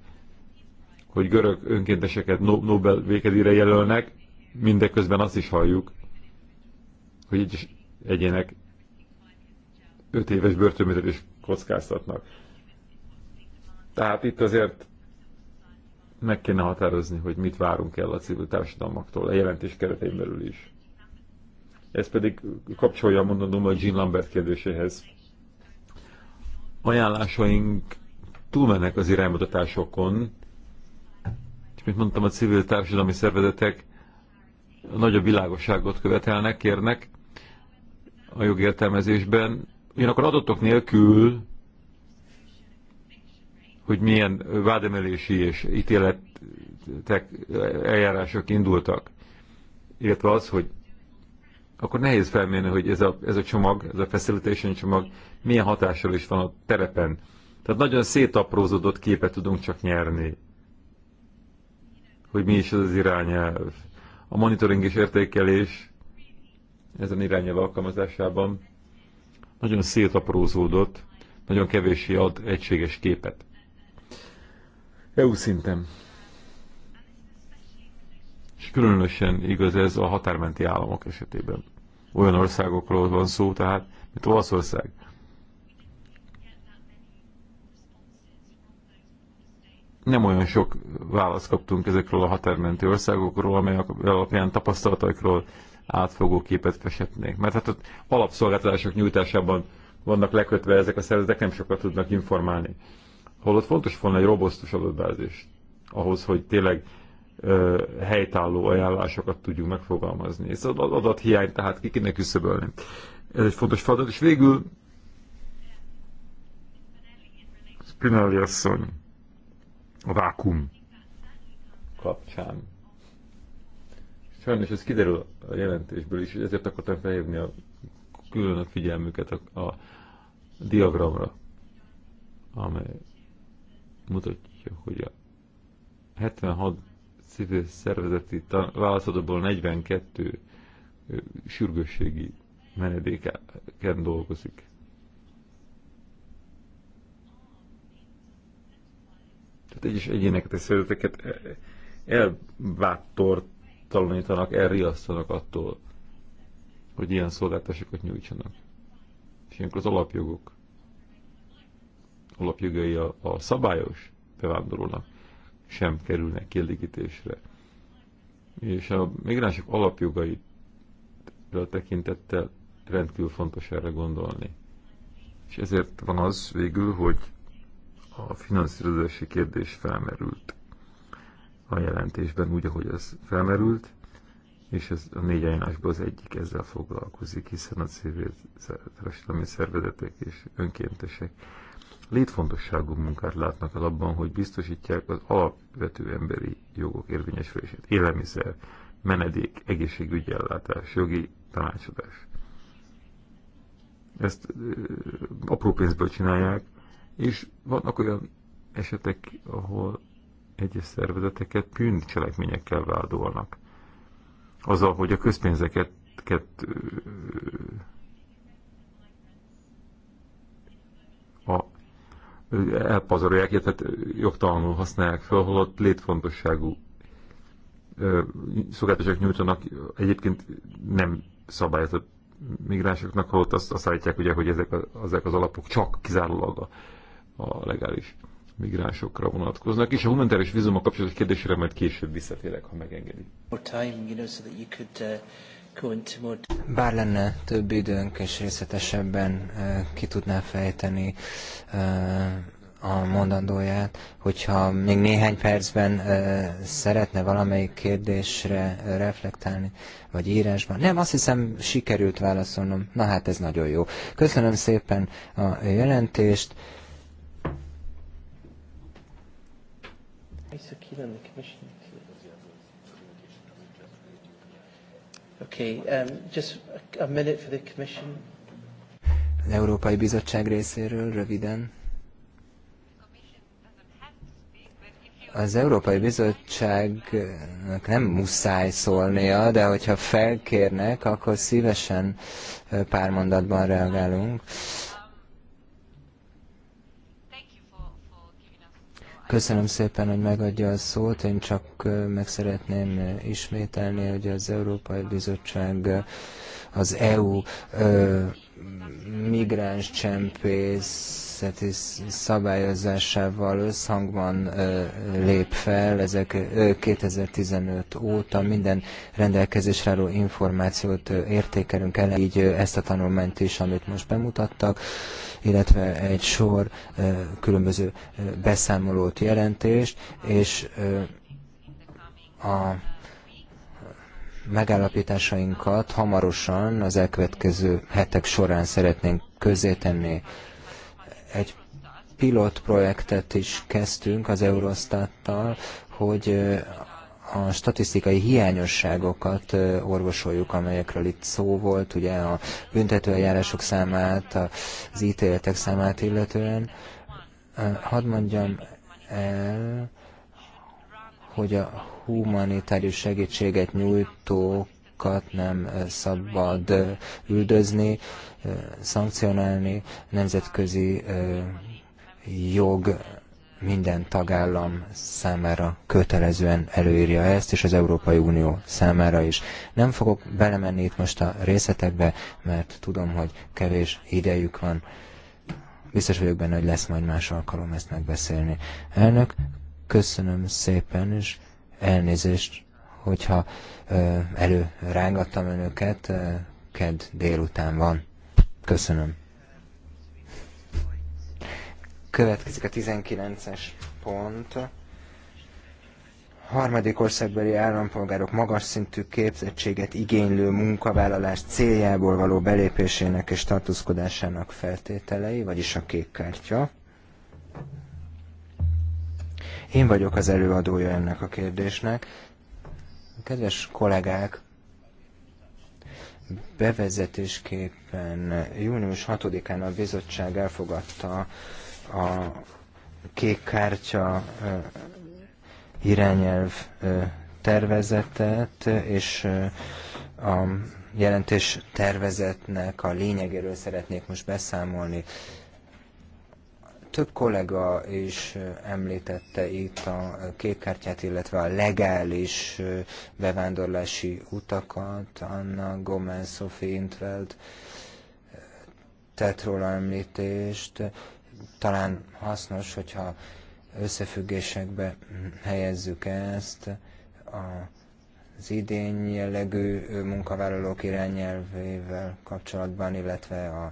hogy görög önkénteseket Nobel vékedére jelölnek, mindeközben azt is halljuk, hogy így egyének öt éves börtönbüntet is kockáztatnak. Tehát itt azért meg kéne határozni, hogy mit várunk el a civil társadalmaktól, a jelentés keretein belül is. Ez pedig kapcsolja a mondandóm a Jean Lambert kérdéséhez ajánlásaink túlmennek az iránymutatásokon, és mint mondtam, a civil társadalmi szervezetek nagyobb világosságot követelnek, kérnek a jogértelmezésben, ugyanakkor adottok nélkül, hogy milyen vádemelési és ítéletek, eljárások indultak, illetve az, hogy akkor nehéz felmérni, hogy ez a, ez a csomag, ez a facilitation csomag milyen hatással is van a terepen. Tehát nagyon szétaprózódott képet tudunk csak nyerni, hogy mi is az az irányelv. A monitoring és értékelés ezen irányelv alkalmazásában nagyon szétaprózódott, nagyon kevéssé ad egységes képet. EU szinten. És különösen igaz ez a határmenti államok esetében. Olyan országokról van szó, tehát, mint Olaszország, nem olyan sok választ kaptunk ezekről a határmenti országokról, amelyek alapján tapasztalataikról átfogó képet feshetnék. Mert hát ott alapszolgáltatások nyújtásában vannak lekötve ezek a szervezetek, nem sokat tudnak informálni. Holott fontos volna egy robosztus adatbázis ahhoz, hogy tényleg ö, helytálló ajánlásokat tudjunk megfogalmazni. Ez az adathiány, tehát ki kéne küszöbölni. Ez egy fontos feladat, és végül Spinelli asszony a vákum kapcsán. Sajnos ez kiderül a jelentésből is, és ezért akartam felhívni a külön a figyelmüket a, a diagramra, amely mutatja, hogy a 76 civil szervezeti válaszadóból 42 sürgősségi menedéken dolgozik. Tehát egyes egyéneket és szervezeteket e- e- elbátortalanítanak, elriasztanak attól, hogy ilyen szolgáltatásokat nyújtsanak. És ilyenkor az alapjogok, alapjogai a, a szabályos bevándorolnak sem kerülnek kielégítésre. És a migránsok alapjogai a tekintettel rendkívül fontos erre gondolni. És ezért van az végül, hogy a finanszírozási kérdés felmerült a jelentésben, úgy, ahogy az felmerült, és ez a négy ajánlásból az egyik ezzel foglalkozik, hiszen a civil társadalmi szervezetek és önkéntesek létfontosságú munkát látnak el abban, hogy biztosítják az alapvető emberi jogok érvényesülését, élelmiszer, menedék, egészségügyi ellátás, jogi tanácsadás. Ezt apró pénzből csinálják, és vannak olyan esetek, ahol egyes szervezeteket bűncselekményekkel vádolnak. Azzal, hogy a közpénzeket ket, a, elpazarolják, tehát jogtalanul használják fel, holott létfontosságú szolgáltatások nyújtanak egyébként nem szabályozott migránsoknak, holott azt, azt állítják, ugye, hogy ezek, a, ezek az alapok csak kizárólag a a legális migránsokra vonatkoznak, és a humanitárius a kapcsolatos kérdésre majd később visszatérek, ha megengedi. Uh, Bár lenne több időnk, és részletesebben uh, ki tudná fejteni uh, a mondandóját, hogyha még néhány percben szeretne valamelyik kérdésre reflektálni, vagy írásban. Nem, azt hiszem sikerült válaszolnom. Na hát ez nagyon jó. Köszönöm szépen a jelentést. Okay, um, just a minute for the Commission. Az Európai Bizottság részéről röviden. az Európai Bizottságnak nem muszáj szólnia, de hogyha felkérnek, akkor szívesen pár mondatban reagálunk. Köszönöm szépen, hogy megadja a szót. Én csak meg szeretném ismételni, hogy az Európai Bizottság az EU migráns csempészeti szabályozásával összhangban lép fel. Ezek 2015 óta minden rendelkezésre álló információt értékelünk el, így ezt a tanulmányt is, amit most bemutattak, illetve egy sor különböző beszámolót, jelentést, és a megállapításainkat hamarosan az elkövetkező hetek során szeretnénk közzétenni. Egy pilot projektet is kezdtünk az Eurostattal, hogy a statisztikai hiányosságokat orvosoljuk, amelyekről itt szó volt, ugye a büntetőeljárások számát, az ítéletek számát illetően. Hadd mondjam el, hogy a humanitárius segítséget nyújtókat nem szabad üldözni, szankcionálni. Nemzetközi jog minden tagállam számára kötelezően előírja ezt, és az Európai Unió számára is. Nem fogok belemenni itt most a részletekbe, mert tudom, hogy kevés idejük van. Biztos vagyok benne, hogy lesz majd más alkalom ezt megbeszélni. Elnök, köszönöm szépen, és elnézést, hogyha rángattam önöket, ked délután van. Köszönöm. Következik a 19-es pont. Harmadik országbeli állampolgárok magas szintű képzettséget igénylő munkavállalás céljából való belépésének és tartózkodásának feltételei, vagyis a kék kártya. Én vagyok az előadója ennek a kérdésnek. Kedves kollégák, bevezetésképpen június 6-án a bizottság elfogadta a kék kártya irányelv tervezetet, és a jelentés tervezetnek a lényegéről szeretnék most beszámolni. Több kollega is említette itt a kékkártyát, illetve a legális bevándorlási utakat, Anna Gomez, Sophie Intveld tett róla említést. Talán hasznos, hogyha összefüggésekbe helyezzük ezt a az idén jellegű munkavállalók irányelvével kapcsolatban, illetve a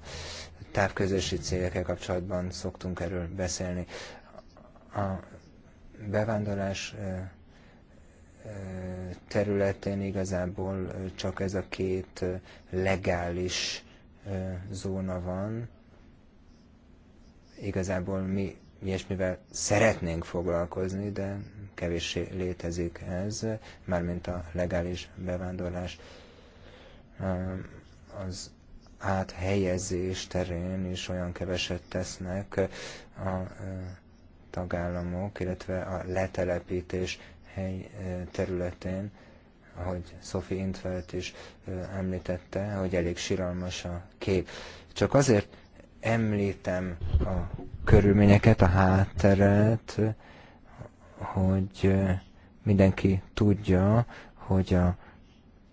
távközlési cégekkel kapcsolatban szoktunk erről beszélni. A bevándorlás területén igazából csak ez a két legális zóna van. Igazából mi ilyesmivel szeretnénk foglalkozni, de kevéssé létezik ez, mármint a legális bevándorlás. Az áthelyezés terén is olyan keveset tesznek a e, tagállamok, illetve a letelepítés hely e, területén, ahogy Sophie Intfeld is e, említette, hogy elég siralmas a kép. Csak azért említem a körülményeket, a hátteret, hogy mindenki tudja, hogy a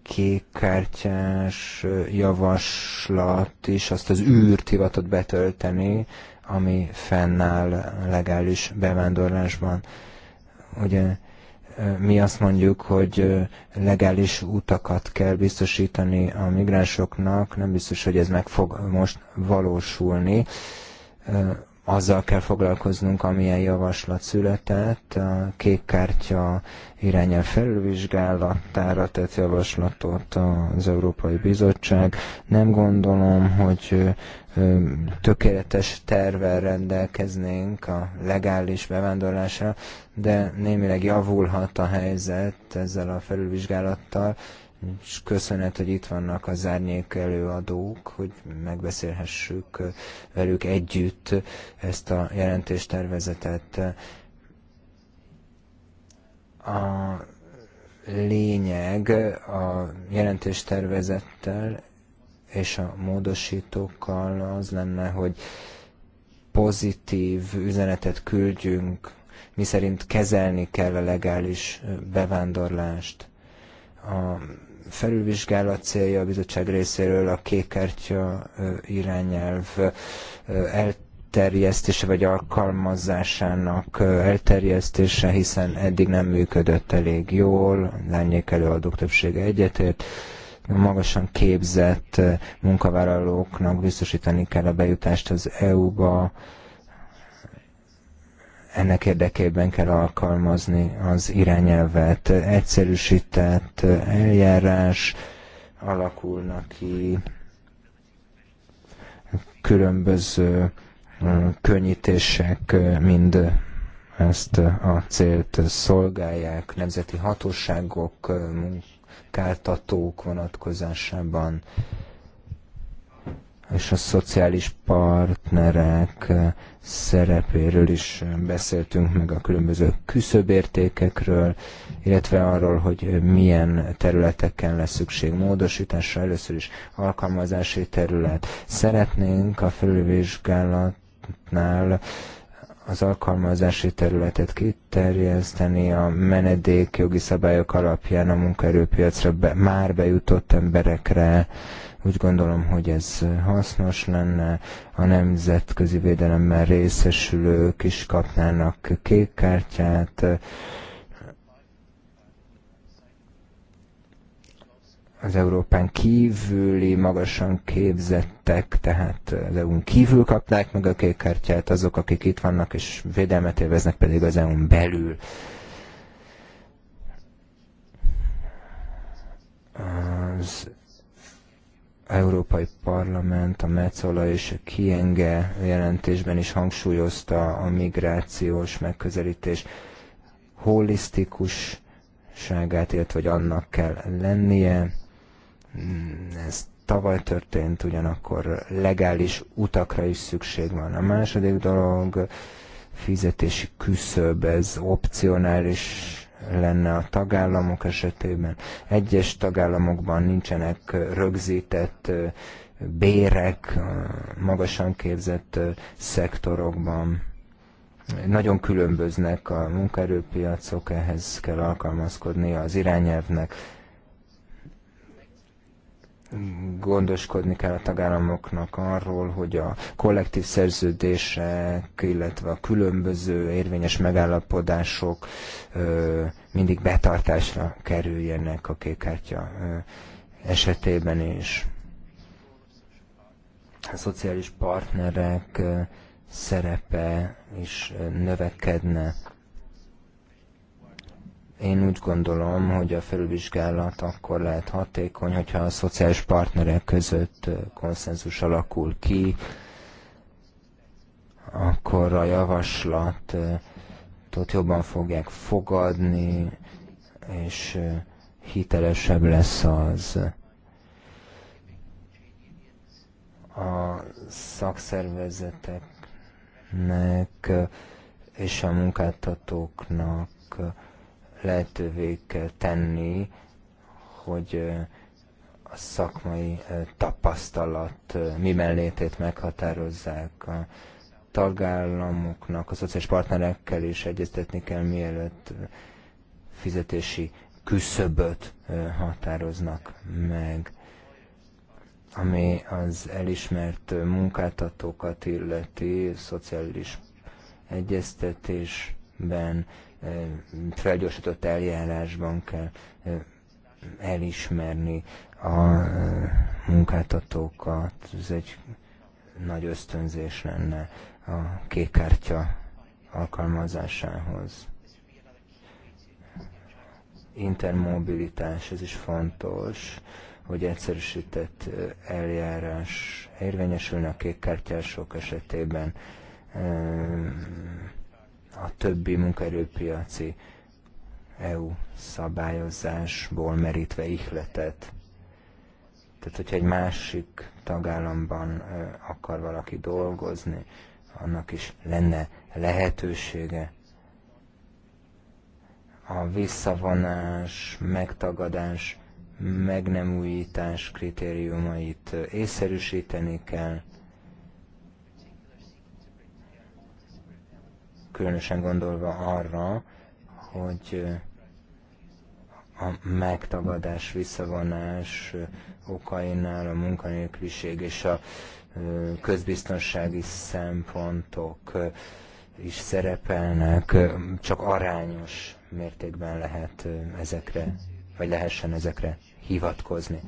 kékkártyás javaslat is azt az űrt hivatott betölteni, ami fennáll legális bevándorlásban. Ugye mi azt mondjuk, hogy legális utakat kell biztosítani a migránsoknak, nem biztos, hogy ez meg fog most valósulni azzal kell foglalkoznunk, amilyen javaslat született, a kék kártya irányel felülvizsgálattára tett javaslatot az Európai Bizottság. Nem gondolom, hogy tökéletes tervel rendelkeznénk a legális bevándorlásra, de némileg javulhat a helyzet ezzel a felülvizsgálattal, és köszönet, hogy itt vannak az árnyék előadók, hogy megbeszélhessük velük együtt ezt a jelentéstervezetet. A lényeg a jelentéstervezettel és a módosítókkal az lenne, hogy pozitív üzenetet küldjünk, miszerint kezelni kell a legális bevándorlást. A felülvizsgálat célja a bizottság részéről a kékkártya irányelv elterjesztése vagy alkalmazásának elterjesztése, hiszen eddig nem működött elég jól, lányék előadók többsége egyetért, magasan képzett munkavállalóknak biztosítani kell a bejutást az EU-ba, ennek érdekében kell alkalmazni az irányelvet. Egyszerűsített eljárás alakulnak ki különböző könnyítések mind ezt a célt szolgálják, nemzeti hatóságok, munkáltatók vonatkozásában és a szociális partnerek szerepéről is beszéltünk, meg a különböző küszöbértékekről, illetve arról, hogy milyen területeken lesz szükség módosításra. Először is alkalmazási terület. Szeretnénk a felülvizsgálatnál az alkalmazási területet kiterjeszteni a menedékjogi szabályok alapján a munkaerőpiacra be, már bejutott emberekre, úgy gondolom, hogy ez hasznos lenne, a nemzetközi védelemmel részesülők is kapnának kék kártyát, az Európán kívüli magasan képzettek, tehát az EU-n kívül kapnák meg a kék kártyát, azok, akik itt vannak és védelmet élveznek pedig az EU-n belül. Az Európai Parlament a Metzola és a Kienge jelentésben is hangsúlyozta a migrációs megközelítés holisztikusságát, illetve hogy annak kell lennie. Mm, ez tavaly történt, ugyanakkor legális utakra is szükség van. A második dolog, fizetési küszöb, ez opcionális lenne a tagállamok esetében. Egyes tagállamokban nincsenek rögzített bérek, magasan képzett szektorokban. Nagyon különböznek a munkaerőpiacok, ehhez kell alkalmazkodni az irányelvnek gondoskodni kell a tagállamoknak arról, hogy a kollektív szerződések, illetve a különböző érvényes megállapodások mindig betartásra kerüljenek a kékkártya esetében is. A szociális partnerek szerepe is növekedne én úgy gondolom, hogy a felülvizsgálat akkor lehet hatékony, hogyha a szociális partnerek között konszenzus alakul ki, akkor a javaslatot jobban fogják fogadni, és hitelesebb lesz az. A szakszervezeteknek és a munkáltatóknak lehetővé kell tenni, hogy a szakmai tapasztalat mi mellétét meghatározzák a tagállamoknak, a szociális partnerekkel is egyeztetni kell, mielőtt fizetési küszöböt határoznak meg, ami az elismert munkáltatókat illeti szociális egyeztetésben felgyorsított eljárásban kell elismerni a munkáltatókat. Ez egy nagy ösztönzés lenne a kékkártya alkalmazásához. Intermobilitás, ez is fontos, hogy egyszerűsített eljárás érvényesülne a kékkártyások esetében a többi munkaerőpiaci EU szabályozásból merítve ihletet. Tehát, hogyha egy másik tagállamban akar valaki dolgozni, annak is lenne lehetősége. A visszavonás, megtagadás, meg nem újítás kritériumait észszerűsíteni kell, különösen gondolva arra, hogy eh, a megtagadás, visszavonás eh, okainál a munkanélküliség és a eh, közbiztonsági szempontok is szerepelnek, csak arányos mértékben lehet ezekre, vagy lehessen ezekre hivatkozni.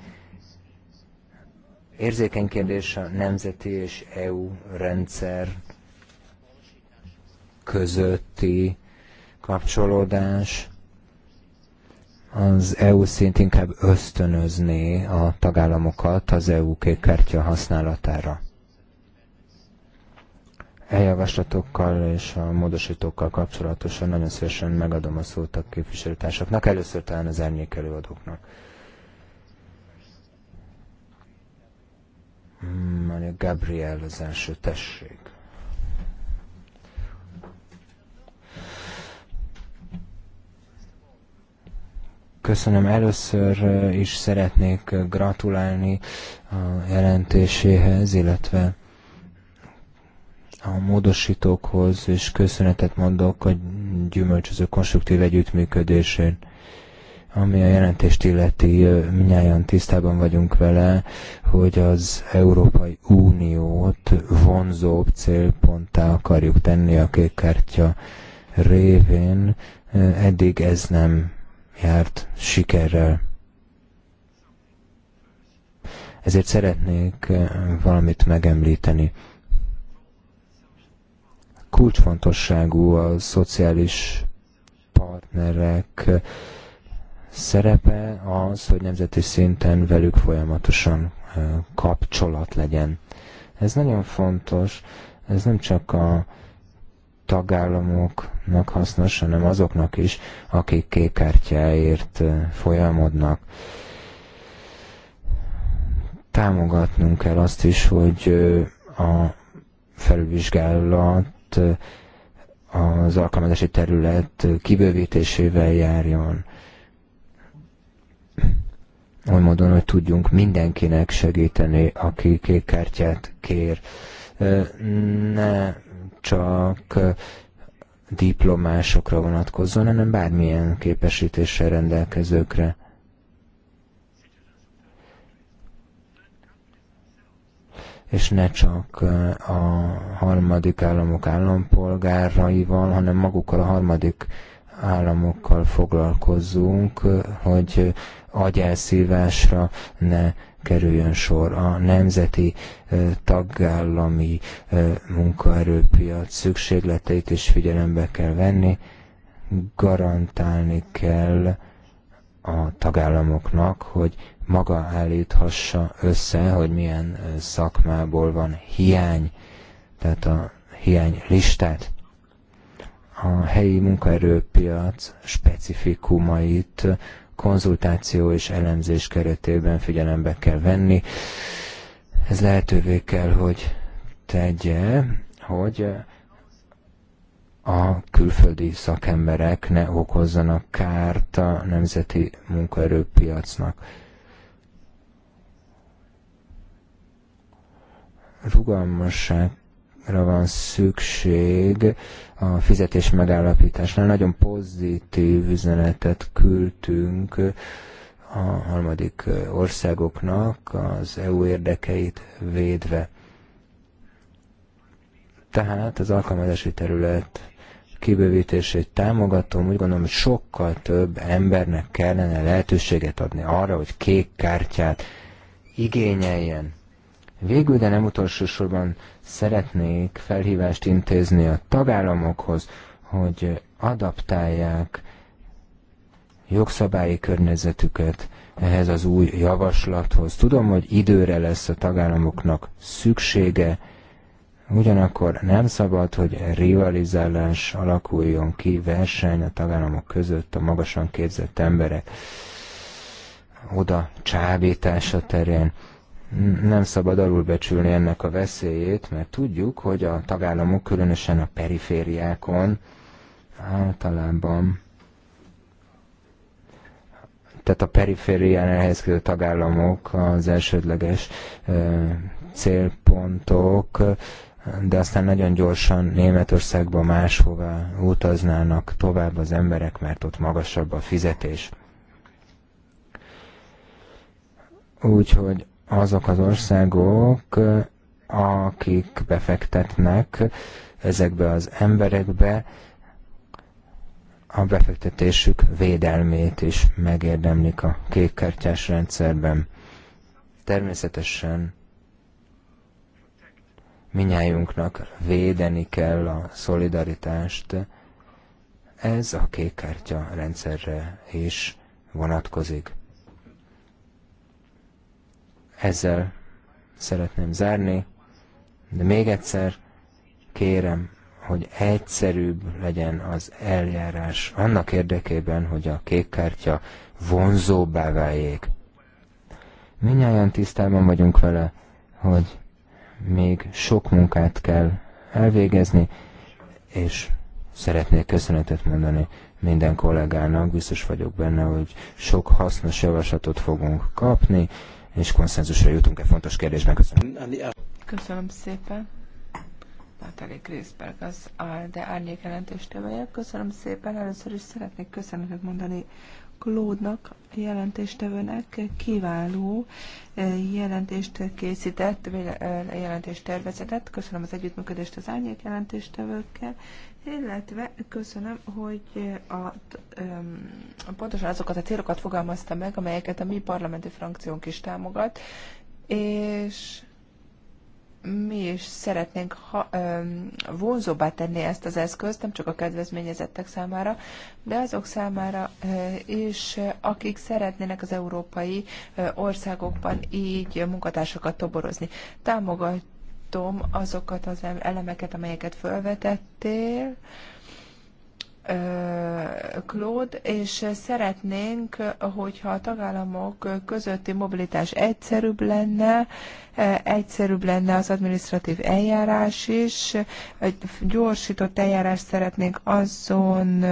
Érzékeny kérdés a nemzeti és EU rendszer közötti kapcsolódás az EU szint inkább ösztönözné a tagállamokat az EU kék kártya használatára. Eljavaslatokkal és a módosítókkal kapcsolatosan nagyon szívesen megadom a szót a képviselőtársaknak, először talán az árnyék előadóknak. Gabriel az első, tessék. Köszönöm. Először is szeretnék gratulálni a jelentéséhez, illetve a módosítókhoz, és köszönetet mondok a gyümölcsöző konstruktív együttműködésén. Ami a jelentést illeti, minnyáján tisztában vagyunk vele, hogy az Európai Uniót vonzóbb célponttá akarjuk tenni a kékkártya révén. Eddig ez nem járt sikerrel. Ezért szeretnék eh, valamit megemlíteni. Kulcsfontosságú a szociális partnerek eh, szerepe az, hogy nemzeti szinten velük folyamatosan eh, kapcsolat legyen. Ez nagyon fontos, ez nem csak a tagállamoknak hasznos, hanem azoknak is, akik kékártyáért folyamodnak. Támogatnunk kell azt is, hogy a felülvizsgálat az alkalmazási terület kibővítésével járjon. Oly módon, hogy tudjunk mindenkinek segíteni, aki kékkártyát kér. Ne csak diplomásokra vonatkozzon, hanem bármilyen képesítéssel rendelkezőkre. és ne csak a harmadik államok állampolgáraival, hanem magukkal a harmadik államokkal foglalkozzunk, hogy agyelszívásra ne kerüljön sor. A nemzeti tagállami munkaerőpiac szükségleteit is figyelembe kell venni, garantálni kell a tagállamoknak, hogy maga állíthassa össze, hogy milyen szakmából van hiány, tehát a hiány listát a helyi munkaerőpiac specifikumait konzultáció és elemzés keretében figyelembe kell venni. Ez lehetővé kell, hogy tegye, hogy a külföldi szakemberek ne okozzanak kárt a nemzeti munkaerőpiacnak. Rugalmasság reformra van szükség a fizetés megállapításnál. Nagyon pozitív üzenetet küldtünk a harmadik országoknak az EU érdekeit védve. Tehát az alkalmazási terület kibővítését támogatom, úgy gondolom, hogy sokkal több embernek kellene lehetőséget adni arra, hogy kék kártyát igényeljen Végül, de nem utolsó sorban szeretnék felhívást intézni a tagállamokhoz, hogy adaptálják jogszabályi környezetüket ehhez az új javaslathoz. Tudom, hogy időre lesz a tagállamoknak szüksége, ugyanakkor nem szabad, hogy rivalizálás alakuljon ki, verseny a tagállamok között a magasan képzett emberek oda csábítása terén nem szabad alulbecsülni ennek a veszélyét, mert tudjuk, hogy a tagállamok különösen a perifériákon általában tehát a periférián elhelyezkedő tagállamok az elsődleges célpontok, de aztán nagyon gyorsan Németországba máshova utaznának tovább az emberek, mert ott magasabb a fizetés. Úgyhogy azok az országok, akik befektetnek ezekbe az emberekbe, a befektetésük védelmét is megérdemlik a kékkártyás rendszerben. Természetesen minnyájunknak védeni kell a szolidaritást. Ez a kékkártya rendszerre is vonatkozik. Ezzel szeretném zárni, de még egyszer kérem, hogy egyszerűbb legyen az eljárás annak érdekében, hogy a kártya vonzóbbá váljék. Minnyáján tisztában vagyunk vele, hogy még sok munkát kell elvégezni, és szeretnék köszönetet mondani minden kollégának, biztos vagyok benne, hogy sok hasznos javaslatot fogunk kapni, és konszenzusra jutunk-e fontos kérdésben. Köszönöm. Köszönöm szépen. Natali Grisberg, az ALDE árnyék jelentéstevője. Köszönöm szépen. Először is szeretnék köszönetet mondani Klódnak, jelentéstevőnek kiváló eh, jelentést készített, eh, jelentést tervezetett. Köszönöm az együttműködést az árnyék jelentéstevőkkel, illetve köszönöm, hogy a, a pontosan azokat a célokat fogalmazta meg, amelyeket a mi parlamenti frakciónk is támogat, és mi is szeretnénk ha, ö, vonzóbbá tenni ezt az eszközt, nem csak a kedvezményezettek számára, de azok számára ö, is, akik szeretnének az európai ö, országokban így munkatársakat toborozni. Támogat látom azokat az elemeket, amelyeket felvetettél, Claude, és szeretnénk, hogyha a tagállamok közötti mobilitás egyszerűbb lenne, egyszerűbb lenne az administratív eljárás is, egy gyorsított eljárást szeretnénk azon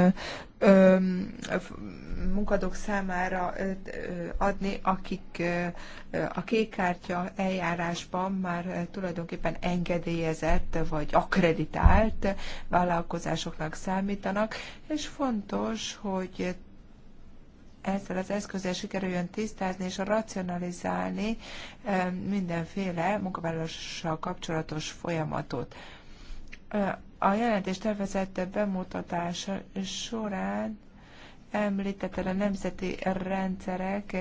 munkadók számára adni, akik a kékkártya eljárásban már tulajdonképpen engedélyezett vagy akreditált vállalkozásoknak számítanak, és fontos, hogy ezzel az eszközzel sikerüljön tisztázni és racionalizálni mindenféle munkavállalással kapcsolatos folyamatot. A jelentés tervezett bemutatása során említette a nemzeti rendszerek,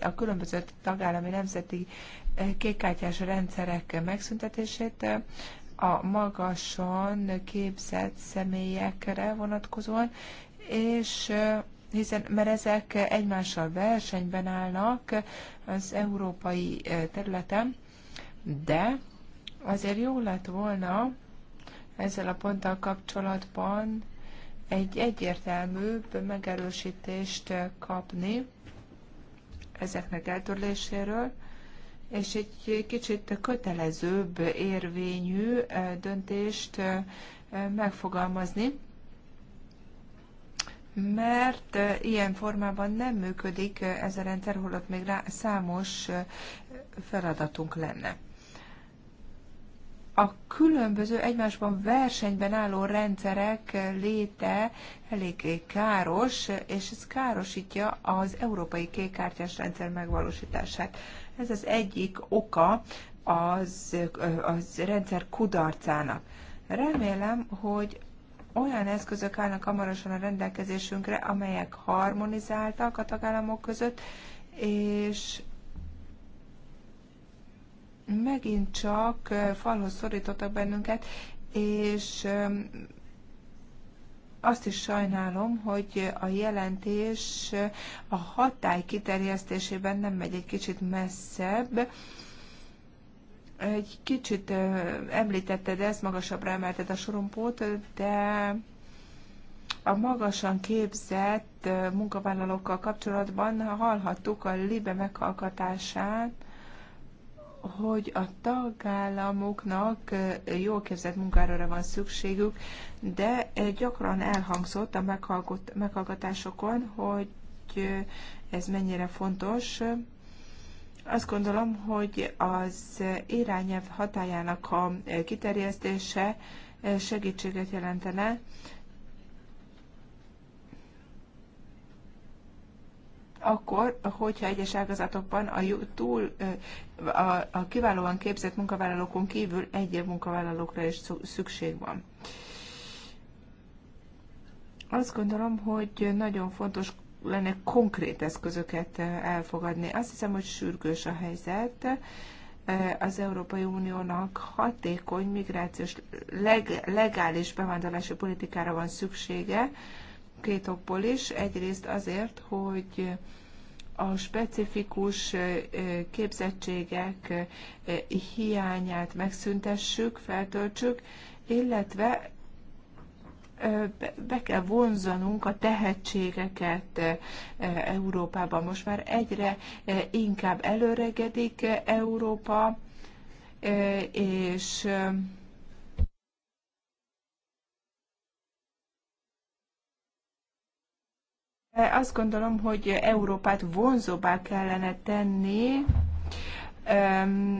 a különböző tagállami nemzeti eh, kékkártyás rendszerek megszüntetését, eh, a magasan képzett személyekre vonatkozóan, és eh, hiszen mert ezek egymással versenyben állnak az európai területen, de azért jó lett volna ezzel a ponttal kapcsolatban egy egyértelműbb megerősítést kapni ezeknek eltörléséről, és egy kicsit kötelezőbb érvényű eh, döntést eh, megfogalmazni, mert eh, ilyen formában nem működik ez a rendszer, holott még rá számos feladatunk lenne a különböző egymásban versenyben álló rendszerek léte eléggé káros, és ez károsítja az európai kékkártyás rendszer megvalósítását. Ez az egyik oka az, az rendszer kudarcának. Remélem, hogy olyan eszközök állnak hamarosan a rendelkezésünkre, amelyek harmonizáltak a tagállamok között, és megint csak falhoz szorítottak bennünket, és azt is sajnálom, hogy a jelentés a hatály kiterjesztésében nem megy egy kicsit messzebb. Egy kicsit említetted ezt, magasabbra emelted a sorompót, de a magasan képzett munkavállalókkal kapcsolatban hallhattuk a LIBE meghallgatásán, hogy a tagállamoknak jól képzett munkára van szükségük, de gyakran elhangzott a meghallgatásokon, hogy ez mennyire fontos. Azt gondolom, hogy az irányelv hatájának a kiterjesztése segítséget jelentene, akkor, hogyha egyes ágazatokban a, túl, a, a kiválóan képzett munkavállalókon kívül egyéb munkavállalókra is szükség van. Azt gondolom, hogy nagyon fontos lenne konkrét eszközöket elfogadni. Azt hiszem, hogy sürgős a helyzet. Az Európai Uniónak hatékony migrációs leg, legális bevándorlási politikára van szüksége, két okból is. Egyrészt azért, hogy a specifikus képzettségek hiányát megszüntessük, feltöltsük, illetve be kell vonzanunk a tehetségeket Európában. Most már egyre inkább előregedik Európa, és Azt gondolom, hogy Európát vonzóbbá kellene tenni,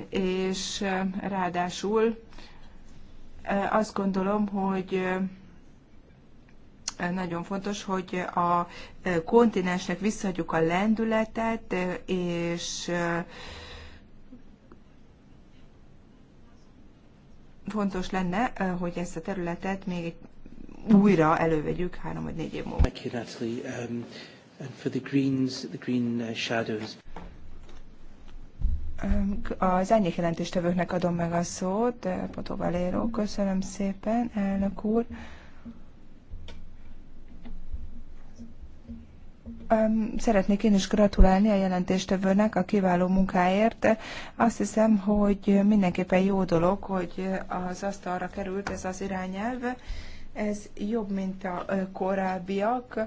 és ráadásul azt gondolom, hogy nagyon fontos, hogy a kontinensnek visszaadjuk a lendületet, és fontos lenne, hogy ezt a területet még újra elővegyük három vagy négy év múlva. Az ennyi jelentéstevőknek adom meg a szót, Potó Valéró, köszönöm szépen, elnök úr. Um, szeretnék én is gratulálni a jelentéstevőnek a kiváló munkáért. Azt hiszem, hogy mindenképpen jó dolog, hogy az asztalra került ez az irányelv, ez jobb, mint a korábbiak.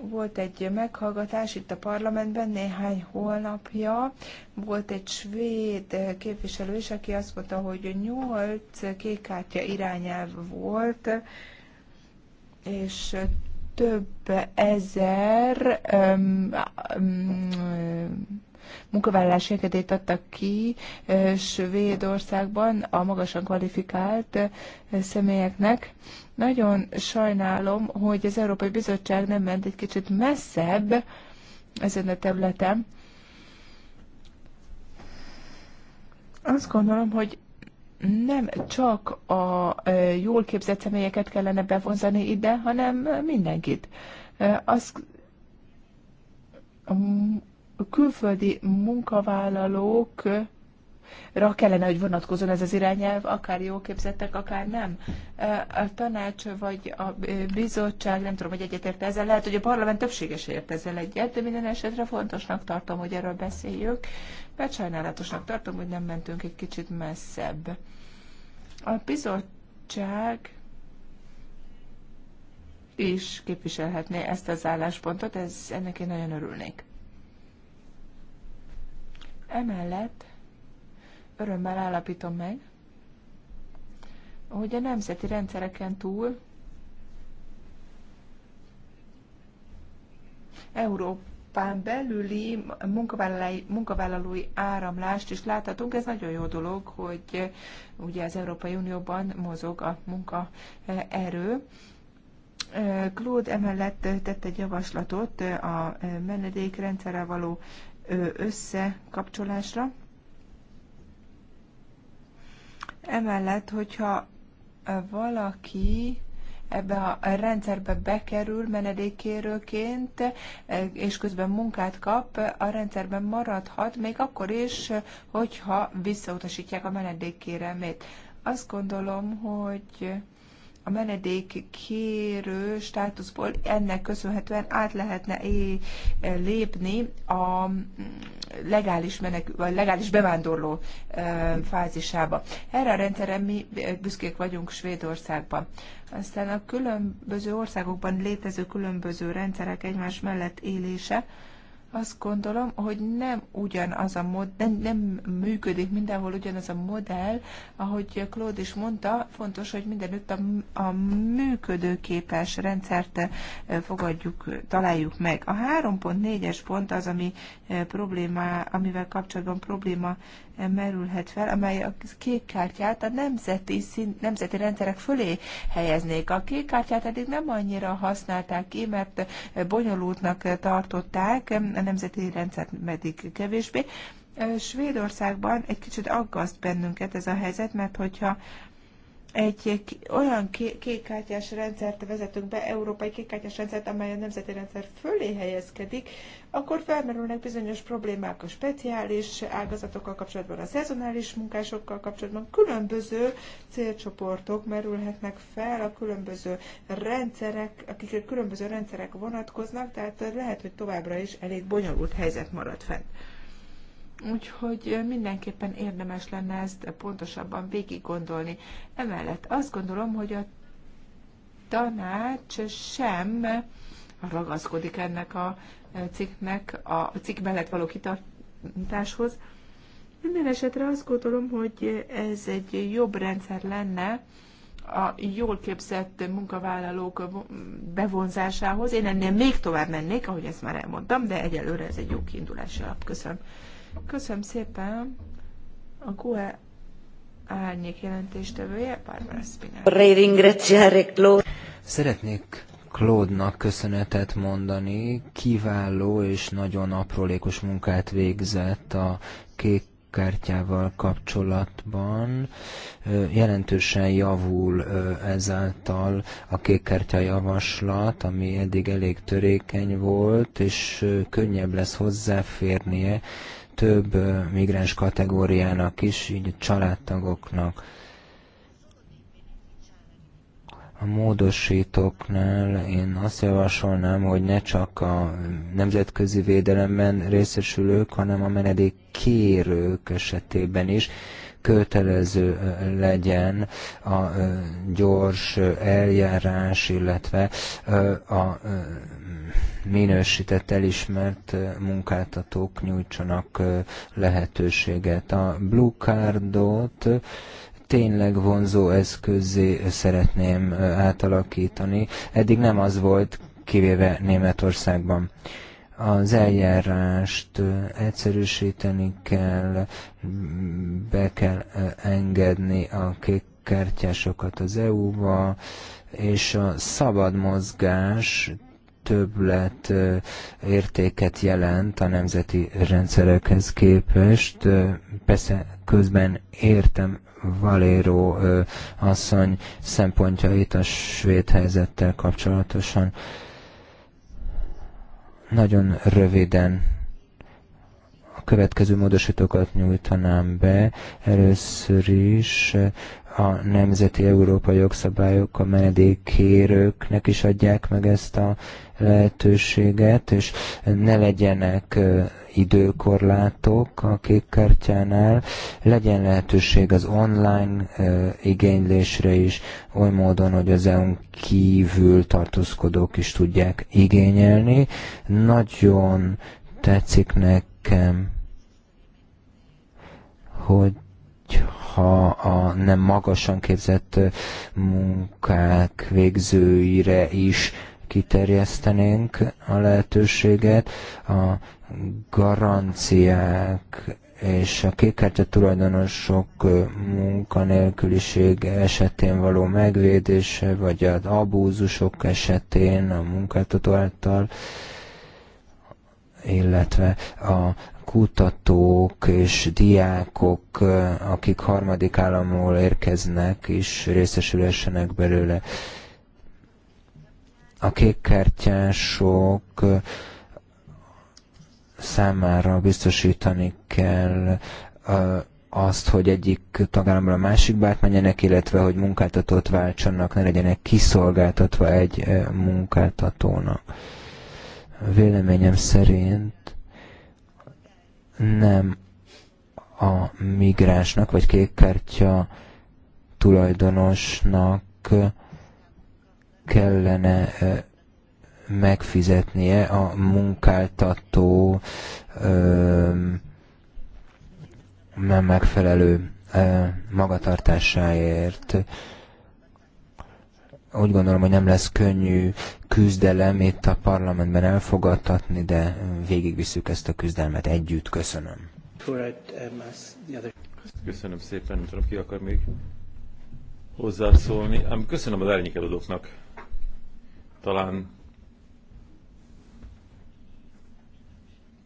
Volt egy meghallgatás itt a parlamentben néhány hónapja. Volt egy svéd képviselő is, aki azt mondta, hogy nyolc kékkártya irányelv volt, és több ezer um, um, munkavállalási engedélyt adtak ki Svédországban a magasan kvalifikált személyeknek. Nagyon sajnálom, hogy az Európai Bizottság nem ment egy kicsit messzebb ezen a területen. Azt gondolom, hogy nem csak a jól képzett személyeket kellene bevonzani ide, hanem mindenkit. Azt külföldi munkavállalók ra kellene, hogy vonatkozon ez az irányelv, akár jó képzettek, akár nem. A tanács vagy a bizottság, nem tudom, hogy egyetért -e ezzel, lehet, hogy a parlament többséges ért ezzel egyet, de minden esetre fontosnak tartom, hogy erről beszéljük, mert sajnálatosnak tartom, hogy nem mentünk egy kicsit messzebb. A bizottság is képviselhetné ezt az álláspontot, ez, ennek én nagyon örülnék. Emellett örömmel állapítom meg, hogy a nemzeti rendszereken túl Európán belüli munkavállalói, munkavállalói áramlást is láthatunk. Ez nagyon jó dolog, hogy ugye az Európai Unióban mozog a munkaerő. Claude emellett tett egy javaslatot a menedékrendszerrel való összekapcsolásra. Emellett, hogyha valaki ebbe a rendszerbe bekerül menedékkérőként, és közben munkát kap, a rendszerben maradhat, még akkor is, hogyha visszautasítják a menedékkérelmét. Azt gondolom, hogy a menedék kérő státuszból ennek köszönhetően át lehetne lépni a legális, menek, vagy legális bevándorló fázisába. Erre a rendszerre mi büszkék vagyunk Svédországban. Aztán a különböző országokban létező különböző rendszerek egymás mellett élése, azt gondolom, hogy nem ugyanaz a mod, nem, nem működik mindenhol ugyanaz a modell, ahogy Claude is mondta, fontos, hogy mindenütt a, a működőképes rendszert eh, fogadjuk, találjuk meg. A 3.4-es pont az, ami eh, probléma, amivel kapcsolatban probléma merülhet fel, amely a kék kártyát a nemzeti, szint, nemzeti rendszerek fölé helyeznék. A kék kártyát eddig nem annyira használták ki, mert bonyolultnak tartották, a nemzeti rendszert pedig kevésbé. Svédországban egy kicsit aggaszt bennünket ez a helyzet, mert hogyha egy olyan kékkártyás rendszert vezetünk be, európai kékkártyás rendszert, amely a nemzeti rendszer fölé helyezkedik, akkor felmerülnek bizonyos problémák a speciális ágazatokkal kapcsolatban, a szezonális munkásokkal kapcsolatban, különböző célcsoportok merülhetnek fel, a különböző rendszerek, akikre különböző rendszerek vonatkoznak, tehát lehet, hogy továbbra is elég bonyolult helyzet marad fent. Úgyhogy mindenképpen érdemes lenne ezt pontosabban végig gondolni. Emellett azt gondolom, hogy a tanács sem ragaszkodik ennek a e, cikknek, a cikk mellett való kitartáshoz. Minden esetre azt gondolom, hogy ez egy jobb rendszer lenne a jól képzett munkavállalók bevonzásához. Én ennél még tovább mennék, ahogy ezt már elmondtam, de egyelőre ez egy jó kiindulási alap. Köszönöm. Köszönöm szépen. A QE árnyék jelentéstevője, Barbara Spinner. Szeretnék Claude-nak köszönetet mondani, kiváló és nagyon aprólékos munkát végzett a kék kártyával kapcsolatban jelentősen javul ezáltal a kártya javaslat, ami eddig elég törékeny volt, és könnyebb lesz hozzáférnie több migráns kategóriának is, így a családtagoknak, a módosítóknál én azt javasolnám, hogy ne csak a nemzetközi védelemben részesülők, hanem a menedék kérők esetében is kötelező legyen a gyors eljárás, illetve a minősített, elismert munkáltatók nyújtsanak lehetőséget. A Blue Cardot tényleg vonzó eszközé szeretném átalakítani. Eddig nem az volt, kivéve Németországban. Az eljárást egyszerűsíteni kell, be kell engedni a kék kártyásokat az EU-ba, és a szabad mozgás többlet értéket jelent a nemzeti rendszerekhez képest. Persze közben értem Valéro asszony szempontjait a svéd helyzettel kapcsolatosan. Nagyon röviden a következő módosítókat nyújtanám be. Először is a nemzeti európai jogszabályok a menedékkérőknek is adják meg ezt a lehetőséget, és ne legyenek időkorlátok a kék kártyánál, legyen lehetőség az online igénylésre is, oly módon, hogy az EU-n kívül tartózkodók is tudják igényelni. Nagyon tetszik nekem, hogy ha a nem magasan képzett munkák végzőire is kiterjesztenénk a lehetőséget, a garanciák és a kékkártya tulajdonosok munkanélküliség esetén való megvédése, vagy az abúzusok esetén a munkáltató által, illetve a kutatók és diákok, akik harmadik államról érkeznek, is részesülhessenek belőle a kékkártyások számára biztosítani kell azt, hogy egyik tagállamra a másikba átmenjenek, illetve hogy munkáltatót váltsanak, ne legyenek kiszolgáltatva egy munkáltatónak. Véleményem szerint nem a migránsnak vagy kékkártya tulajdonosnak kellene megfizetnie a munkáltató nem megfelelő magatartásáért. Úgy gondolom, hogy nem lesz könnyű küzdelem itt a parlamentben elfogadtatni, de végigviszük ezt a küzdelmet együtt. Köszönöm. Köszönöm szépen, nem tudom, ki akar még hozzászólni. köszönöm az árnyékelődőknek. Talán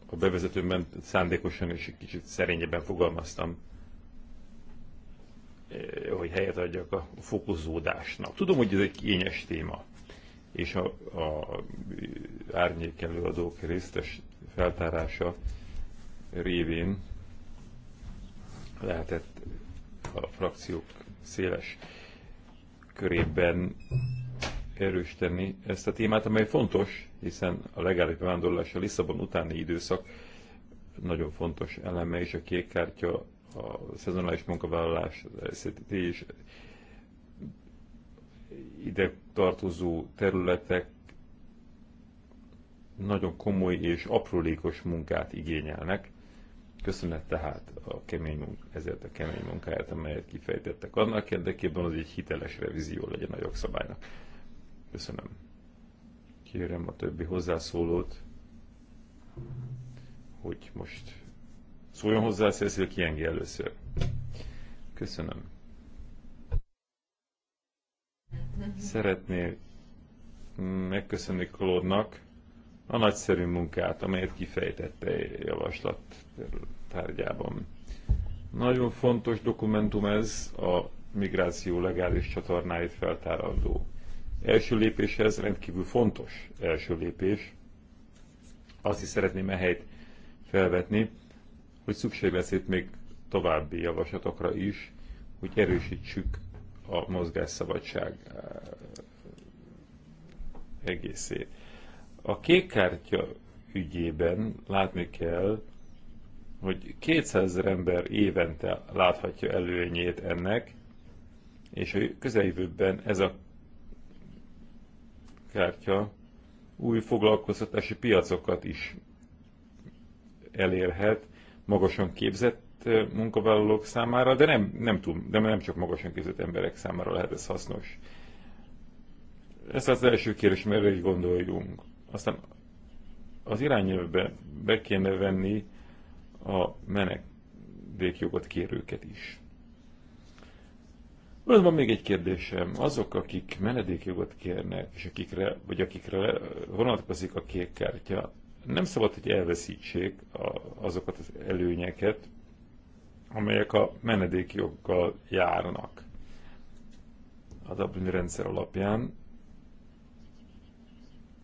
a bevezetőmben szándékosan és egy kicsit szerényebben fogalmaztam, eh, hogy helyet adjak a fokozódásnak. Tudom, hogy ez egy kényes téma, és a, a árnyék előadók résztes feltárása révén lehetett a frakciók széles körében erősíteni ezt a témát, amely fontos, hiszen a legális bevándorlás a Lisszabon utáni időszak nagyon fontos eleme, és a kék kártya, a szezonális munkavállalás, és ide tartozó területek nagyon komoly és aprólékos munkát igényelnek. Köszönet tehát a kemény munk- ezért a kemény munkáját, amelyet kifejtettek annak érdekében, hogy egy hiteles revízió legyen a jogszabálynak. Köszönöm. Kérem a többi hozzászólót, hogy most szóljon hozzá, Cecil Kiengi először. Köszönöm. Szeretnél megköszönni Klódnak a nagyszerű munkát, amelyet kifejtette javaslat tárgyában. Nagyon fontos dokumentum ez, a migráció legális csatornáit feltárandó első lépés ez rendkívül fontos első lépés. Azt is szeretném ehelyt felvetni, hogy szükség lesz itt még további javaslatokra is, hogy erősítsük a mozgásszabadság eh, egészét. A kék kártya ügyében látni kell, hogy 200 ember évente láthatja előnyét ennek, és a közeljövőben ez a kártya új foglalkoztatási piacokat is elérhet magasan képzett munkavállalók számára, de nem, nem, túl, de nem csak magasan képzett emberek számára lehet ez hasznos. Ez az első kérdés, merre is gondoljunk. Aztán az irányelvbe be kéne venni a menekvékjogot kérőket is. Ön van még egy kérdésem. Azok, akik menedékjogot kérnek, és akikre, vagy akikre vonatkozik a kék kártya, nem szabad, hogy elveszítsék a, azokat az előnyeket, amelyek a menedékjoggal járnak a Dublin rendszer alapján.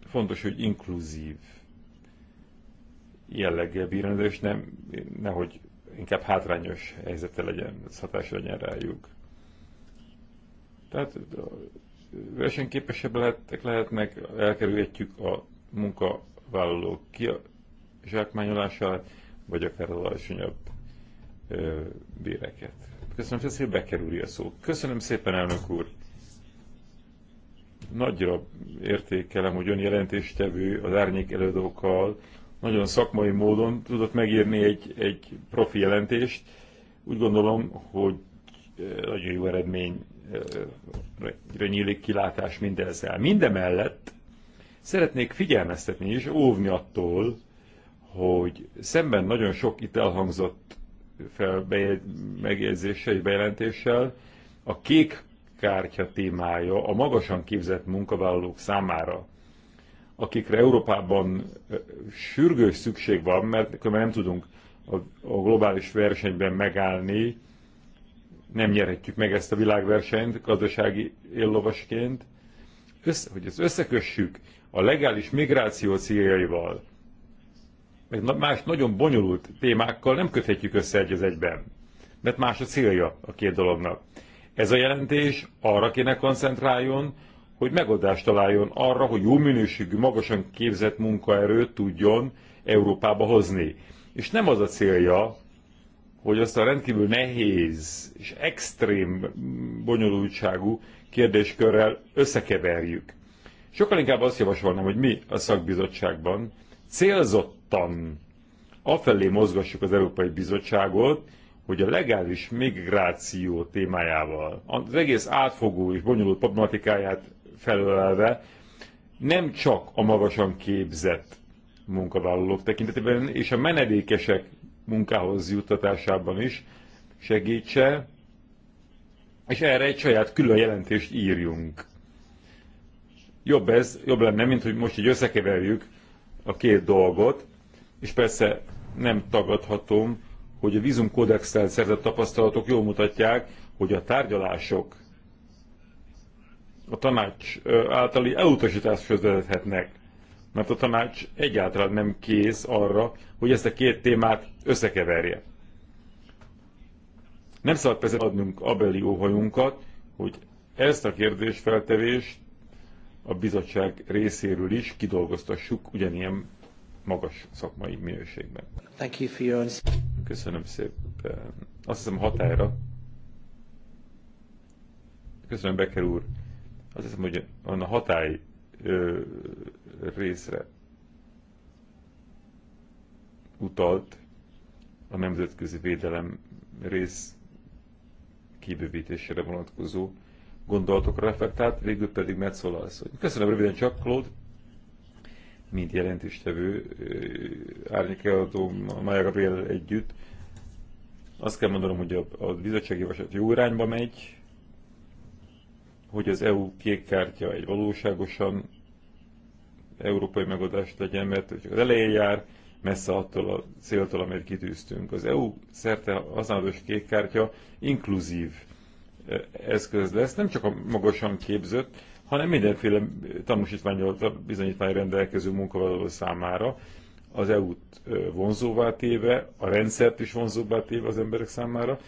Fontos, hogy inkluzív jelleggel bírjon, és nem, nehogy inkább hátrányos helyzete legyen, hatása legyen rájuk. Tehát versenyképesebb lehetnek, lehetnek elkerülhetjük a munkavállalók kizsákmányolását, vagy akár az alacsonyabb béreket. Köszönöm szépen, bekerüli a szó. Köszönöm szépen, elnök úr! Nagyra értékelem, hogy ön jelentéstevő az árnyék előadókkal nagyon szakmai módon tudott megírni egy, egy profi jelentést. Úgy gondolom, hogy nagyon jó eredmény nyílik kilátás mindezzel. Mindemellett szeretnék figyelmeztetni és óvni attól, hogy szemben nagyon sok itt elhangzott fel megjegyzéssel és bejelentéssel a kék kártya témája a magasan képzett munkavállalók számára, akikre Európában sürgős szükség van, mert nem tudunk a globális versenyben megállni, nem nyerhetjük meg ezt a világversenyt gazdasági éllovasként, össze, hogy ezt összekössük a legális migráció céljaival, meg más nagyon bonyolult témákkal nem köthetjük össze egy az egyben, mert más a célja a két dolognak. Ez a jelentés arra kéne koncentráljon, hogy megoldást találjon arra, hogy jó minőségű, magasan képzett munkaerőt tudjon Európába hozni. És nem az a célja, hogy azt a rendkívül nehéz és extrém bonyolultságú kérdéskörrel összekeverjük. Sokkal inkább azt javasolnám, hogy mi a szakbizottságban célzottan afelé mozgassuk az Európai Bizottságot, hogy a legális migráció témájával, az egész átfogó és bonyolult problematikáját felölelve nem csak a magasan képzett munkavállalók tekintetében és a menedékesek munkához juttatásában is segítse, és erre egy saját külön jelentést írjunk. Jobb ez, jobb lenne, mint hogy most így összekeverjük a két dolgot, és persze nem tagadhatom, hogy a vízumkódextel szerzett tapasztalatok jól mutatják, hogy a tárgyalások a tanács általi elutasításhoz vezethetnek mert a tanács egyáltalán nem kész arra, hogy ezt a két témát összekeverje. Nem szabad persze adnunk abeli óhajunkat, hogy ezt a kérdésfeltevést a bizottság részéről is kidolgoztassuk ugyanilyen magas szakmai minőségben. Thank you for your... Köszönöm szépen. Azt hiszem határa. Köszönöm, Becker úr. Azt hiszem, hogy a hatály ö, részre utalt a nemzetközi védelem rész kibővítésére vonatkozó gondolatokra reflektált, végül pedig Metzola asszony. Köszönöm röviden csak, Claude, mint jelentéstevő, eh, árnyékeladó Maja Gabriel együtt. Azt kell mondanom, hogy a, a vasat jó irányba megy, hogy az EU kék kártya egy valóságosan európai megoldást legyen, mert hogy az elején jár, messze attól a céltól, amelyet kitűztünk. Az EU szerte használatos kékkártya inkluzív e, eszköz lesz, nem csak a magasan képzött, hanem mindenféle tanúsítványolta bizonyítvány rendelkező munkavállaló számára az EU-t e, vonzóvá téve, a rendszert is vonzóvá téve az emberek számára,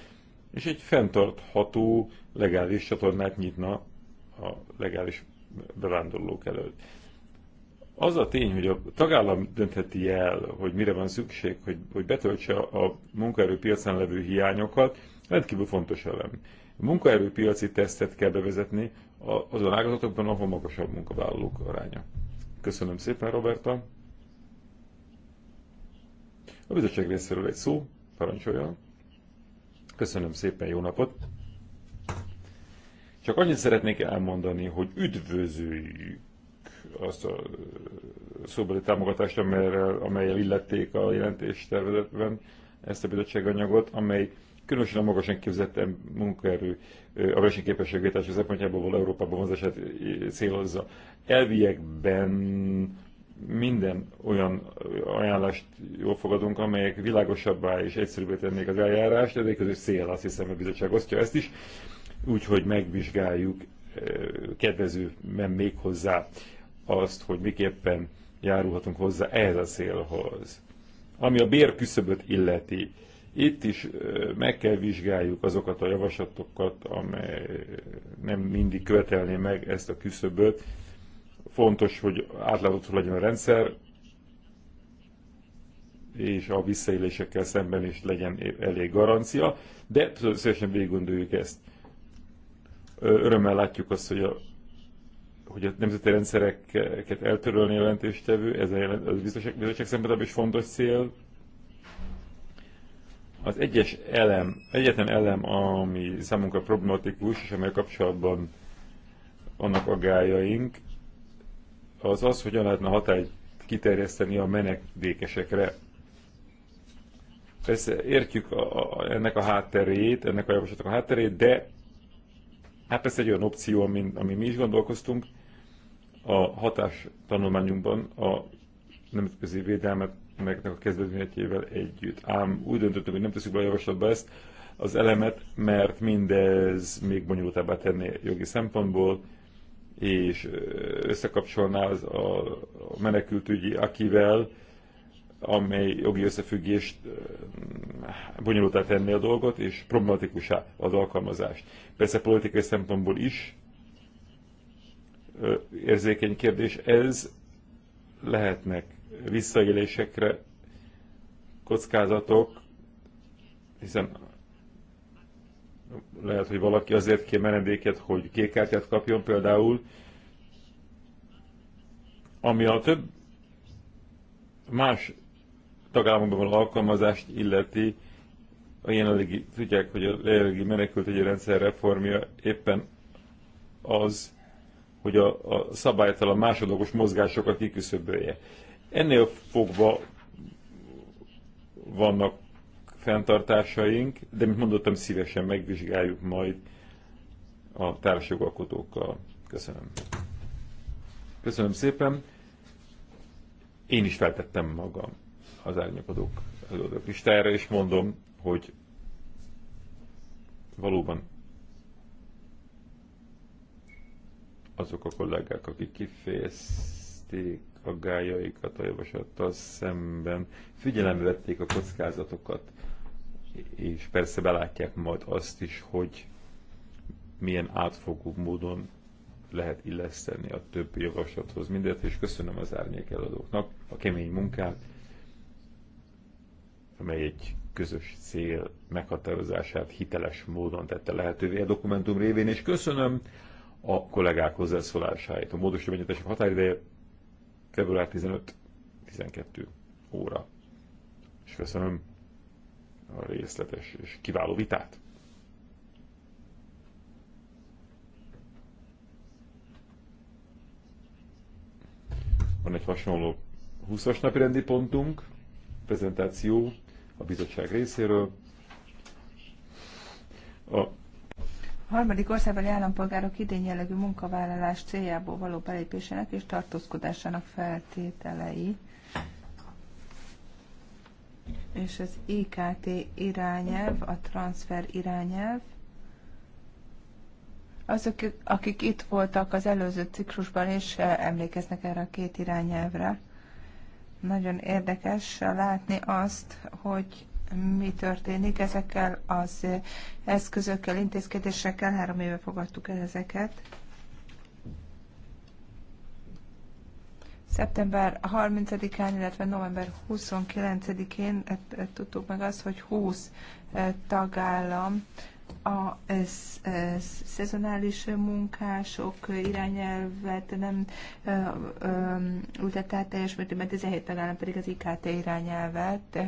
és egy fenntartható, legális csatornát nyitna a legális bevándorlók előtt az a tény, hogy a tagállam döntheti el, hogy mire van szükség, hogy, hogy betöltse a munkaerőpiacán levő hiányokat, rendkívül fontos elem. A munkaerőpiaci tesztet kell bevezetni azon ágazatokban, ahol magasabb munkavállalók aránya. Köszönöm szépen, Roberta. A bizottság részéről egy szó, parancsoljon. Köszönöm szépen, jó napot! Csak annyit szeretnék elmondani, hogy üdvözöljük azt a szóbeli támogatást, amelyel, amelyel illették a jelentéstervezetben ezt a bizottságanyagot, amely különösen a magasan képzett munkaerő a versenyképességvétása szempontjából való Európában vonzását célozza. Elviekben minden olyan ajánlást jól fogadunk, amelyek világosabbá és egyszerűbbé tennék az eljárást, ez egy közös cél, azt hiszem, a bizottság osztja ezt is, úgyhogy megvizsgáljuk kedvező, még hozzá azt, hogy miképpen járulhatunk hozzá ehhez a célhoz. Ami a bérküszöböt illeti, itt is meg kell vizsgáljuk azokat a javaslatokat, amely nem mindig követelné meg ezt a küszöböt. Fontos, hogy átlátható legyen a rendszer, és a visszaélésekkel szemben is legyen elég garancia, de szívesen végig gondoljuk ezt. Örömmel látjuk azt, hogy a hogy a nemzeti rendszereket eltörölni jelentéstevő, ez a, jelent, a bizottság, bizottság szempontjából is fontos cél. Az egyes elem, egyetlen elem, ami számunkra problematikus, és amely kapcsolatban vannak aggájaink, az az, hogyan lehetne hatályt kiterjeszteni a menekdékesekre. Persze értjük a, a, ennek a hátterét, ennek a javaslatnak a hátterét, de Hát persze egy olyan opció, ami, ami mi is gondolkoztunk. A hatás tanulmányunkban a nemzetközi védelmet megnek a kezdeményekével együtt. Ám úgy döntöttünk, hogy nem teszünk be a javaslatba ezt az elemet, mert mindez még bonyolultabbá tenné jogi szempontból, és összekapcsolná az a menekültügyi akivel, amely jogi összefüggést bonyolultá tenni a dolgot, és problematikusá az alkalmazást. Persze politikai szempontból is érzékeny kérdés, ez lehetnek visszaélésekre kockázatok, hiszen lehet, hogy valaki azért kér menedéket, hogy kékkártyát kapjon például, ami a több más tagállamokban való alkalmazást illeti, a jelenlegi, tudják, hogy a jelenlegi egy rendszer reformja éppen az, hogy a, a szabálytalan másodlagos mozgásokat kiküszöbölje. Ennél fogva vannak fenntartásaink, de mint mondottam, szívesen megvizsgáljuk majd a társjogalkotókkal. Köszönöm. Köszönöm szépen. Én is feltettem magam az árnyakadók előadók listájára, és mondom, hogy valóban azok a kollégák, akik kifejezték aggájaikat a javaslattal szemben, figyelembe vették a kockázatokat, és persze belátják majd azt is, hogy milyen átfogó módon lehet illeszteni a többi javaslathoz mindet, és köszönöm az árnyék eladóknak a kemény munkát, amely egy közös cél meghatározását hiteles módon tette lehetővé a dokumentum révén, és köszönöm a kollégák hozzászólásáit. A egyetesek határideje február 15-12 óra. És köszönöm a részletes és kiváló vitát. Van egy hasonló 20-as napi rendi pontunk, prezentáció a bizottság részéről. A harmadik országbeli állampolgárok idén jellegű munkavállalás céljából való belépésének és tartózkodásának feltételei és az IKT irányelv, a transfer irányelv. Azok, akik itt voltak az előző ciklusban, és eh, emlékeznek erre a két irányelvre. Nagyon érdekes látni azt, hogy mi történik ezekkel az eszközökkel, intézkedésekkel. Három éve fogadtuk el ezeket. Szeptember 30-án, illetve november 29-én eh, eh, tudtuk meg azt, hogy 20 eh, tagállam a ez szezonális munkások irányelvet nem ültette át teljes mértékben, 17 tagállam pedig az IKT irányelvet.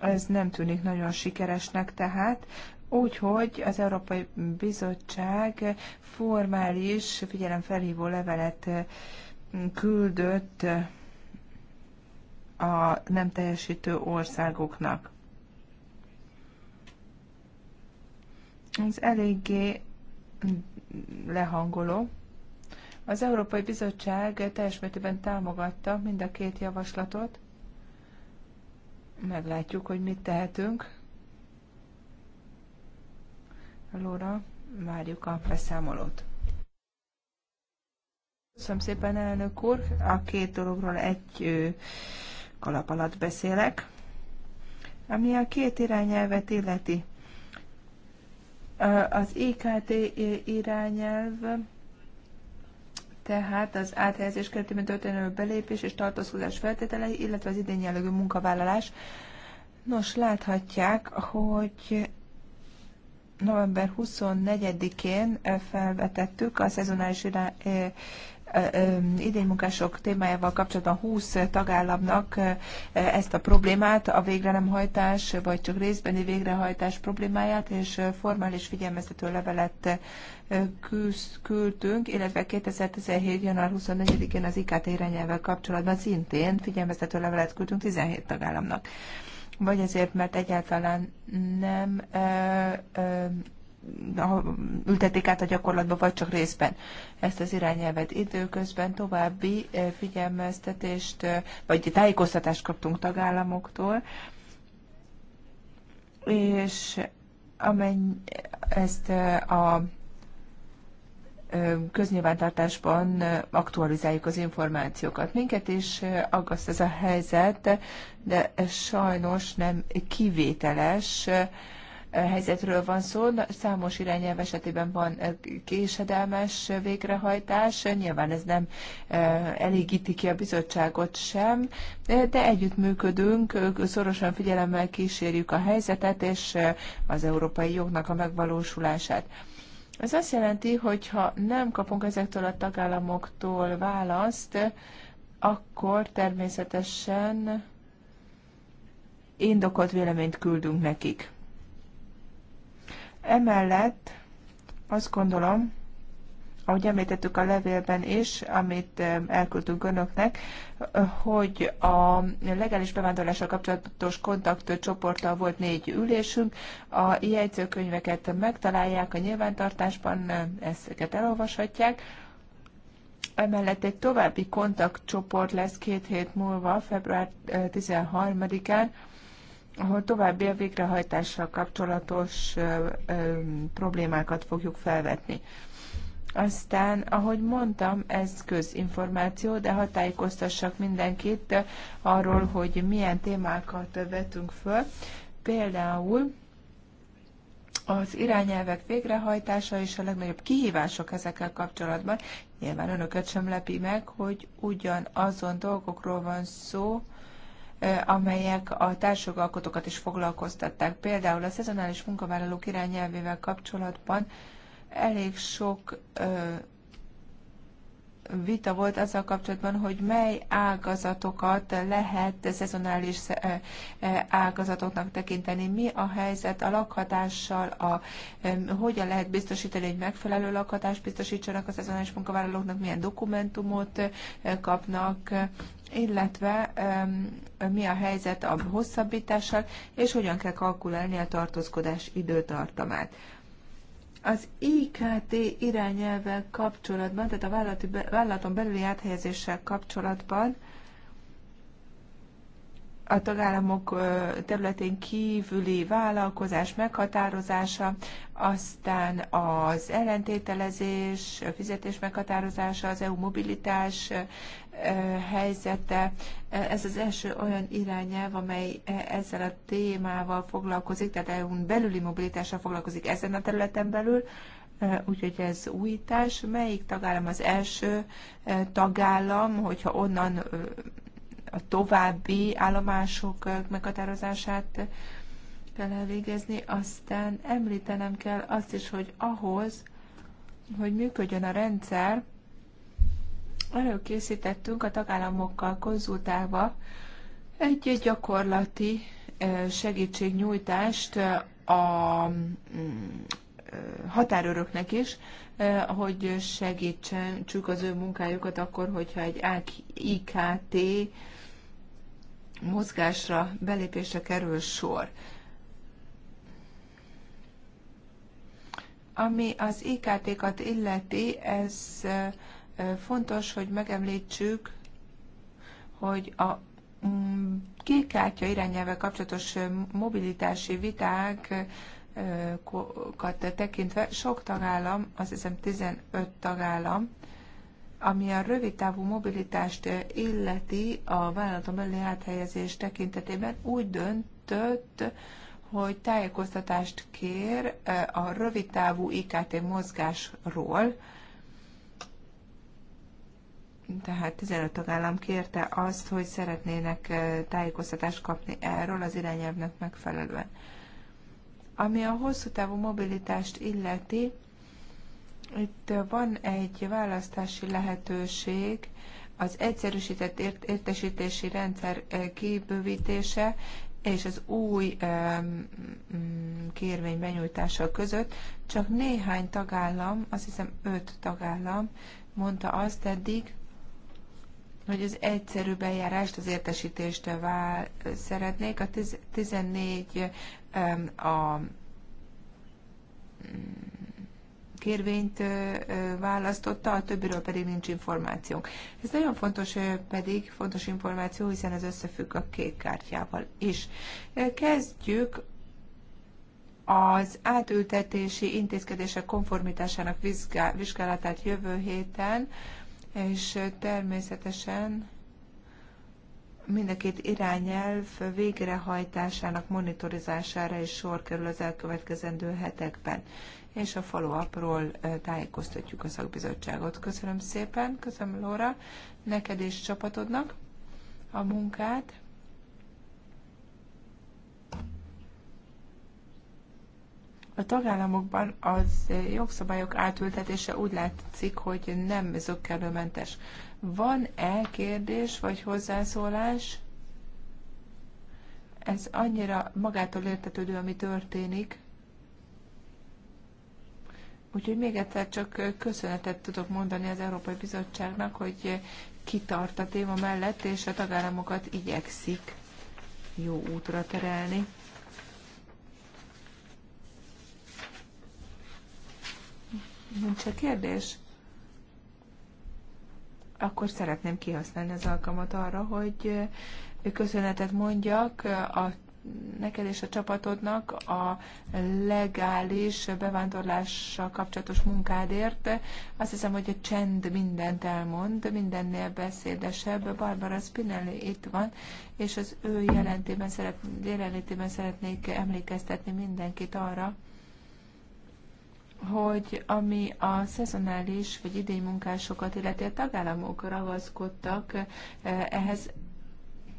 Ez nem tűnik nagyon sikeresnek tehát. Úgyhogy az Európai Bizottság formális figyelemfelhívó levelet küldött a nem teljesítő országoknak. Ez eléggé lehangoló. Az Európai Bizottság teljes mértékben támogatta mind a két javaslatot. Meglátjuk, hogy mit tehetünk. Lóra, várjuk a beszámolót. Köszönöm szépen, elnök úr. A két dologról egy alap alatt beszélek, ami a két irányelvet illeti. Az IKT irányelv, tehát az áthelyezés keretében történő belépés és tartózkodás feltételei, illetve az idén jellegű munkavállalás. Nos, láthatják, hogy november 24-én felvetettük a szezonális idénymunkások témájával kapcsolatban 20 tagállamnak ezt a problémát, a végre nem hajtás, vagy csak részbeni végrehajtás problémáját, és formális figyelmeztető levelet küldtünk, illetve 2017. január 24-én az IKT irányelvvel kapcsolatban szintén figyelmeztető levelet küldtünk 17 tagállamnak. Vagy ezért, mert egyáltalán nem ö, ö, ültetik át a gyakorlatba, vagy csak részben ezt az irányelvet. Időközben további eh, figyelmeztetést, eh, vagy tájékoztatást kaptunk tagállamoktól, és amenny ezt eh, a köznyilvántartásban aktualizáljuk az információkat. Minket is aggaszt ez a helyzet, de ez sajnos nem kivételes helyzetről van szó. Számos irányelv esetében van késedelmes végrehajtás, nyilván ez nem elégíti ki a bizottságot sem, de együttműködünk, szorosan figyelemmel kísérjük a helyzetet és az európai jognak a megvalósulását. Ez azt jelenti, hogy ha nem kapunk ezektől a tagállamoktól választ, akkor természetesen indokolt véleményt küldünk nekik. Emellett azt gondolom, ahogy említettük a levélben is, amit eh, elküldtünk önöknek, hogy a legális bevándorlással kapcsolatos kontaktcsoporttal volt négy ülésünk. A jegyzőkönyveket megtalálják a nyilvántartásban, eh, ezeket elolvashatják. Emellett egy további kontaktcsoport lesz két hét múlva, február 13-án, eh, ahol további a végrehajtással kapcsolatos problémákat fogjuk felvetni. Aztán, ahogy mondtam, ez közinformáció, de ha tájékoztassak mindenkit arról, hogy milyen témákat vetünk föl. Például az irányelvek végrehajtása és a legnagyobb kihívások ezekkel kapcsolatban. Nyilván önöket sem lepi meg, hogy ugyanazon dolgokról van szó, amelyek a társjogalkotókat is foglalkoztatták. Például a szezonális munkavállalók irányelvével kapcsolatban elég sok vita volt azzal kapcsolatban, hogy mely ágazatokat lehet szezonális ágazatoknak tekinteni, mi a helyzet a lakhatással, a, hogyan lehet biztosítani, hogy megfelelő lakhatást biztosítsanak a szezonális munkavállalóknak, milyen dokumentumot kapnak, illetve mi a helyzet a hosszabbítással, és hogyan kell kalkulálni a tartózkodás időtartamát. Az IKT irányelvvel kapcsolatban, tehát a vállalaton belüli áthelyezéssel kapcsolatban a tagállamok területén kívüli vállalkozás meghatározása, aztán az ellentételezés, a fizetés meghatározása, az EU mobilitás helyzete. Ez az első olyan irányelv, amely ezzel a témával foglalkozik, tehát EU-n belüli mobilitással foglalkozik ezen a területen belül, úgyhogy ez újítás. Melyik tagállam az első tagállam, hogyha onnan a további állomások meghatározását kell elvégezni. Aztán említenem kell azt is, hogy ahhoz, hogy működjön a rendszer, előkészítettünk a tagállamokkal konzultálva egy gyakorlati segítségnyújtást a mm, határőröknek is, hogy segítsen, segítsük az ő munkájukat akkor, hogyha egy IKT mozgásra, belépésre kerül sor. Ami az IKT-kat illeti, ez fontos, hogy megemlítsük, hogy a mm, kék kártya irányelvvel kapcsolatos mobilitási vitákat tekintve sok tagállam, az hiszem 15 tagállam ami a rövid távú mobilitást eh, illeti a vállalaton belüli áthelyezés tekintetében úgy döntött, hogy tájékoztatást kér eh, a rövid távú IKT mozgásról, tehát 15 tagállam kérte azt, hogy szeretnének eh, tájékoztatást kapni erről az irányelvnek megfelelően. Ami a hosszú távú mobilitást illeti, itt van egy választási lehetőség, az egyszerűsített ért- értesítési rendszer eh, kibővítése és az új mm, kérvény benyújtása között csak néhány tagállam, azt hiszem öt tagállam mondta azt eddig, hogy az egyszerű eljárást, az értesítést eh, vál, szeretnék. A 14 a mm, kérvényt választotta, a többiről pedig nincs információ. Ez nagyon fontos pedig, fontos információ, hiszen ez összefügg a kék kártyával is. Kezdjük az átültetési intézkedések konformitásának vizsgálatát jövő héten, és természetesen mind a két irányelv végrehajtásának monitorizására is sor kerül az elkövetkezendő hetekben és a falu apról tájékoztatjuk a szakbizottságot. Köszönöm szépen, köszönöm Lóra, neked és csapatodnak a munkát. A tagállamokban az jogszabályok átültetése úgy látszik, hogy nem zöggelőmentes. Van-e kérdés vagy hozzászólás? Ez annyira magától értetődő, ami történik. Úgyhogy még egyszer csak köszönetet tudok mondani az Európai Bizottságnak, hogy kitart a téma mellett, és a tagállamokat igyekszik jó útra terelni. Nincs a kérdés? Akkor szeretném kihasználni az alkalmat arra, hogy köszönetet mondjak a neked és a csapatodnak a legális bevándorlással kapcsolatos munkádért. Azt hiszem, hogy a csend mindent elmond, mindennél beszédesebb. Barbara Spinelli itt van, és az ő jelentében szeret, jelenlétében szeretnék emlékeztetni mindenkit arra, hogy ami a szezonális vagy idénymunkásokat, illetve a tagállamok ragaszkodtak eh, ehhez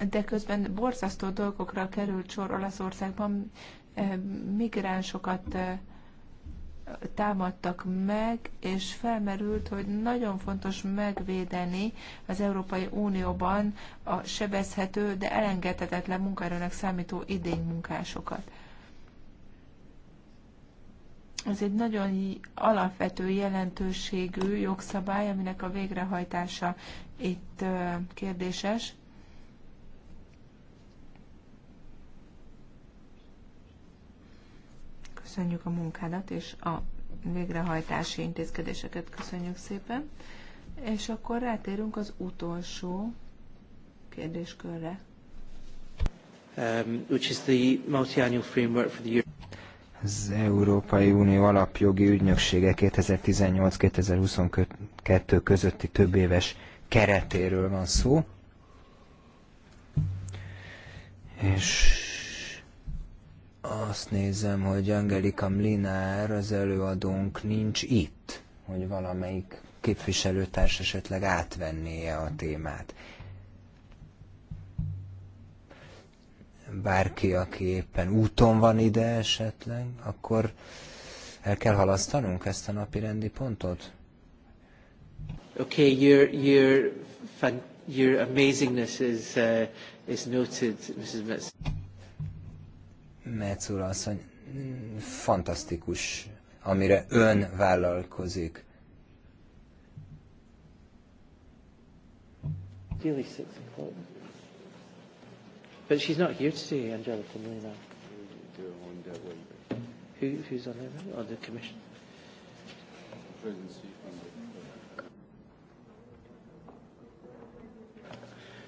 de közben borzasztó dolgokra került sor Olaszországban, migránsokat támadtak meg, és felmerült, hogy nagyon fontos megvédeni az Európai Unióban a sebezhető, de elengedhetetlen munkaerőnek számító idény munkásokat. Ez egy nagyon alapvető jelentőségű jogszabály, aminek a végrehajtása itt kérdéses. köszönjük a munkádat és a végrehajtási intézkedéseket köszönjük szépen. És akkor rátérünk az utolsó kérdéskörre. Um, which is the multi-annual framework for the Euro az Európai Unió alapjogi ügynöksége 2018-2022 közötti több éves keretéről van szó. És azt nézem, hogy Angelika Mlinár, az előadónk nincs itt, hogy valamelyik képviselőtárs esetleg átvennie a témát. Bárki, aki éppen úton van ide esetleg, akkor el kell halasztanunk ezt a napi rendi pontot? Okay, your, your, your amazingness is, uh, is noted, Mrs. Metz. Metzola asszony, fantasztikus, amire ön vállalkozik. Really six o'clock. But she's not here today, Angelica Molina. Who, who's on there? On oh, the commission?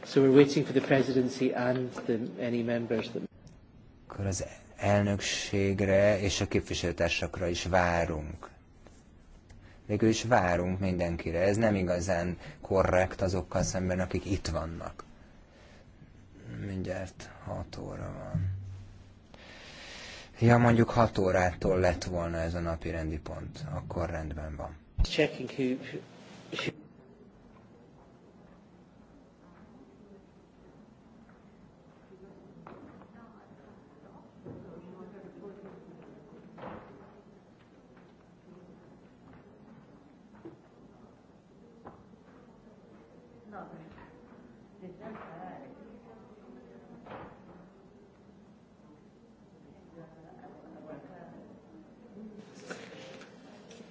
So we're waiting for the presidency and the, any members that akkor az elnökségre és a képviselőtársakra is várunk. Végül is várunk mindenkire. Ez nem igazán korrekt azokkal szemben, akik itt vannak. Mindjárt 6 óra van. Ja, mondjuk 6 órától lett volna ez a napi rendi pont, akkor rendben van. Checking who, who...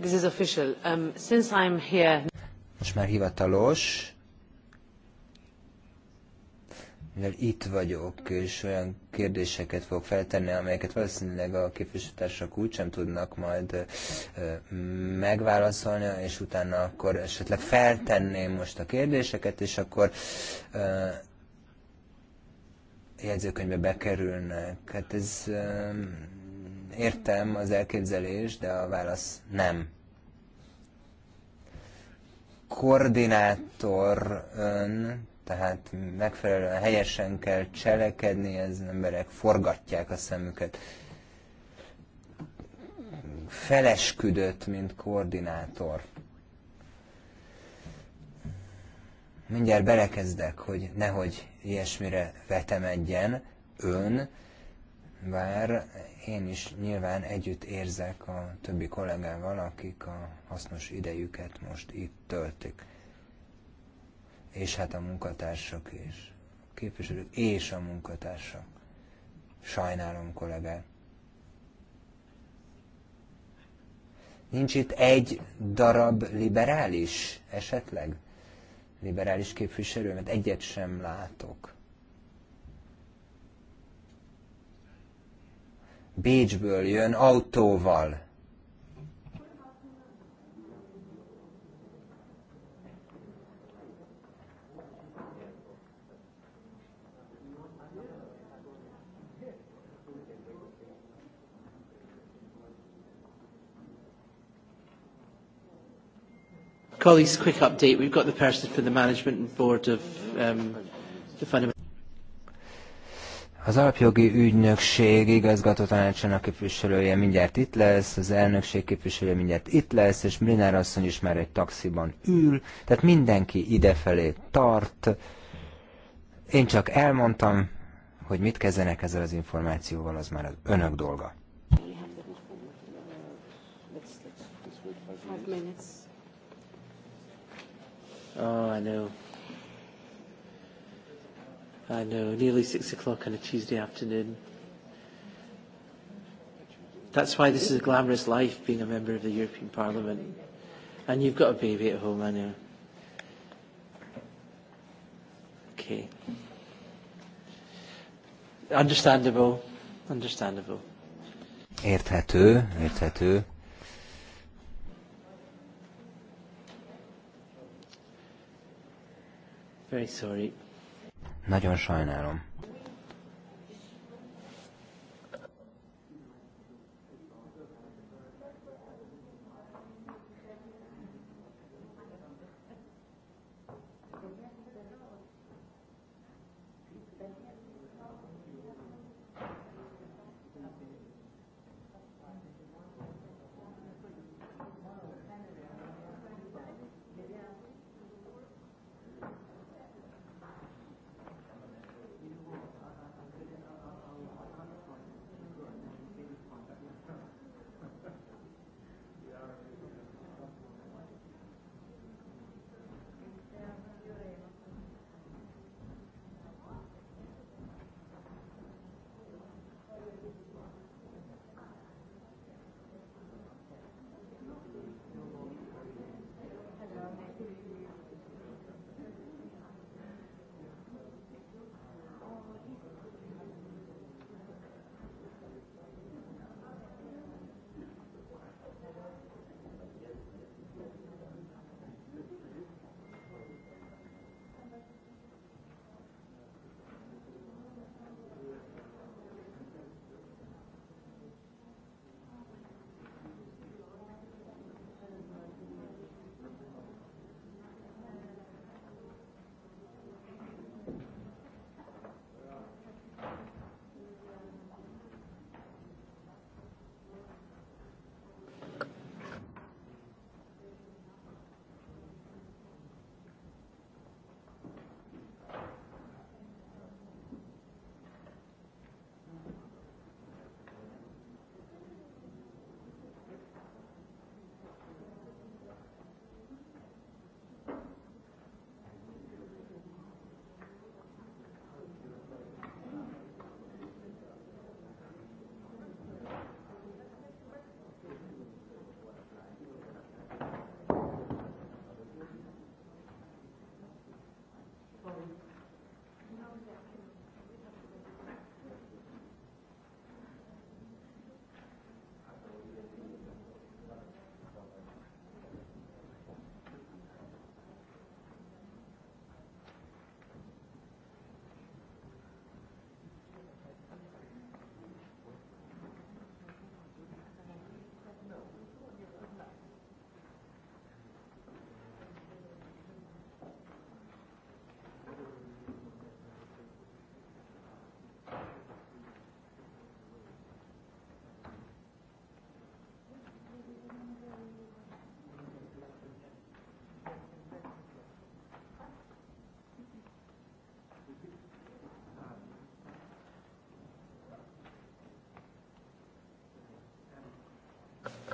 This is official. Um, since I'm here... Most már hivatalos. Mivel itt vagyok, és olyan kérdéseket fogok feltenni, amelyeket valószínűleg a képviselőtársak úgy sem tudnak majd megválaszolni, és utána akkor esetleg feltenném most a kérdéseket, és akkor jegyzőkönyvbe bekerülnek. Hát ez értem az elképzelés, de a válasz nem koordinátor ön, tehát megfelelően helyesen kell cselekedni, ez emberek forgatják a szemüket. Felesküdött, mint koordinátor. Mindjárt belekezdek, hogy nehogy ilyesmire vetemedjen ön, bár én is nyilván együtt érzek a többi kollégával, akik a hasznos idejüket most itt töltik. És hát a munkatársak is. A képviselők és a munkatársak. Sajnálom, kollega. Nincs itt egy darab liberális esetleg? Liberális képviselő, mert egyet sem látok. Bécsből jön autóval. Colleagues, quick update. We've got the person for the management board of um, the fundamental... Az alapjogi ügynökség igazgató tanácsának képviselője mindjárt itt lesz, az elnökség képviselője mindjárt itt lesz, és Mlinár asszony is már egy taxiban ül, tehát mindenki idefelé tart. Én csak elmondtam, hogy mit kezdenek ezzel az információval, az már az önök dolga. Oh, I know. I know, nearly six o'clock on a Tuesday afternoon. That's why this is a glamorous life, being a member of the European Parliament. And you've got a baby at home, I know. Okay. Understandable. Understandable. Érthető, érthető. Very sorry. Nagyon sajnálom.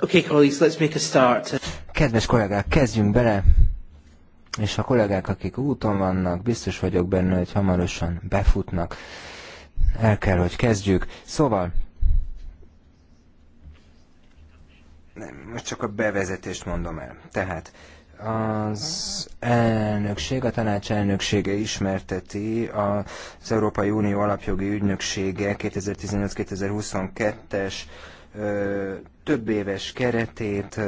Okay, colleagues, let's make a start. Kedves kollégák, kezdjünk bele! És a kollégák, akik úton vannak, biztos vagyok benne, hogy hamarosan befutnak. El kell, hogy kezdjük. Szóval, nem, most csak a bevezetést mondom el. Tehát, az elnökség, a tanács elnöksége ismerteti az Európai Unió alapjogi ügynöksége 2018-2022-es több éves keretét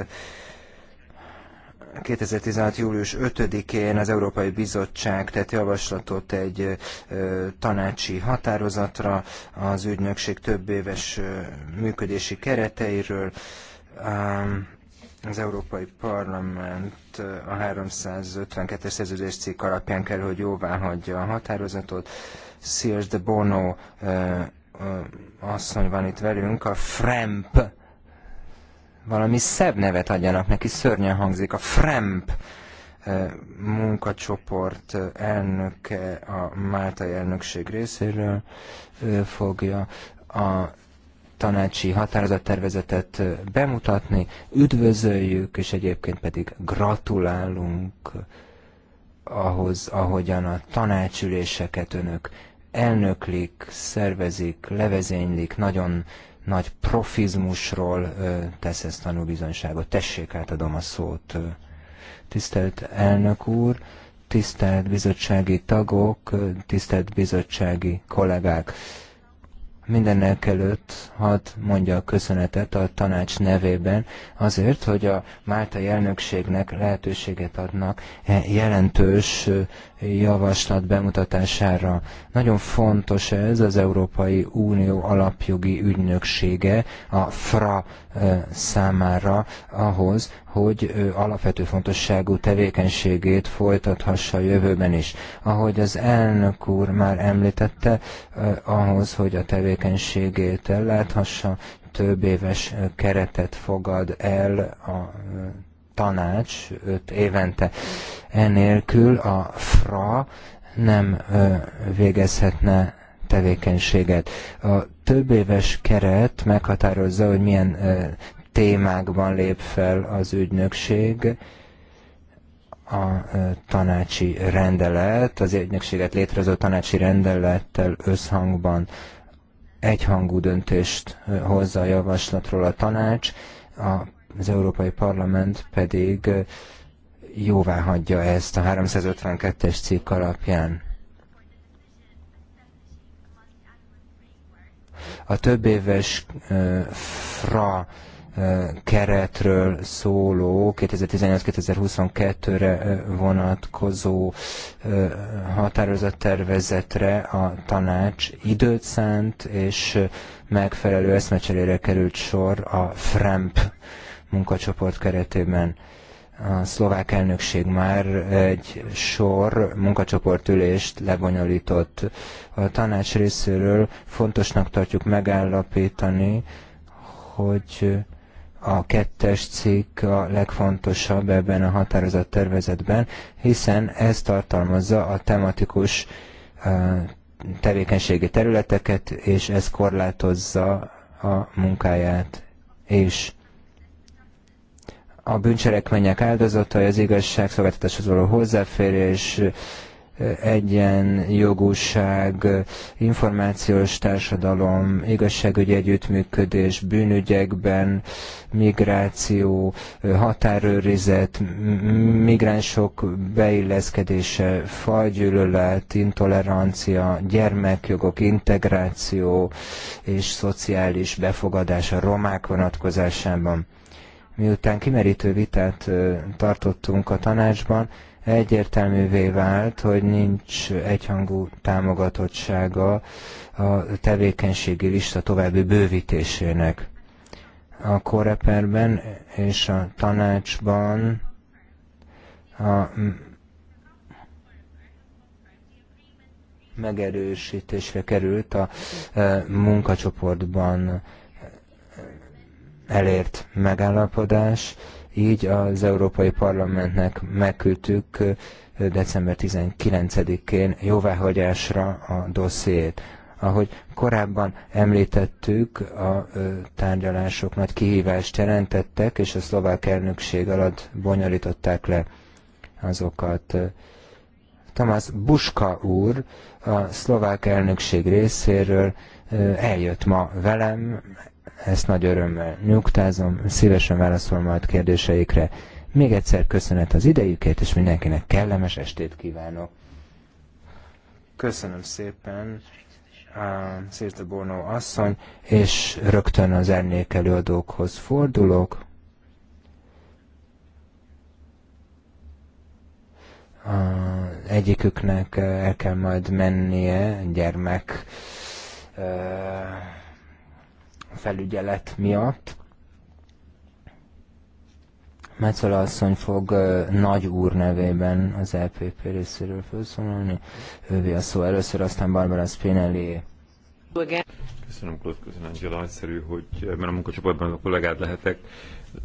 2016. július 5-én az Európai Bizottság tett javaslatot egy tanácsi határozatra az ügynökség több éves működési kereteiről. Az Európai Parlament a 352-es szerződés cikk alapján kell, hogy jóvá hagyja a határozatot. Sears de Bono asszony van itt velünk, a FREMP. Valami szebb nevet adjanak neki, szörnyen hangzik. A FREMP munkacsoport elnöke a Máltai elnökség részéről ő fogja a tanácsi határozattervezetet bemutatni. Üdvözöljük, és egyébként pedig gratulálunk ahhoz, ahogyan a tanácsüléseket önök elnöklik, szervezik, levezénylik, nagyon nagy profizmusról tesz ezt tanúbizonyságot. Tessék, átadom a szót. Tisztelt elnök úr, tisztelt bizottsági tagok, tisztelt bizottsági kollégák. Mindennek előtt hadd mondja a köszönetet a tanács nevében azért, hogy a Málta elnökségnek lehetőséget adnak e jelentős javaslat bemutatására. Nagyon fontos ez az Európai Unió alapjogi ügynöksége, a FRA számára ahhoz, hogy alapvető fontosságú tevékenységét folytathassa a jövőben is. Ahogy az elnök úr már említette, ahhoz, hogy a tevékenységét elláthassa, több éves keretet fogad el a tanács öt évente. Enélkül a FRA nem végezhetne tevékenységet. A több éves keret meghatározza, hogy milyen témákban lép fel az ügynökség, a tanácsi rendelet, az ügynökséget létrehozó tanácsi rendelettel összhangban egyhangú döntést hozza a javaslatról a tanács, az Európai Parlament pedig jóvá hagyja ezt a 352-es cikk alapján. A több éves fra keretről szóló 2018-2022-re vonatkozó határozattervezetre a tanács időt szánt, és megfelelő eszmecserére került sor a FREMP munkacsoport keretében a szlovák elnökség már egy sor munkacsoportülést lebonyolított. A tanács részéről fontosnak tartjuk megállapítani, hogy a kettes cikk a legfontosabb ebben a határozat tervezetben, hiszen ez tartalmazza a tematikus tevékenységi területeket, és ez korlátozza a munkáját és a bűncselekmények áldozatai, az igazságszolgáltatáshoz való hozzáférés, egyen jogúság, információs társadalom, igazságügyi együttműködés, bűnügyekben, migráció, határőrizet, migránsok beilleszkedése, fajgyűlölet, intolerancia, gyermekjogok, integráció és szociális befogadás a romák vonatkozásában miután kimerítő vitát tartottunk a tanácsban, egyértelművé vált, hogy nincs egyhangú támogatottsága a tevékenységi lista további bővítésének. A koreperben és a tanácsban a megerősítésre került a munkacsoportban elért megállapodás, így az Európai Parlamentnek megküldtük december 19-én jóváhagyásra a dossziét. Ahogy korábban említettük, a tárgyalások nagy kihívást jelentettek, és a szlovák elnökség alatt bonyolították le azokat. Tamás Buska úr a szlovák elnökség részéről eljött ma velem, ezt nagy örömmel nyugtázom, szívesen válaszol majd kérdéseikre. Még egyszer köszönet az idejükért, és mindenkinek kellemes estét kívánok. Köszönöm szépen, Szirte Bornó asszony, és rögtön az ernék előadókhoz fordulok. A egyiküknek eh, el kell majd mennie gyermek eh, felügyelet miatt. Metzola asszony fog nagy úr nevében az LPP e részéről felszólalni. Ővé a szó először, aztán Barbara Spinelli. Köszönöm, Klót, köszönöm, Angela. Nagyszerű, hogy ebben a munkacsoportban a kollégád lehetek.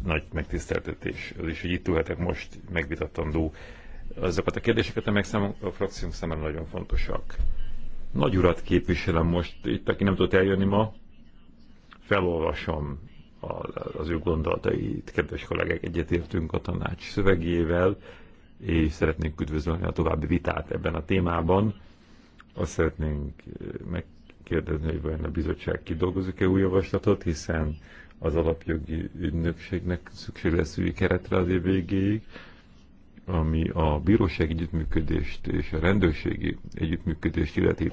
Nagy megtiszteltetés. Az is, hogy itt ülhetek most megvitatandó azokat a kérdéseket, amelyek a frakciónk számára nagyon fontosak. Nagy urat képviselem most itt, aki nem tudott eljönni ma, felolvasom az ő gondolatait, kedves kollégák, egyetértünk a tanács szövegével, és szeretnénk üdvözölni a további vitát ebben a témában. Azt szeretnénk eh, megkérdezni, hogy vajon a bizottság kidolgozik-e új javaslatot, hiszen az alapjogi ügynökségnek szükség lesz új keretre az év végéig, ami a bíróság együttműködést és a rendőrségi együttműködést illeti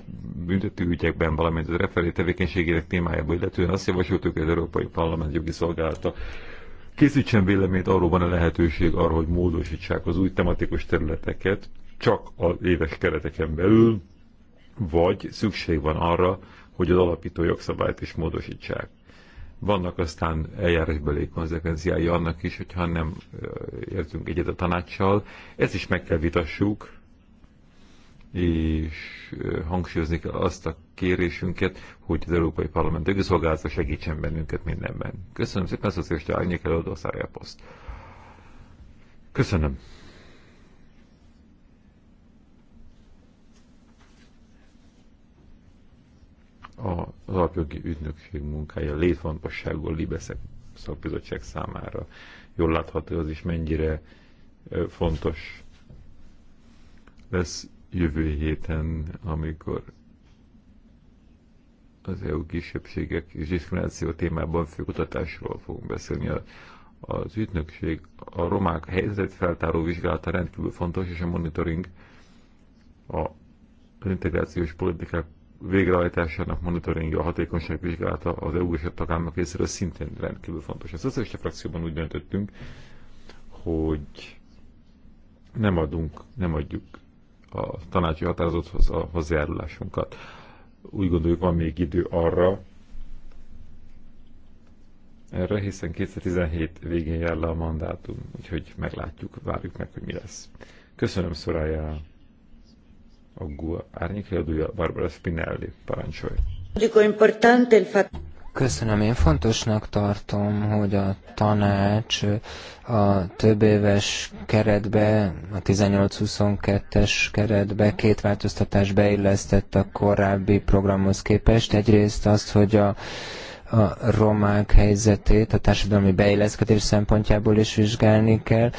ügyekben, valamint az referé tevékenységének témájában, illetően azt javasoltuk, hogy az Európai Parlament jogi szolgálata készítsen véleményt, arról van a lehetőség arra, hogy módosítsák az új tematikus területeket, csak az éves kereteken belül, vagy szükség van arra, hogy az alapító jogszabályt is módosítsák. Vannak aztán eljárásbeli konzekvenciái annak is, hogyha nem értünk egyet a tanácssal. Ezt is meg kell vitassuk, és hangsúlyozni kell azt a kérésünket, hogy az Európai Parlament jogi segítsen bennünket mindenben. Köszönöm szépen, Szociális Árnyék előadó Poszt. Köszönöm. az alapjogi ügynökség munkája létfontosságú a Libeszek szakbizottság számára. Jól látható az is mennyire fontos lesz jövő héten, amikor az EU kisebbségek és diszkrimináció témában főkutatásról fogunk beszélni. Az ügynökség, a romák feltáró vizsgálata rendkívül fontos, és a monitoring a integrációs politikák végrehajtásának monitoringja, a hatékonyság vizsgálata az EU és a tagállamok részéről szintén rendkívül fontos. A szocialista frakcióban úgy döntöttünk, hogy nem adunk, nem adjuk a tanácsi határozathoz a hozzájárulásunkat. Úgy gondoljuk, van még idő arra, erre, hiszen 2017 végén jár le a mandátum, úgyhogy meglátjuk, várjuk meg, hogy mi lesz. Köszönöm, Szorájá! a GUA árnyékiadója Barbara Spinelli parancsolj. Köszönöm, én fontosnak tartom, hogy a tanács a több éves keretbe, a 18-22-es keretbe két változtatás beillesztett a korábbi programhoz képest. Egyrészt azt, hogy a a romák helyzetét a társadalmi beilleszkedés szempontjából is vizsgálni kell,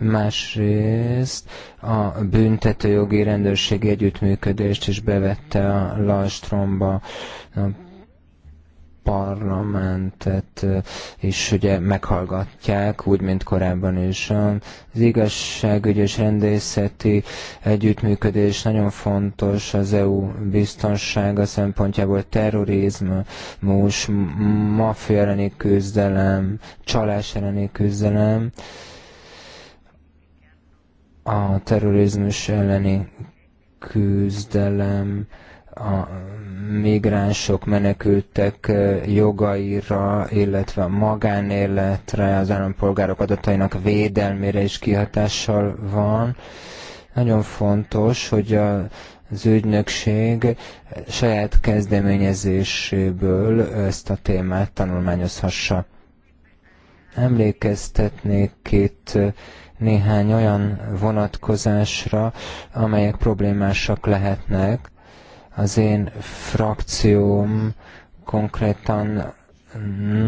másrészt a büntetőjogi rendőrségi együttműködést is bevette a Lajstromba a parlamentet és ugye meghallgatják, úgy, mint korábban is. Az igazságügy és rendészeti együttműködés nagyon fontos az EU biztonsága szempontjából, terrorizmus, maffia elleni küzdelem, csalás elleni küzdelem, a terrorizmus elleni küzdelem, a migránsok, menekültek jogaira, illetve a magánéletre, az állampolgárok adatainak védelmére is kihatással van. Nagyon fontos, hogy a, az ügynökség saját kezdeményezéséből ezt a témát tanulmányozhassa. Emlékeztetnék itt néhány olyan vonatkozásra, amelyek problémásak lehetnek. Az én frakcióm konkrétan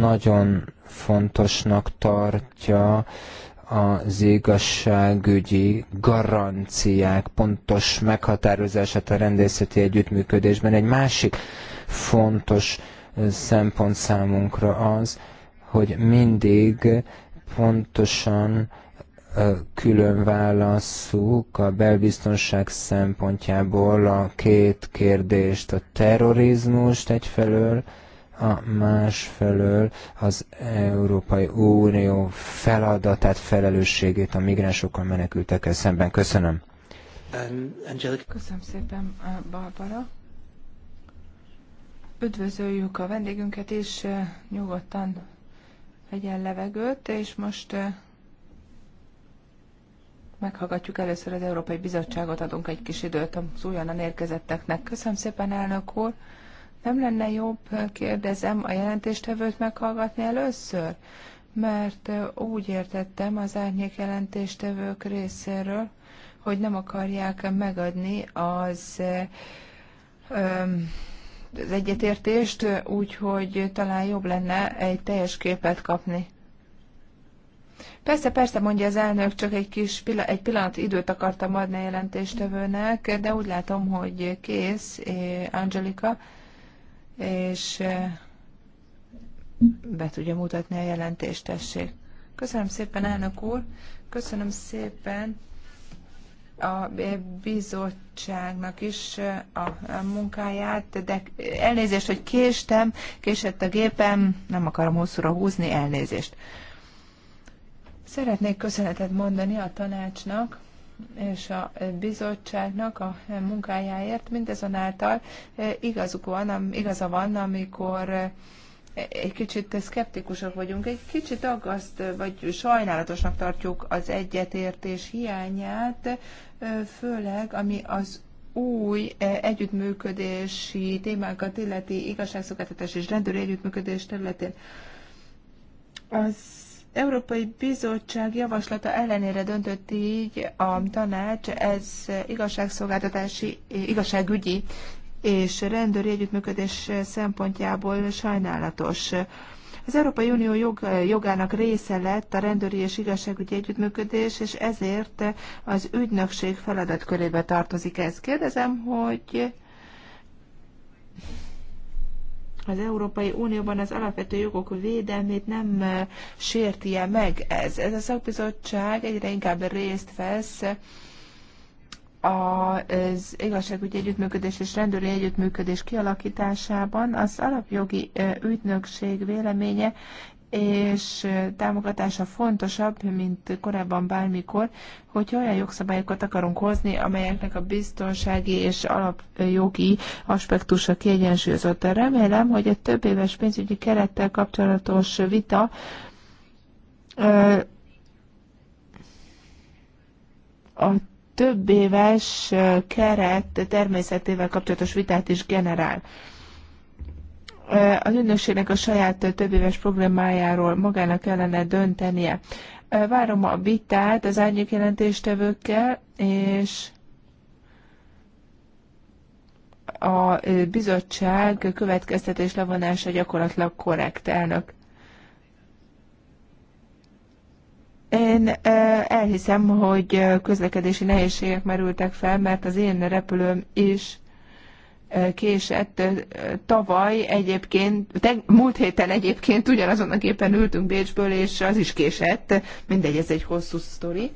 nagyon fontosnak tartja az igazságügyi garanciák pontos meghatározását a rendészeti együttműködésben. Egy másik fontos szempont számunkra az, hogy mindig pontosan külön válaszuk a belbiztonság szempontjából a két kérdést, a terrorizmust egyfelől, a másfelől az Európai Unió feladatát, felelősségét a migránsokkal, menekültekkel szemben. Köszönöm. Um, Köszönöm szépen, uh, Barbara. Üdvözöljük a vendégünket, és uh, nyugodtan vegyen levegőt, és most uh, meghallgatjuk először az Európai Bizottságot, adunk egy kis időt az újonnan érkezetteknek. Köszönöm szépen, elnök úr! Nem lenne jobb, eh, kérdezem, a jelentéstevőt meghallgatni először? Mert eh, úgy értettem az árnyék jelentéstevők részéről, hogy nem akarják megadni az, eh, az egyetértést, úgyhogy talán jobb lenne egy teljes képet kapni. Persze, persze, mondja az elnök, csak egy kis pila- egy pillanat időt akartam adni a jelentéstevőnek, de úgy látom, hogy kész, eh, Angelika, és eh, be tudja mutatni a jelentést, tessék. Köszönöm szépen, elnök úr, köszönöm szépen a eh, bizottságnak is a munkáját, de elnézést, hogy késtem, késett a gépem, nem akarom hosszúra húzni, elnézést. Szeretnék köszönetet mondani a tanácsnak és a bizottságnak a munkájáért, mindezonáltal eh, igazuk van, igaza van, amikor eh, egy kicsit szkeptikusak vagyunk, egy kicsit aggaszt, eh, vagy sajnálatosnak tartjuk az egyetértés hiányát, főleg ami az új együttműködési témákat illeti igazságszolgáltatás és rendőri együttműködés területén. Az Európai Bizottság javaslata ellenére döntött így a tanács, ez igazságszolgáltatási, igazságügyi és rendőri együttműködés szempontjából sajnálatos. Az Európai Unió jog, jogának része lett a rendőri és igazságügyi együttműködés, és ezért az ügynökség feladatkörébe tartozik ez. Kérdezem, hogy az Európai Unióban az alapvető jogok védelmét nem sérti -e meg ez. Ez a szakbizottság egyre inkább részt vesz az igazságügyi együttműködés és rendőri együttműködés kialakításában az alapjogi ügynökség véleménye és támogatása fontosabb, mint korábban bármikor, hogy olyan jogszabályokat akarunk hozni, amelyeknek a biztonsági és alapjogi aspektusa kiegyensúlyozott. Remélem, hogy a több éves pénzügyi kerettel kapcsolatos vita a több éves keret természetével kapcsolatos vitát is generál. Eh, az ügynökségnek a saját többéves problémájáról magának kellene döntenie. Eh, várom a vitát az árnyék jelentéstevőkkel, és a eh, bizottság következtetés levonása gyakorlatilag korrekt elnök. Én elhiszem, hogy közlekedési nehézségek merültek fel, mert az én repülőm is késett. Tavaly egyébként, teg, múlt héten egyébként ugyanazon a képen ültünk Bécsből, és az is késett. Mindegy, ez egy hosszú sztori.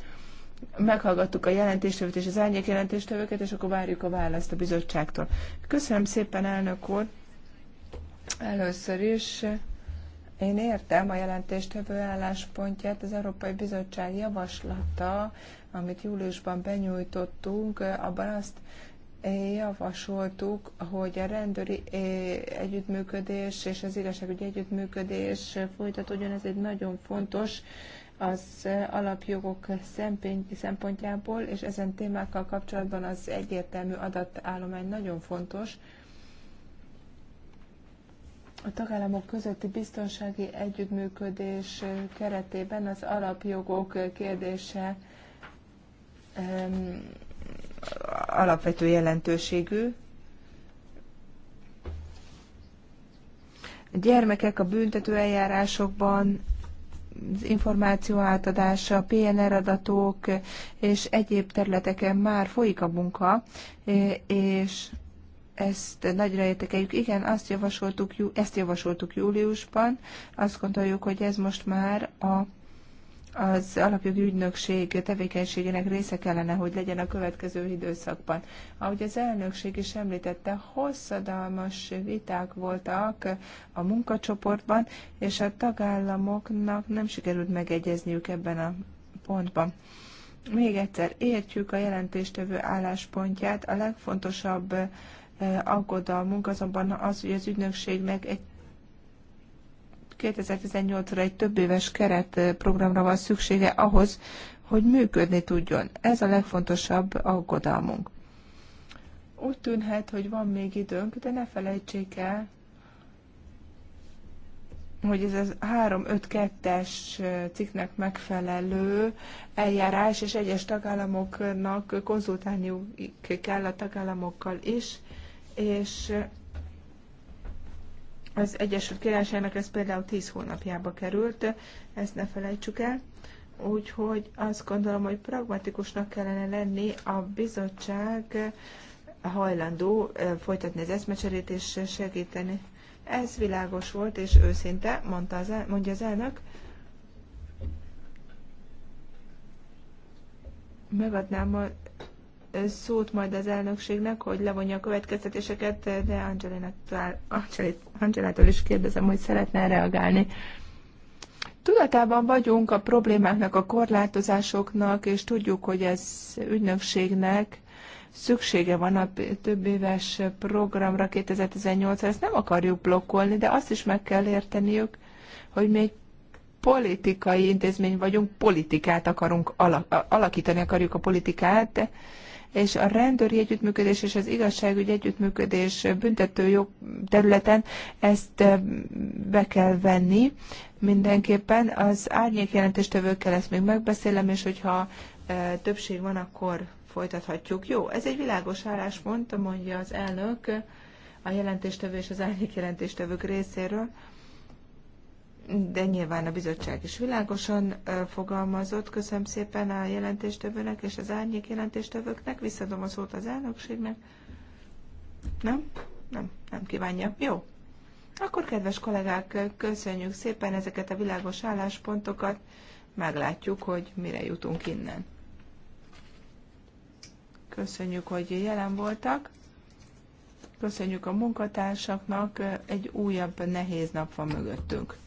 Meghallgattuk a jelentéstevőt és az árnyék jelentéstevőket, és akkor várjuk a választ a bizottságtól. Köszönöm szépen, elnök úr. Először is én értem a jelentéstevő álláspontját, az Európai Bizottság javaslata, amit júliusban benyújtottunk, abban azt javasoltuk, hogy a rendőri eh, együttműködés és az igazságügyi együttműködés folytatódjon. Ez egy nagyon fontos az alapjogok szempontjából, és ezen témákkal kapcsolatban az egyértelmű adatállomány nagyon fontos. A tagállamok közötti biztonsági együttműködés keretében az alapjogok kérdése alapvető jelentőségű. A gyermekek a büntető eljárásokban, az információ átadása, PNR adatok és egyéb területeken már folyik a munka, és ezt nagyra értekeljük. Igen, azt javasoltuk, ezt javasoltuk júliusban. Azt gondoljuk, hogy ez most már a az alapjogi ügynökség tevékenységének része kellene, hogy legyen a következő időszakban. Ahogy az elnökség is említette, hosszadalmas viták voltak a munkacsoportban, és a tagállamoknak nem sikerült megegyezniük ebben a pontban. Még egyszer értjük a jelentéstevő álláspontját. A legfontosabb eh, aggodalmunk azonban az, hogy az ügynökségnek egy 2018-ra egy több éves keretprogramra van szüksége ahhoz, hogy működni tudjon. Ez a legfontosabb aggodalmunk. Úgy tűnhet, hogy van még időnk, de ne felejtsék el, hogy ez az 3-5-2-es cikknek megfelelő eljárás, és egyes tagállamoknak konzultálniuk kell a tagállamokkal is, és az Egyesült Királyságnak ez például 10 hónapjába került, ezt ne felejtsük el. Úgyhogy azt gondolom, hogy pragmatikusnak kellene lenni a bizottság hajlandó folytatni az eszmecserét és segíteni. Ez világos volt és őszinte, mondta az el, mondja az elnök. Megadnám a szót majd az elnökségnek, hogy levonja a következtetéseket, de Angelától is kérdezem, hogy szeretne reagálni. Tudatában vagyunk a problémáknak, a korlátozásoknak, és tudjuk, hogy ez ügynökségnek szüksége van a több éves programra 2018-ra. Ezt nem akarjuk blokkolni, de azt is meg kell érteniük, hogy mi politikai intézmény vagyunk, politikát akarunk alakítani, akarjuk a politikát, és a rendőri együttműködés és az igazságügy együttműködés büntetőjog területen ezt be kell venni mindenképpen. Az árnyék jelentéstevőkkel ezt még megbeszélem, és hogyha többség van, akkor folytathatjuk. Jó, ez egy világos álláspont, mondja az elnök a jelentéstevő és az árnyék jelentéstevők részéről de nyilván a bizottság is világosan fogalmazott. Köszönöm szépen a jelentéstevőnek és az árnyék jelentéstevőknek. Visszadom a szót az elnökségnek. Nem? Nem, nem kívánja. Jó. Akkor, kedves kollégák, köszönjük szépen ezeket a világos álláspontokat. Meglátjuk, hogy mire jutunk innen. Köszönjük, hogy jelen voltak. Köszönjük a munkatársaknak. Egy újabb nehéz nap van mögöttünk.